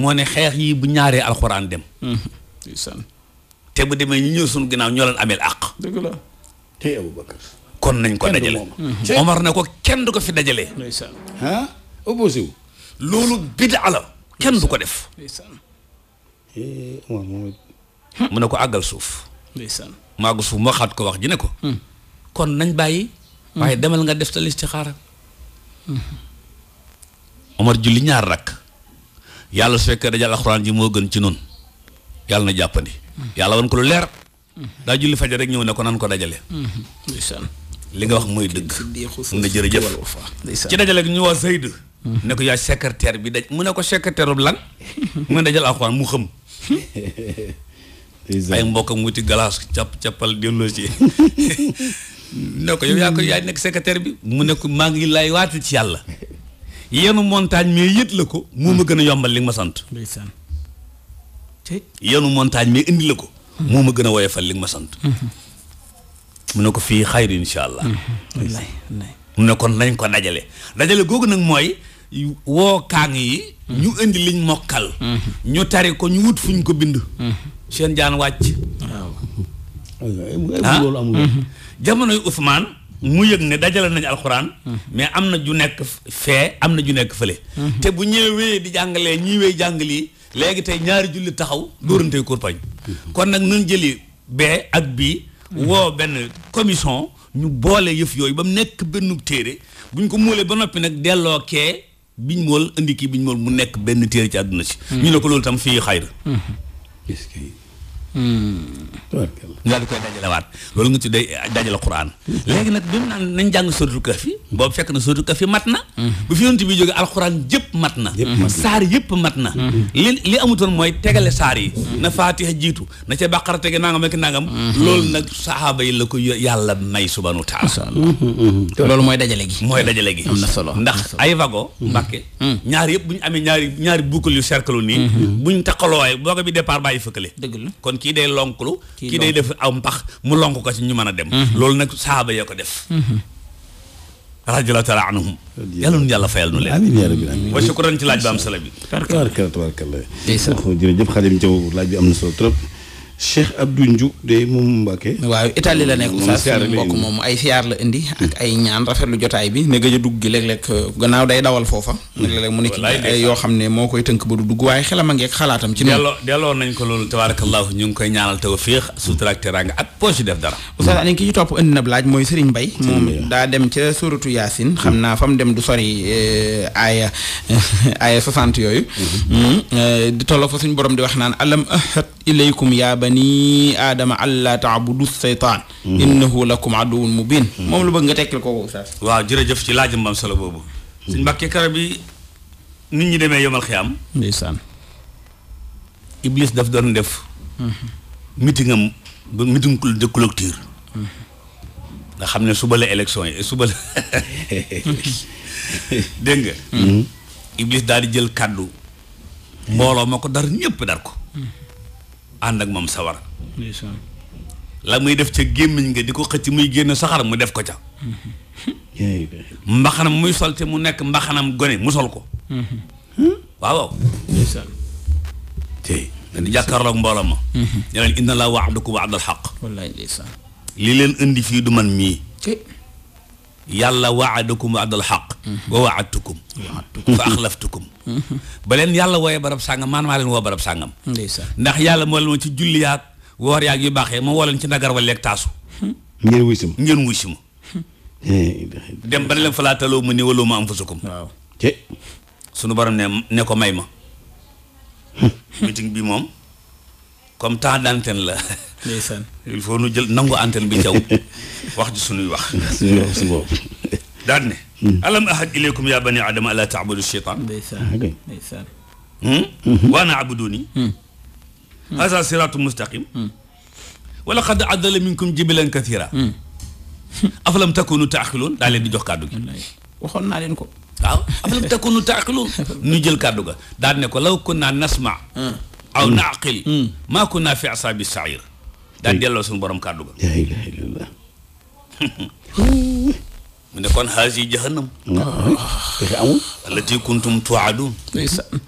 moo ne xeex yi bu ñaaree alxuraan dem mm-hmm. te bu demee ñu ñëw suñu ginnaaw ñoo leen ameel àq dëgg kon nañ ko dajale mm-hmm. Omar na ko kenn du ko fi dajale ah opposé wu loolu kenn du ko def eh, mu ne ko àggal suuf mu àggal suuf moo xaat ko wax ji ne ko kon nañ bàyyi waaye mm-hmm. demal nga def sa listixaara mm-hmm. Omar julli ñaar rakk yàlla su fekkee dajal alxuraan ji moo gën ci noonu yàlla na jàppandi mm-hmm. yàlla wan ko lu leer daa julli fajar rek ñëw ne ko nan ko dajale li nga wax mooy dëgg mun na jërëjëf ci dajale gi ñu woo Seydou ne ko yaay bi daj mu ne ko secrétaire bu lan (laughs) mu dajal alxuraan mu xëm (laughs) ay mbokk mu wuti galaas càpp càppal delloo ci (laughs) ne ko yow yaa ko yaa nekk secrétaire bi mu ne ko maa ngi lay waatu ci yàlla yenu montagne mais yët la ko moo ma gën a yombal li ma sant ndeysaan yenu montagne mais indi la ko moo ma gën a woyofal li ma sant mu ne ko fii xayri insha allah mhm. mu ne kon nañ ko dajale dajale googu nag mooy woo kaang yi mhm. ñu indi liñ mokkal mhm. ñu tari ko ñu wut fuñ ko bind seen jaan wàcc jamonoy Ousmane mu yëg ne dajale nañu alxuraan. mais am na ju nekk fee am na ju nekk fële. te bu ñëwee di jàngalee ñii wéy jàngal yi léegi tey ñaari julli taxaw dóorante kurpañ kon nag nañ jëli bee ak bii. woo benn commission ñu boole yëf yooyu ba mu nekk benn téere bu ñu ko muulee ba noppi nag delloo kee biñ mool indi kii biñ mool mu nekk benn téere ci àdduna si. Hmm. ñu ne ko loolu tam fii xayra. Hmm. Hmm. nga daal di koy dajalewaat loolu nga tuddee eh, dajale Qur'an. léegi nag bi mu naan nañ jàng suratul Kahfi boobu fekk na suratul Kahfi mat na. Hmm. bu bi jógee alxuraan jëpp mat na. saar yëpp mat na. Hmm. li li amutoon mooy tegale saar yi. na Faatiha jiitu na ca Baqara tege nangam ak nangam. loolu nag saxaaba yi la ko yàlla may subhaanahu wa taala. loolu mooy dajale gi. mooy dajale gi. am na solo ndax ay vago. Mbàkke ñaar yëpp bu ñu amee ñaari ñaari boucle yu cercle nii. bu taqaloo waaye boo ko bi départ bàyyi fëkkale. kon kii kii day lonklu kii day def aw mpax mu lonk ko ci ñu mën a dem mhm. loolu nag saaba ya ko def mhm. radiyallahu taala anhum yàlla nu yàlla fayal nu leen amiin yaa rabbil amiin wa shukran ci laaj bi am solo bi tabaarkalla tabaarkalla jërëjëf Xaadim Jaw laaj bi am na solo trop Cheikh Abdou Ndiou de moom Mbacké waaw Italie la nekk oustaz suñu mbokk moom ay siyaar la indi ak ay ñaan rafetlu jotaay a euh, dawal foofa nag hmm. mu ne ci yoo xam ne moo koy tënk ba du dugg waaye xelam a ngeeg xalaatam ci noonu delloo nañ ko loolu tabarakallahu ñu ngi koy ñaanal tawfiix sutura ak teraanga ak poche def dara oustaz ani na laaj mooy Serigne Mbaye moom daa dem ca suratu Yaasin xam hmm. naa fa mu dem du sori euh, aaya (laughs) aaya yooyu hmm. Euh, tolloo fa suñu borom di wax naan alam ilaykum yaa bani aadama allaa taabudu seytaan mhm. innahu lakum aduwun mubin mhm. moom la bëgg nga tekkil kooku oustaz waaw jërëjëf ci laajam bam solo boobu mhm. suñ mbàkkee kara bi nit ñi demee yomal xiyaam ndeysaan iblis daf doon def meeting am ba meeting de clôture nga xam ne suba la élection yi suba la (laughs) dégg nga iblis daal di jël kàddu mbooloo ma ko dar ñëpp dar ko ànd ak moom sawar la muy def ca gémmiñ nga di ko xëcc muy génn saxar mu def ko ca mbaxanam muy sol te mu nekk mbaxanam gone mu sol ko waaw waaw tey nga di jàkkaarloog mbooloo ma ñe mhm. leen inna laa wa'adakum wa'dal haqq wallaay ndeysaan li leen indi fii du man mii yàlla waadakum waadal xaq mhm. wa waadtukum fa axlaftukum mhm. ba leen yàlla wooyee barab sàngam man maa leen woo barab sàngam ndax yàlla moo leen ci julli yaag woor yaag yu baaxee ma woo leen ci nagar wa leeg taasu hmm. ngeen wuy si ma ngeen wuy si ma hmm. dem ba ne leen falaa mu ni waloo ma anfusakum waaw te sunu ne ne ko may ma hmm. meeting bi moom comme temps d'antenne la. ndeysaan jël nangu antenne bi caw wax ji suñuy wax. suñuy wax suñu bopp. daan ne. Hmm. alam ahad ilaykum yaa bani adama ala taabudu shaytaan. ndeysaan ah, ndeysaan. Hmm? Hmm. wa ana abuduni. hasa siratu mustaqim. wa laqad adala minkum jibilan kathira. afalam takunu taaxiloon daa leen di jox kàddu gi. waxoon takunu taaxiloon. nu (laughs) jël kàddu ga daan kunna nasma. aw mm. naaqil mm. maa kunna fi asaabi sair daal delloo suñu borom kàddu ga la ilaha illallah (laughs) mu ne kon haasi jahannam amul allati kuntum tuadun ndeysaan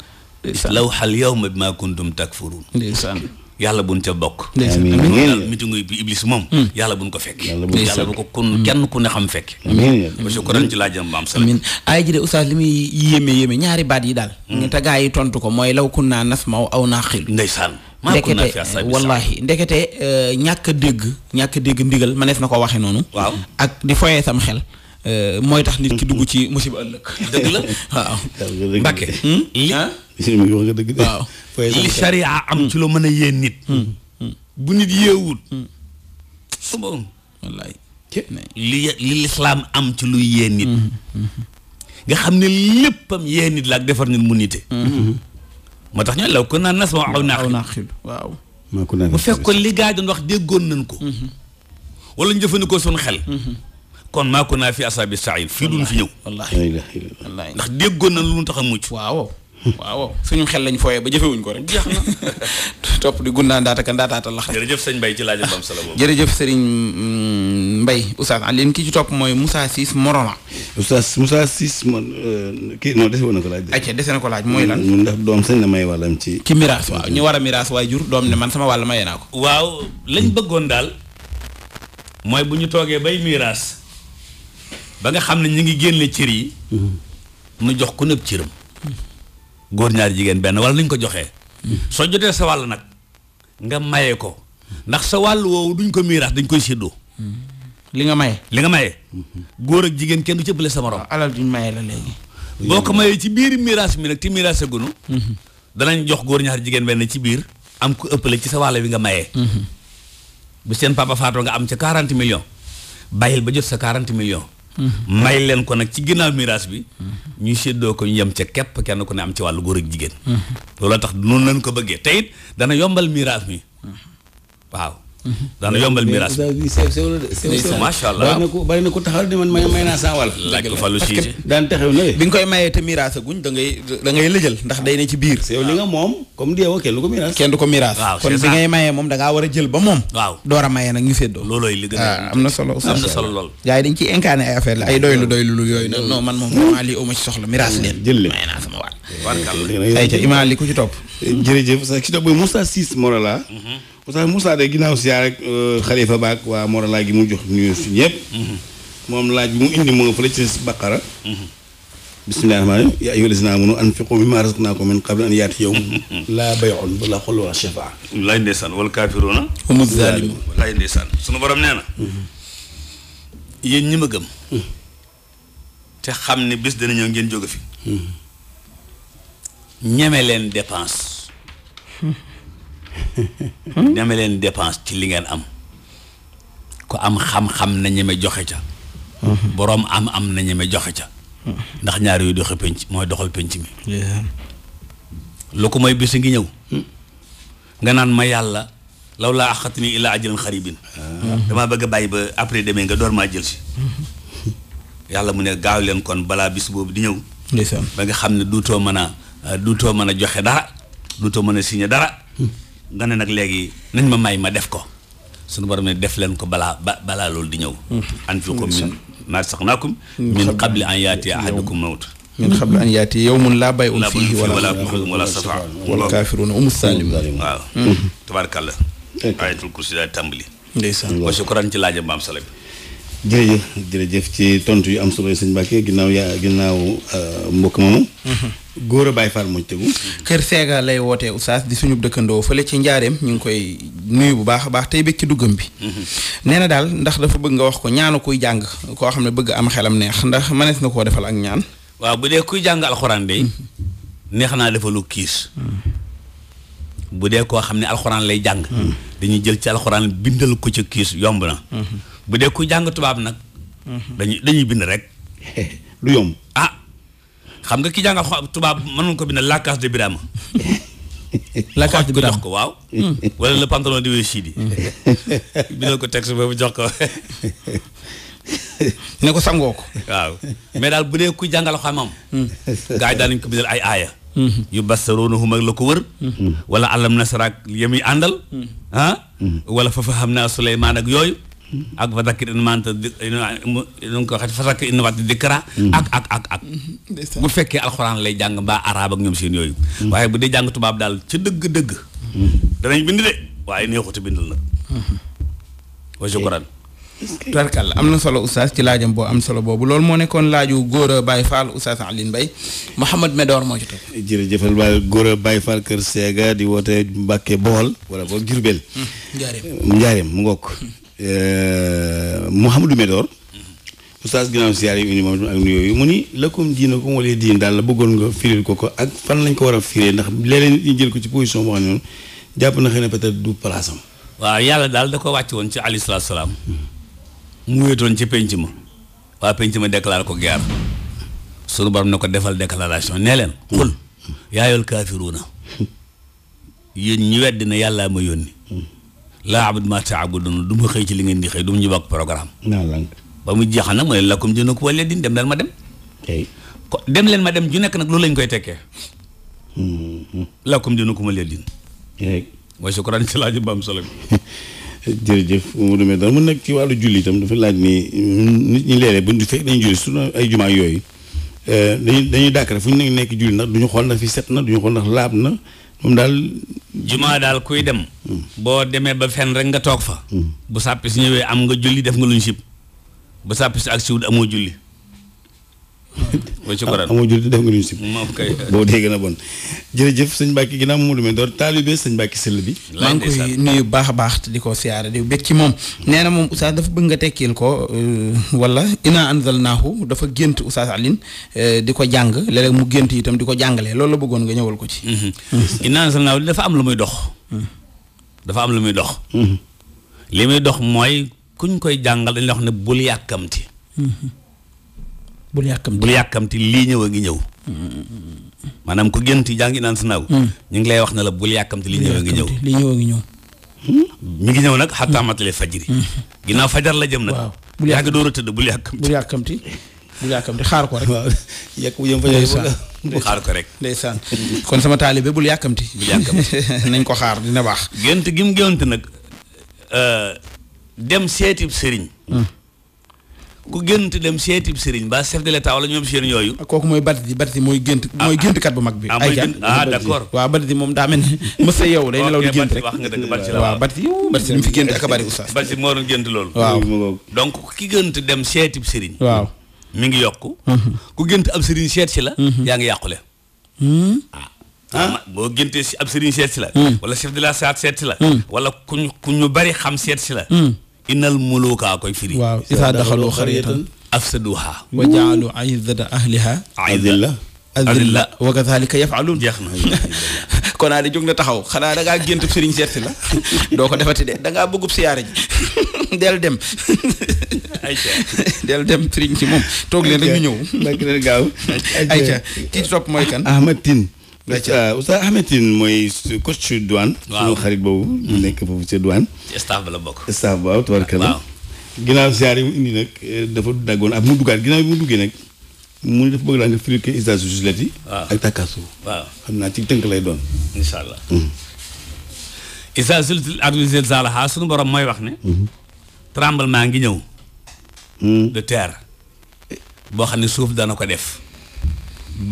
ndeysaan lawxal yawma bima kuntum takfurun ndeysaan yàlla buñ ca bokk. amiin mitingu bi iblis moom. Hmm. yàlla buñ ko fekk. yàlla bu ko kun hmm. kenn ku ne xam fekk. amiin monsieur Koran ci laajam maam salaam. amiin ay ji de oustaz li muy yéeme yéeme ñaari baat yi daal. Hmm. te gaa tontu ko mooy law kun naa nas maw aw naa xil. ndeysaan. ndekete wallahi ndekete euh, ñàkk a dégg ñàkk a dégg ndigal manees na ko waxe noonu waaw ak di foyee sam xel euh, mooy tax nit ki dugg ci musiba ëllëg dëgg la (laughs) waaw Mbàkke mu dëgg de. waaw (laughs) li charia am ci loo mën a yee nit. Hmm. bu nit yeewut. Hmm. suba wallaay. li li lislaam am ci luy yee nit. Hmm. nga xam ne léppam yee nit laa ak defar nit mu nit moo tax ñu law kunnaa nasma'u aw na'qilu waaw. bu fekkoon li gaa yi doon wax déggoon nañ ko. wala ñu jëfandikoo suñu xel. kon maa naa fi asaabi sa'iir fii duñ fi ñëw. wallaahi ndax déggoon nañ lu tax a mucc. waaw. waaw suñu xel lañ fooyee ba jëfewuñ ko rek jeex na (laughs) topp di gunnaan daataka ndaataata lax jërëjëf sëñ Mbaye ci laaj am solo boobu jërëjëf sëriñ mm, Mbaye Oustaz Alioune ki ci topp mooy Moussa Ciss Morona Oustaz Moussa Ciss man euh, kii non dese na ko laaj acca dese na ko laaj mooy lan ndax doom sañ la may wàllam ci ci miraas waaw ñu war a miraas waaye jur doom ne man sama wàll mayee naa ko waaw lañ bëggoon daal mooy bu ñu toogee bay miraas ba nga xam ne ñu ngi génne cër yi mu mm-hmm. jox ku nëb cëram góor ñaar jigéen benn wala nañ ko joxee hmm. soo jotee sa wàll nag nga maye ko ndax sa wàll woowu duñ ko miirax dañ koy séddoo hmm. li nga maye li nga maye hmm. góor ak jigéen kenn du ci ëppale sa morom ah, alal duñ maye la léegi boo ko mayee ci biir miiraas mi nag ci miiraas a gunu danañ jox góor ñaar jigéen benn ci biir am ku ëppale ci sa wàll bi nga mayee bu seen papa faatoo nga am ca 40 million bàyyil ba jot sa 40 million may leen ko nag ci ginnaaw miraas bi ñu séddoo ko ñu yem ca kepp kenn ku ne am ci wàllu góor ak jigéen mm-hmm. looloo tax noonu leen ko bëggee teyit it dana yombal miraas mi waaw daana yombal bari na ko taxaw ne man may naa saa wàll daan taxaw ne bi nga koy mayee te miraas a guñ da lëjal ndax day ne ci biir yow li nga moom comme di yow kenn du ko miraas kon bi ngay mayee moom da war a jël ba moom door a mayee nag ñu séddoo loolooy a ah, am na solo am solo lool gars yi dañ ciy incarné ay affaire la ay doylu doylu lu yooyu nag man moom vraiment lii ma ci soxla miraas leen jël leen may naa sama wàll ay ca imaam li ku ci topp jërëjëf sa ki parce que Moussa de ginnaaw siyaar rek xalifa euh, baag waa Morala gi mu jox nuyu si ñëpp. moom laaj bi mu indi moo fële ci Baqara. bismillahi rahmaani rahim yaa ayyuhal lazina aamanu anfiqu mimma razaqnakum min qabli an yaati yawm laa bay'un wala xulwatun wala shafaa lay ndeysaan wal kaafiruuna humu zaalimuun lay ndeysaan sunu borom nee na yéen ñi ma gëm te xam ne bis dana ñëw ngeen jóge fi ñeme leen dépense Hmm? deme leen dépense ci li ngeen am ku am xam-xam na ñeme joxe ca hmm. boroom am am na ñeme joxe ca hmm. ndax ñaar yooyu doxe penc mooy doxal penc mi lu ko mooy bis ngi ñëw nga naan ma yàlla law laa axatni ilaa ajalin xaribin damaa bëgg a bàyyi ba après demee nga door maa jël si yàlla mu ne gaaw leen kon balaa bis boobu di ñëw ba nga xam ne duutoo mën a duutoo mën a joxe dara duutoo mën a signé dara nga ne nag léegi nañ ma may ma def ko suñu borom ne def leen ko balaa ba balaa loolu di ñëw mm-hmm. anfiqu min ma saxnaakum min qabli an yaati ahadakum mawt min qabli an yaati yawmun laa bay'un fiihi wala wala safa wal kaafiruuna humu zaalimuun mm-hmm. waaw mm-hmm. tabaarkalla ayatul kursi daal tàmbali ndeysaan wa shukran ci laaja maam sala bi jërëjëf jërëjëf ci tontu yu am solo sëñ Mbacke ginnaaw yaa ginnaaw euh, mbokk moomu góor a Baye Fall mooy tegu. Kër Sega lay wootee Oustaz di suñu dëkkandoo fële ci njaareem ñu ngi koy nuyu bu baax a baax tey bëgg ci duggam bi. Mm-hmm. nee daal ndax dafa bëgg nga wax ko ñaanu kuy jàng koo xam ne bëgg am xelam neex ndax mënees na koo defal ak ñaan. waaw bu dee kuy jàng alxuraan de mm-hmm. neex naa defalu kiis. Mm-hmm. bu dee koo xam ne alxuraan lay jàng. dañuy jël ci alxuraan bindal ko ci kiis yomb na. bu dee kuy jàng tubaab nag. dañuy bind rek. (laughs) du yomb. xam nga ki jàngal tubaab mënoon ko bi la case de Birama. la case de Birama jox ko waaw. Hmm. wala le pantalon de hmm. (laughs) ko texte boobu jox ko. (laughs) ne ko sangoo ko. waaw mais daal bu dee ku jàngal xamam. Hmm. gars yi daal nañ ko bindal ay aaya. yu bassaroonahum ak la ko wër. walla alam nasaraak ya àndal. ah. wala xam naa Suleymaan ak yooyu. ak fa dakkir inmanta di nu ko xaj fa sakk inmanta dikra mm-hmm. ak ak ak ak bu fekkee alxuraan lay jàng mbaa araab ak ñoom seen yooyu mm-hmm. waaye bu dee jàng tubaab daal ca dëgg-dëgg mm-hmm. danañ bind de waaye neexuta bindal nag wa am na solo oustaz ci laajam boo am solo boobu loolu moo nekkoon laaju góor a Baye Fall oustaz Alioune Mbaye Mouhamed Medor moo ci topp jërëjëfal Baye góor a Baye Fall Kër Seega di woote Mbàkke Bool wala boog Jurbel njaareem njaareem mu ngokk Euh, Mouhamadou Médor mm-hmm. oustaz ginnaaw siyaar yi indi moom ak yooyu mu ni lëkkum diina ko wala diin daal la bëggoon nga firil ko ko ak fan lañ ko war a firee ndax léeg-léeg jël ko ci position boo xam jàpp na xëy na peut-être du place am yàlla daal ko wàcc woon ci alayhi salaam mm-hmm. mu wéetoon ci penc ma waa penc ma déclaré ko guerre sunu borom ne ko defal déclaration nee leen xul mm-hmm. yaayol kaafiruuna yéen ñu weddi na yàllaa ma yónni laa abud ma taabudun du ma xëy ci li ngeen di xëy du ma programme naa programme. ba mu jeexal nag mooy ne lakum diinukum waliya diin dem leen ma dem. dem leen ma dem ju nekk nag loolu lañ koy tekkee. Mm-hmm. lakum diinukum waliya diin. mooy sukkuraan ci laaj ba am solo bi. (laughs) jërëjëf Modou Mbène mu nekk ci wàllu julli itam dafa laaj ni nit ñi léeg-léeg bu ñu fekk dañuy julli su ay jumaa yooyu eh, dañuy dañuy dàkk rek fu ñu nekk julli nag du ñu xool ndax fi set na du ñu xool ndax laab na. moom daal. jumaa daal kuy dem. boo demee ba fenn rek nga toog fa. Hmm. bu sàppi si ñëwee am nga julli def nga luñ sib bu sàppi si ak siwut amoo julli. wa (laughs) shukran ah, amoo jullit def nga lu ñu sib boo dee gën a bon jërëjëf sëñ Mbacke ginnaaw moom lu mel door taalibe sëñ Mbacke sëll bi maa ngi koy nuyu baax a baax di ko siyaare di bég ci moom nee na moom oustaz dafa bëgg nga tekkil ko euh, wala ina anzalnaahu dafa gént oustaz Alioune euh, di ko jàng léeg-léeg mu gént itam di ko jàngalee loolu la bëggoon nga ñëwal ko ci mhm. ina anzalnaahu dafa am lu muy dox dafa am lu muy dox mhm. li muy dox mooy kuñ koy jàngal dañ la wax ne bul yàkkamti mhm. bul yàkkamti bul yàkkamti lii ñëw a ngi ñëw. maanaam ku gént jaa ngi naan si sanaaw. Hmm. ñu ngi lay wax ne la bul yàkkamti lii ñëw a ngi ñëw lii ñëw ngi ñëw. mi ngi ñëw nag xataa matale fajiri. Hmm. ginnaaw fajar la jëm nag. waaw bul door tëdd bul yàkkamti bul yàkkamti. bul yàkkamti xaar ko rek. waaw yàq bu xaar ko rek. ndeysaan kon sama taalibe bul yàkkamti. bul yàkkamti (laughs) nañ ko xaar dina baax. gént gi mu gént nag euh, dem seeti sëriñ. Hmm. ku gént dem seetib sëriñ ba chef de l'état wala ñoom seen yooyu ah, kooku mooy batiti batiti mooy gént ah, mooy ah. kat bu mag bi ayca ah moom daa mel ni mës (laughs) a yow day nelaw di gént rek wax nga dëgg batiti la waaw batiti batiti mu gént a bari oustaz batiti moo doon gént loolu waaw donc ki gént dem seetib sëriñ waaw mi ngi yokk mhm. ku gént ab sëriñ seet si la mhm. yaa ngi yàqule hmm? ah boo géntee si ab sëriñ seet si la hmm. wala chef de l'état seet si la hmm. wala kuñ ku ñu bari xam seet si la innal muluuka koy firi. waaw isaa daxalu xaryatan afsaduha wa jaalu aizzata ahliha azilla azilla wa kadhalika yafalun na (laughs) kon naa di jóg na taxaw xanaa da ngaa gént sëriñ seet si la doo ko defati de da ngaa bëggub siyaare ji (laughs) del dem (laughs) ayca del dem sëriñ si moom toog leen rek ñëw nag leen gaaw ayca ci mooy kan ayca euh, Oustaz Ahmed Tine mooy coach douane. Hmm. nekk la bokk. staff mu indi nag eh, dafa naa ci lay doon. incha allah. usage sunu borom mooy wax ne. Hmm. tremblement ngi ñëw. Hmm. de terre. boo xam ne suuf dana ko def.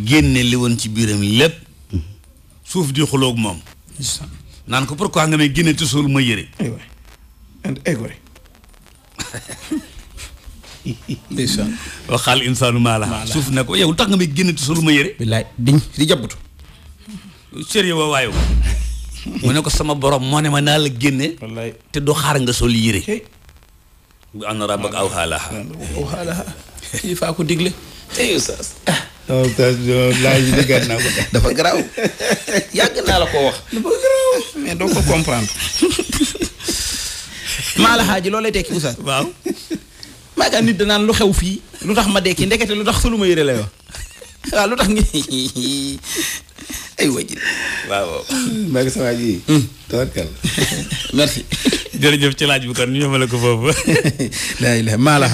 génne li woon ci biiram lépp. suuf di xuloog moom. naan ko pourquoi ko yow tax génne sama borom moo ne ma te du xaar nga sol yëre. bu ànd rabbak aw xaalaha. aw xaalaha. faa ko digle. non oh, naa (laughs) dafa garaaw yàgg naa la ko wax. dafa garaaw mais doo ko comprendre. (laughs) maa la xaaji loolay tekki oustaz. waaw. maa ngi nit danaan lu xew fii. lu tax ma dekki ndekete lu tax su lu ma yëre lay (laughs) waaw lu tax ngi ay wajj waaw waaw. Hmm, maa ngi sa waaj yi. Hmm. tawakkal. (laughs) merci. jërëjëf ci laaj bu kon ñu ñëwale ko foofu. laa ilaaha maa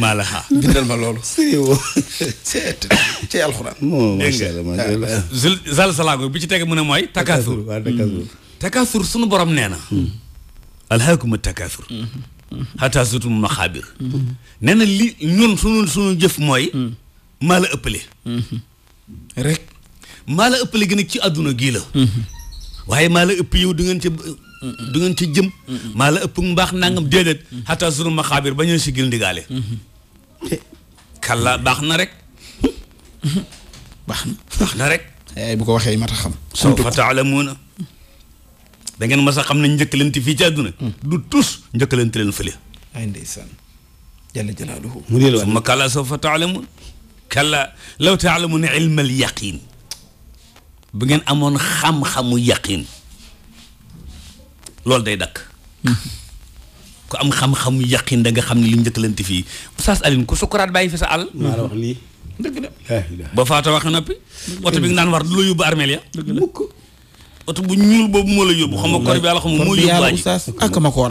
maalaha. bindal ma loolu. (laughs) (laughs) seet ci alxuraan. macha allah ah, bi ci teg mu ne mooy. takaasur waaw takaasur. Hmm. takaasur sunu borom nee na. alhaakumu takaasur. xataa sutum maxaabir. nee na li ñun sunu sunu jëf mooy. maa la ëppale. rek. maa la ëpp léegi ci àdduna gii la waaye maa la ëpp yow du ngeen ci du ngeen ci jëm maa la ëpp mbaax nangam déedéet xataa sunu maxaabir ba ñu sigil ndigaale kalla baax na rek baax na rek ay eh, bu ko waxee yi ma tax xam sawfa taalamuuna da dangeen mas a xam ne njëkkalante fii ci àdduna du tus njëkk leen fële ay ndeysaan jalla jalaaluhu mu dee la summa kalla sawfa law taalamuuna ilmal yaqiin bu ngeen amoon xam-xamu yaqin loolu day dakk ku am xam-xamu yaqin da nga xam ne lu mu njëkkalante fii Oustaz Alioune ku sukkuraat bàyyi fi sa àll. maa wax lii. dëgg la ba faata wax noppi. oto bi nga naan war du la yóbbu armeel ya. oto bu ñuul boobu moo la yóbbu. xam nga kor bi yàlla xam nga moo yóbbu waa ji ak ah, ma koo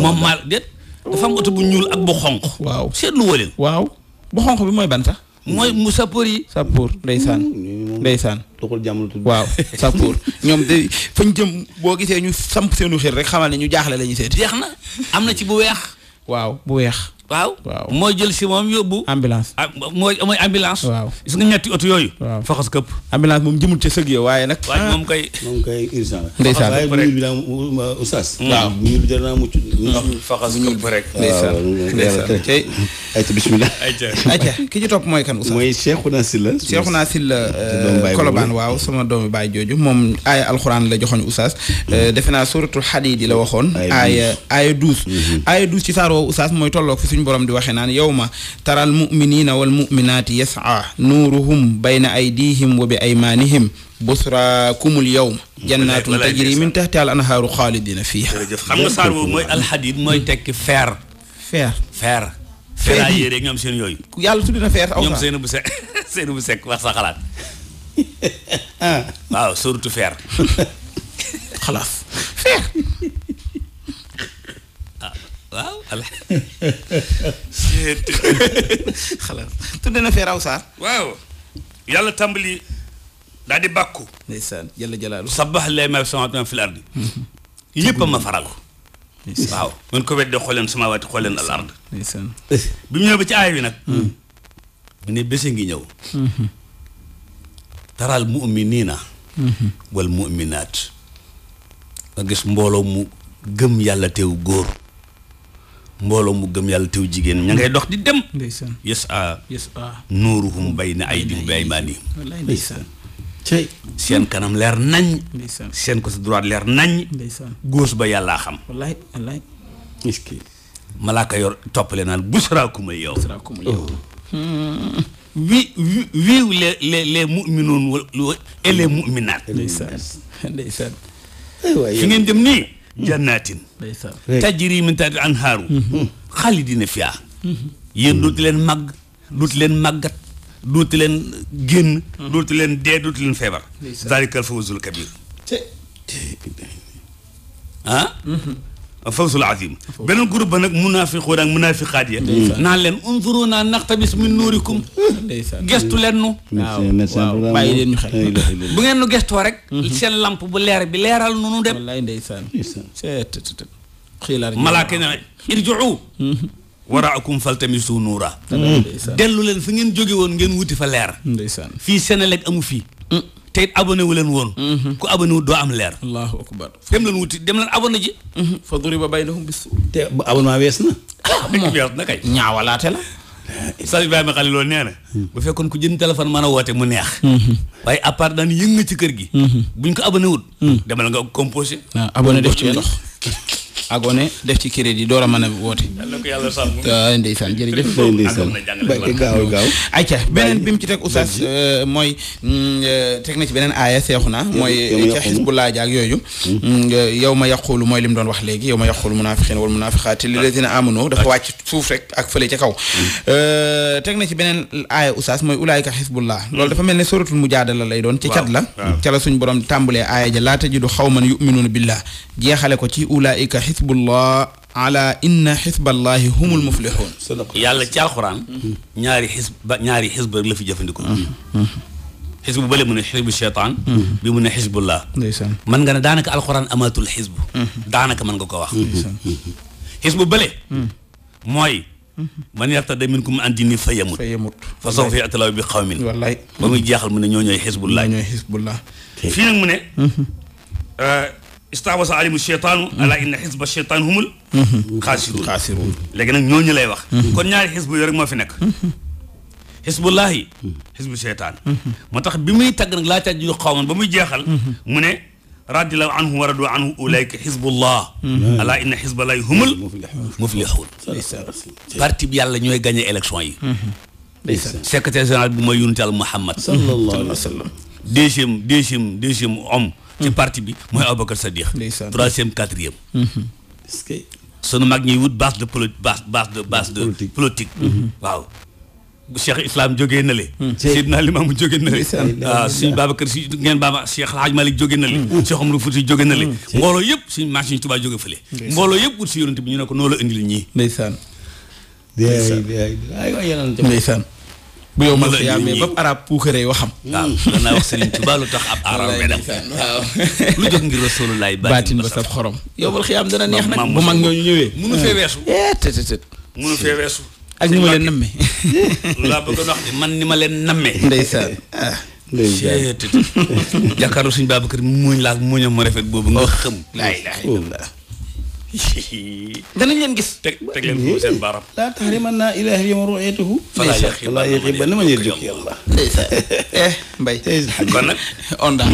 moom maa déet dafa am oto bu ñuul ak bu xonq. waaw seetlu woo leen. waaw bu xonq bi mooy ban sax. mooy mu sappoor yi. sappoor ndeysaan. ndeysaan. doxul jàmm tudd. waaw sappoor ñoom de fañ jëm boo gisee ñu samp seenu xir rek xamal ne ñu jaaxle la ñuy seet. jeex na am na ci bu weex. waaw bu weex. waaw mooy jël si moom yóbbu. ambulance ah, mooy mooy ambulance. waaw gis nga ñetti oto yooyu. waaw faxas këpp. ambulance moom jëmul ca sëg yo waaye nag. waaye ah. moom kay. moom kay urgent la. ndeysaan waaye bu ñuul bi daa oustaz. Mm. waaw bu ñuul bi dana mucc. Mm-hmm. faxas këpp rek. ndeysaan ndeysaan tey. ayca bisimilah. (laughs) ki ci topp mooy kan oustaz. mooy Cheikhouna Sylla. Cheikhouna Sylla Kolobaan euh, waaw sama doomi baay jooju moom aaya alxuraan la joxoon oustaz. Euh, defe naa suuratul Hadiid la waxoon. aaya aaya douze mm-hmm. aaya ci saar woowu mooy tolloog fi suñu borom di waxee naan yawma taral muminina wal muminaati yas'a nuuruhum bayna aydihim wa bi aymaanihim busraakumul yawma jannaatun tajri min tahtiha al anhaaru xaalidina fiiha xam nga saar boobu mooy alxadid mooy tekki feer feer feer feer yi rek ñoom seen yàlla tudd na feer bu sekk seen bu sekk wax (laughs) (laughs) waaw (laughs) na fee raw saar waaw yàlla tàmbali daal di bàkku ndeysaan jalla jalaalu sabax lay fil ardi yëpp mm-hmm. a ma faragu waaw man ko wedde xool leen sama waati xool leen al ard bi mu ñëw ba ci aay bi nag mm-hmm. mu ne bési ngi ñëw mm-hmm. taral mu'miniina wal mu'minaat nga gis mbooloo mu gëm yàlla teew góor mbooloo mu gëm yàlla tew jigéen ña ngay dox di dem. ndeysaan yes a. Ah. yes a ah. nuuruhum bayna aydihim bi ay wallaay ndeysaan. seen kanam leer nañ. ndeysaan seen côté droite leer nañ. ndeysaan góos ba yàlla xam. wallaay wallaay. est-ce que. malaaka yor toppale naan busraakumul yow. yow. Oh. Hmm. wi wi wiiw les les les mu'minoon et mu'minaat. Eh fi ngeen jëm nii. jannaatin tajri min tahtiha anhaaru mhm. hmm. xaalidina fiha mhm. yéen dootu leen màgg dootu leen màggat dootu leen génn hmm. dootu leen dee dootu leen feebar zaalikal fawzul kabiir ah mhm. fawsul azim beneen groupe ba nag munaafiqoon ak munaafiqaat ya naan leen unzuruna naqtabis min nuurikum gestu leen nu waaw bàyyi leen ñu xel bu ngeen nu gestoo rek mhm. seen lamp bu leer bi leeral nu nu dem wallaay ndeysaan xiilaar malaaka ne irjuu mhm. waraakum faltamisu nuura mhm. dellu leen fa ngeen jóge woon ngeen wuti fa leer ndeysaan fii Sénégal amu fii mm. te it abonné wu leen woon mm-hmm. ku abonné wu doo am leer allahu akbar dem leen wuti dem leen abonné ji mm-hmm. fa duriba baynahum bis te abonnement wees na ah, (laughs) wees na kay ñaawalaate la sal Ibrahima Xalil loolu nee na mm-hmm. bu fekkoon ku jën téléphone mën a woote mu neex waaye à part daan yëng ci kër gi buñ ko abonné wut demal nga composé ah, abonné de ci ndox (laughs) agone def ci crédit door ma mën a woote. yàlla ah, ndeysaan jërëjëf. ndeysaan gaaw gaaw. ayca beneen bi mu ci teg oustaz euh, mooy mm, euh, teg na ci beneen aaya seexu na mooy ca xisbullah jaag yooyu. Mm-hmm. Mm, euh, yow ma yaqulu mooy li mu doon wax léegi yow ma yaqulu munaafiqiina wal munaafiqaati lillaziina aamanu dafa wàcc suuf rek ak fële ca kaw. Mm-hmm. teg na ci beneen aaya oustaz mooy ulaayika xisbullah mm-hmm. loolu dafa mel ne suratul mujaadala lay doon. ci cat la ca la suñ borom tàmbalee aaya ja laa tajidu xawman yuminuuna billah jeexale ko xisbullah ala inna xisballahi humul muflixuun yàlla ci alxuraan ñaari xisb ñaari xisb rek la fi jëfandikoo xisbu bële mu ne xisbu cheytaan bi mu ne xisbullah mën nga ne daanaka alxuraan amaatul xisb daanaka mën nga ko wax xisbu bële mooy man yartadda minkum an diinihi fa yamut. fa yamut fa sawfa ya'ti Llaahu bi qawmin. wallaay ba muy jeexal mu ne ñoo ñooy xisbullah. ñoo ñooy xisbullah. fii nag mu ne. Mm-hmm. Euh, istawasa alimu cheytaanu ala inna xisba cheytaan humul xaasiruun xaasiruun léegi nag ñooñu lay wax kon ñaari xisbu yooyu rek moo fi nekk xisbullaahi xisbu cheytaan moo tax bi muy tagg nag laa taj yu xawman ba muy jeexal mu ne radiyallaahu anhu wa radu anhu ulaayka xisbullah ala inna xisballaahi humul muflixuun parti bi yàlla ñooy gagné élection yi secrétaire général bi mooy yunital Muhammad sallallahu alayhi wa sallam deuxième deuxième deuxième homme ci parti bi mooy Aboubacar Sadiq troisième quatrième est-ce que sunu mag ñuy wut baax de poli baax baax de base de politique waaw cheikh islaam jóge na le Seydina Limaamu jógee na le waaw suñu Babacar si ngeen baaba Cheikh Alhaaj Malik jógee na le Cheikh Omar Fouti jógee na le mbooloo yëpp suñu marché yi Tuubaa jóge fële mbooloo yëpp wut si yonent bi ñu ne ko noo la indil ñii ndeysaan ndeysaan ndeysaan bu yow ma la yaamee ba arab puukaree waxam. waaw loolu naa wax Serigne Touba lu tax ab arab nga dem waaw lu jóg ngir Rasulullaay baatin ba sab xorom yowmal xiyaam dana neex nag bu mag ñooñu ñëwee munu fee weesu tët tët munu fee weesu ak ni ma leen nammee laa bëgg wax de man ni ma leen nammee ndeysaan ndeysaan jàkkaarloo suñu Babacar muuñ laak muuñam mu rafet boobu nga xam laa ilaaha (laughs) danañ leen gis. teg teg leen ko seen baaram. laa tahrimanna ilaahi yawma ru'yatihi. falaa yaxiibanna man yaljuka Allah. mbay. kon nag. (laughs) on daal.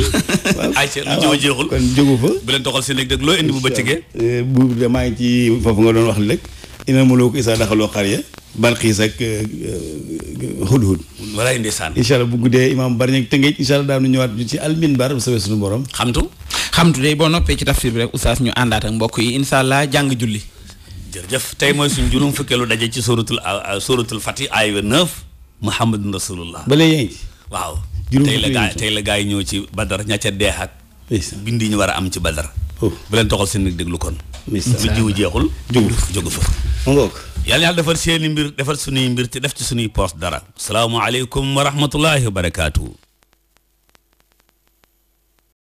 ayca lu jëma jeexul kon jógu fa. bu leen doxal seen léeg-léeg loo indi bu bëccëgee. Eh, bu de maa ngi ci foofu nga doon wax léeg. inal muluuka izaa daxaluu qarya. Balxiis ak eh, eh, Hudhud. walaay ndeysaan. incha allah bu guddee imaam bari nañ tënkee incha allah daanu ñëwaat ci alminbar bu soobee suñu borom. xamtu. xamtu day boo noppee ci tafsir bi rek oustaz ñu àndaat ak mbokk yi incha allah jàng julli. jërëjëf tey mooy suñu juróom fukkeelu daje ci suratul suratul Fatih aaya neuf Muhammadun Rasulullah. ba léegi. waaw tey la gaa tey la yi ñëw ci Badar ña ca ak. bind ñu war a am ci Badar. Oh. bu leen toxal seen déglu kon. bu jiw jeexul. jógu jógu fa. yal yàlla defar seeni mbir defar suñuy mbir te def ci suñuy poos dara. salaamaaleykum wa rahmatullahi wa barakaatu.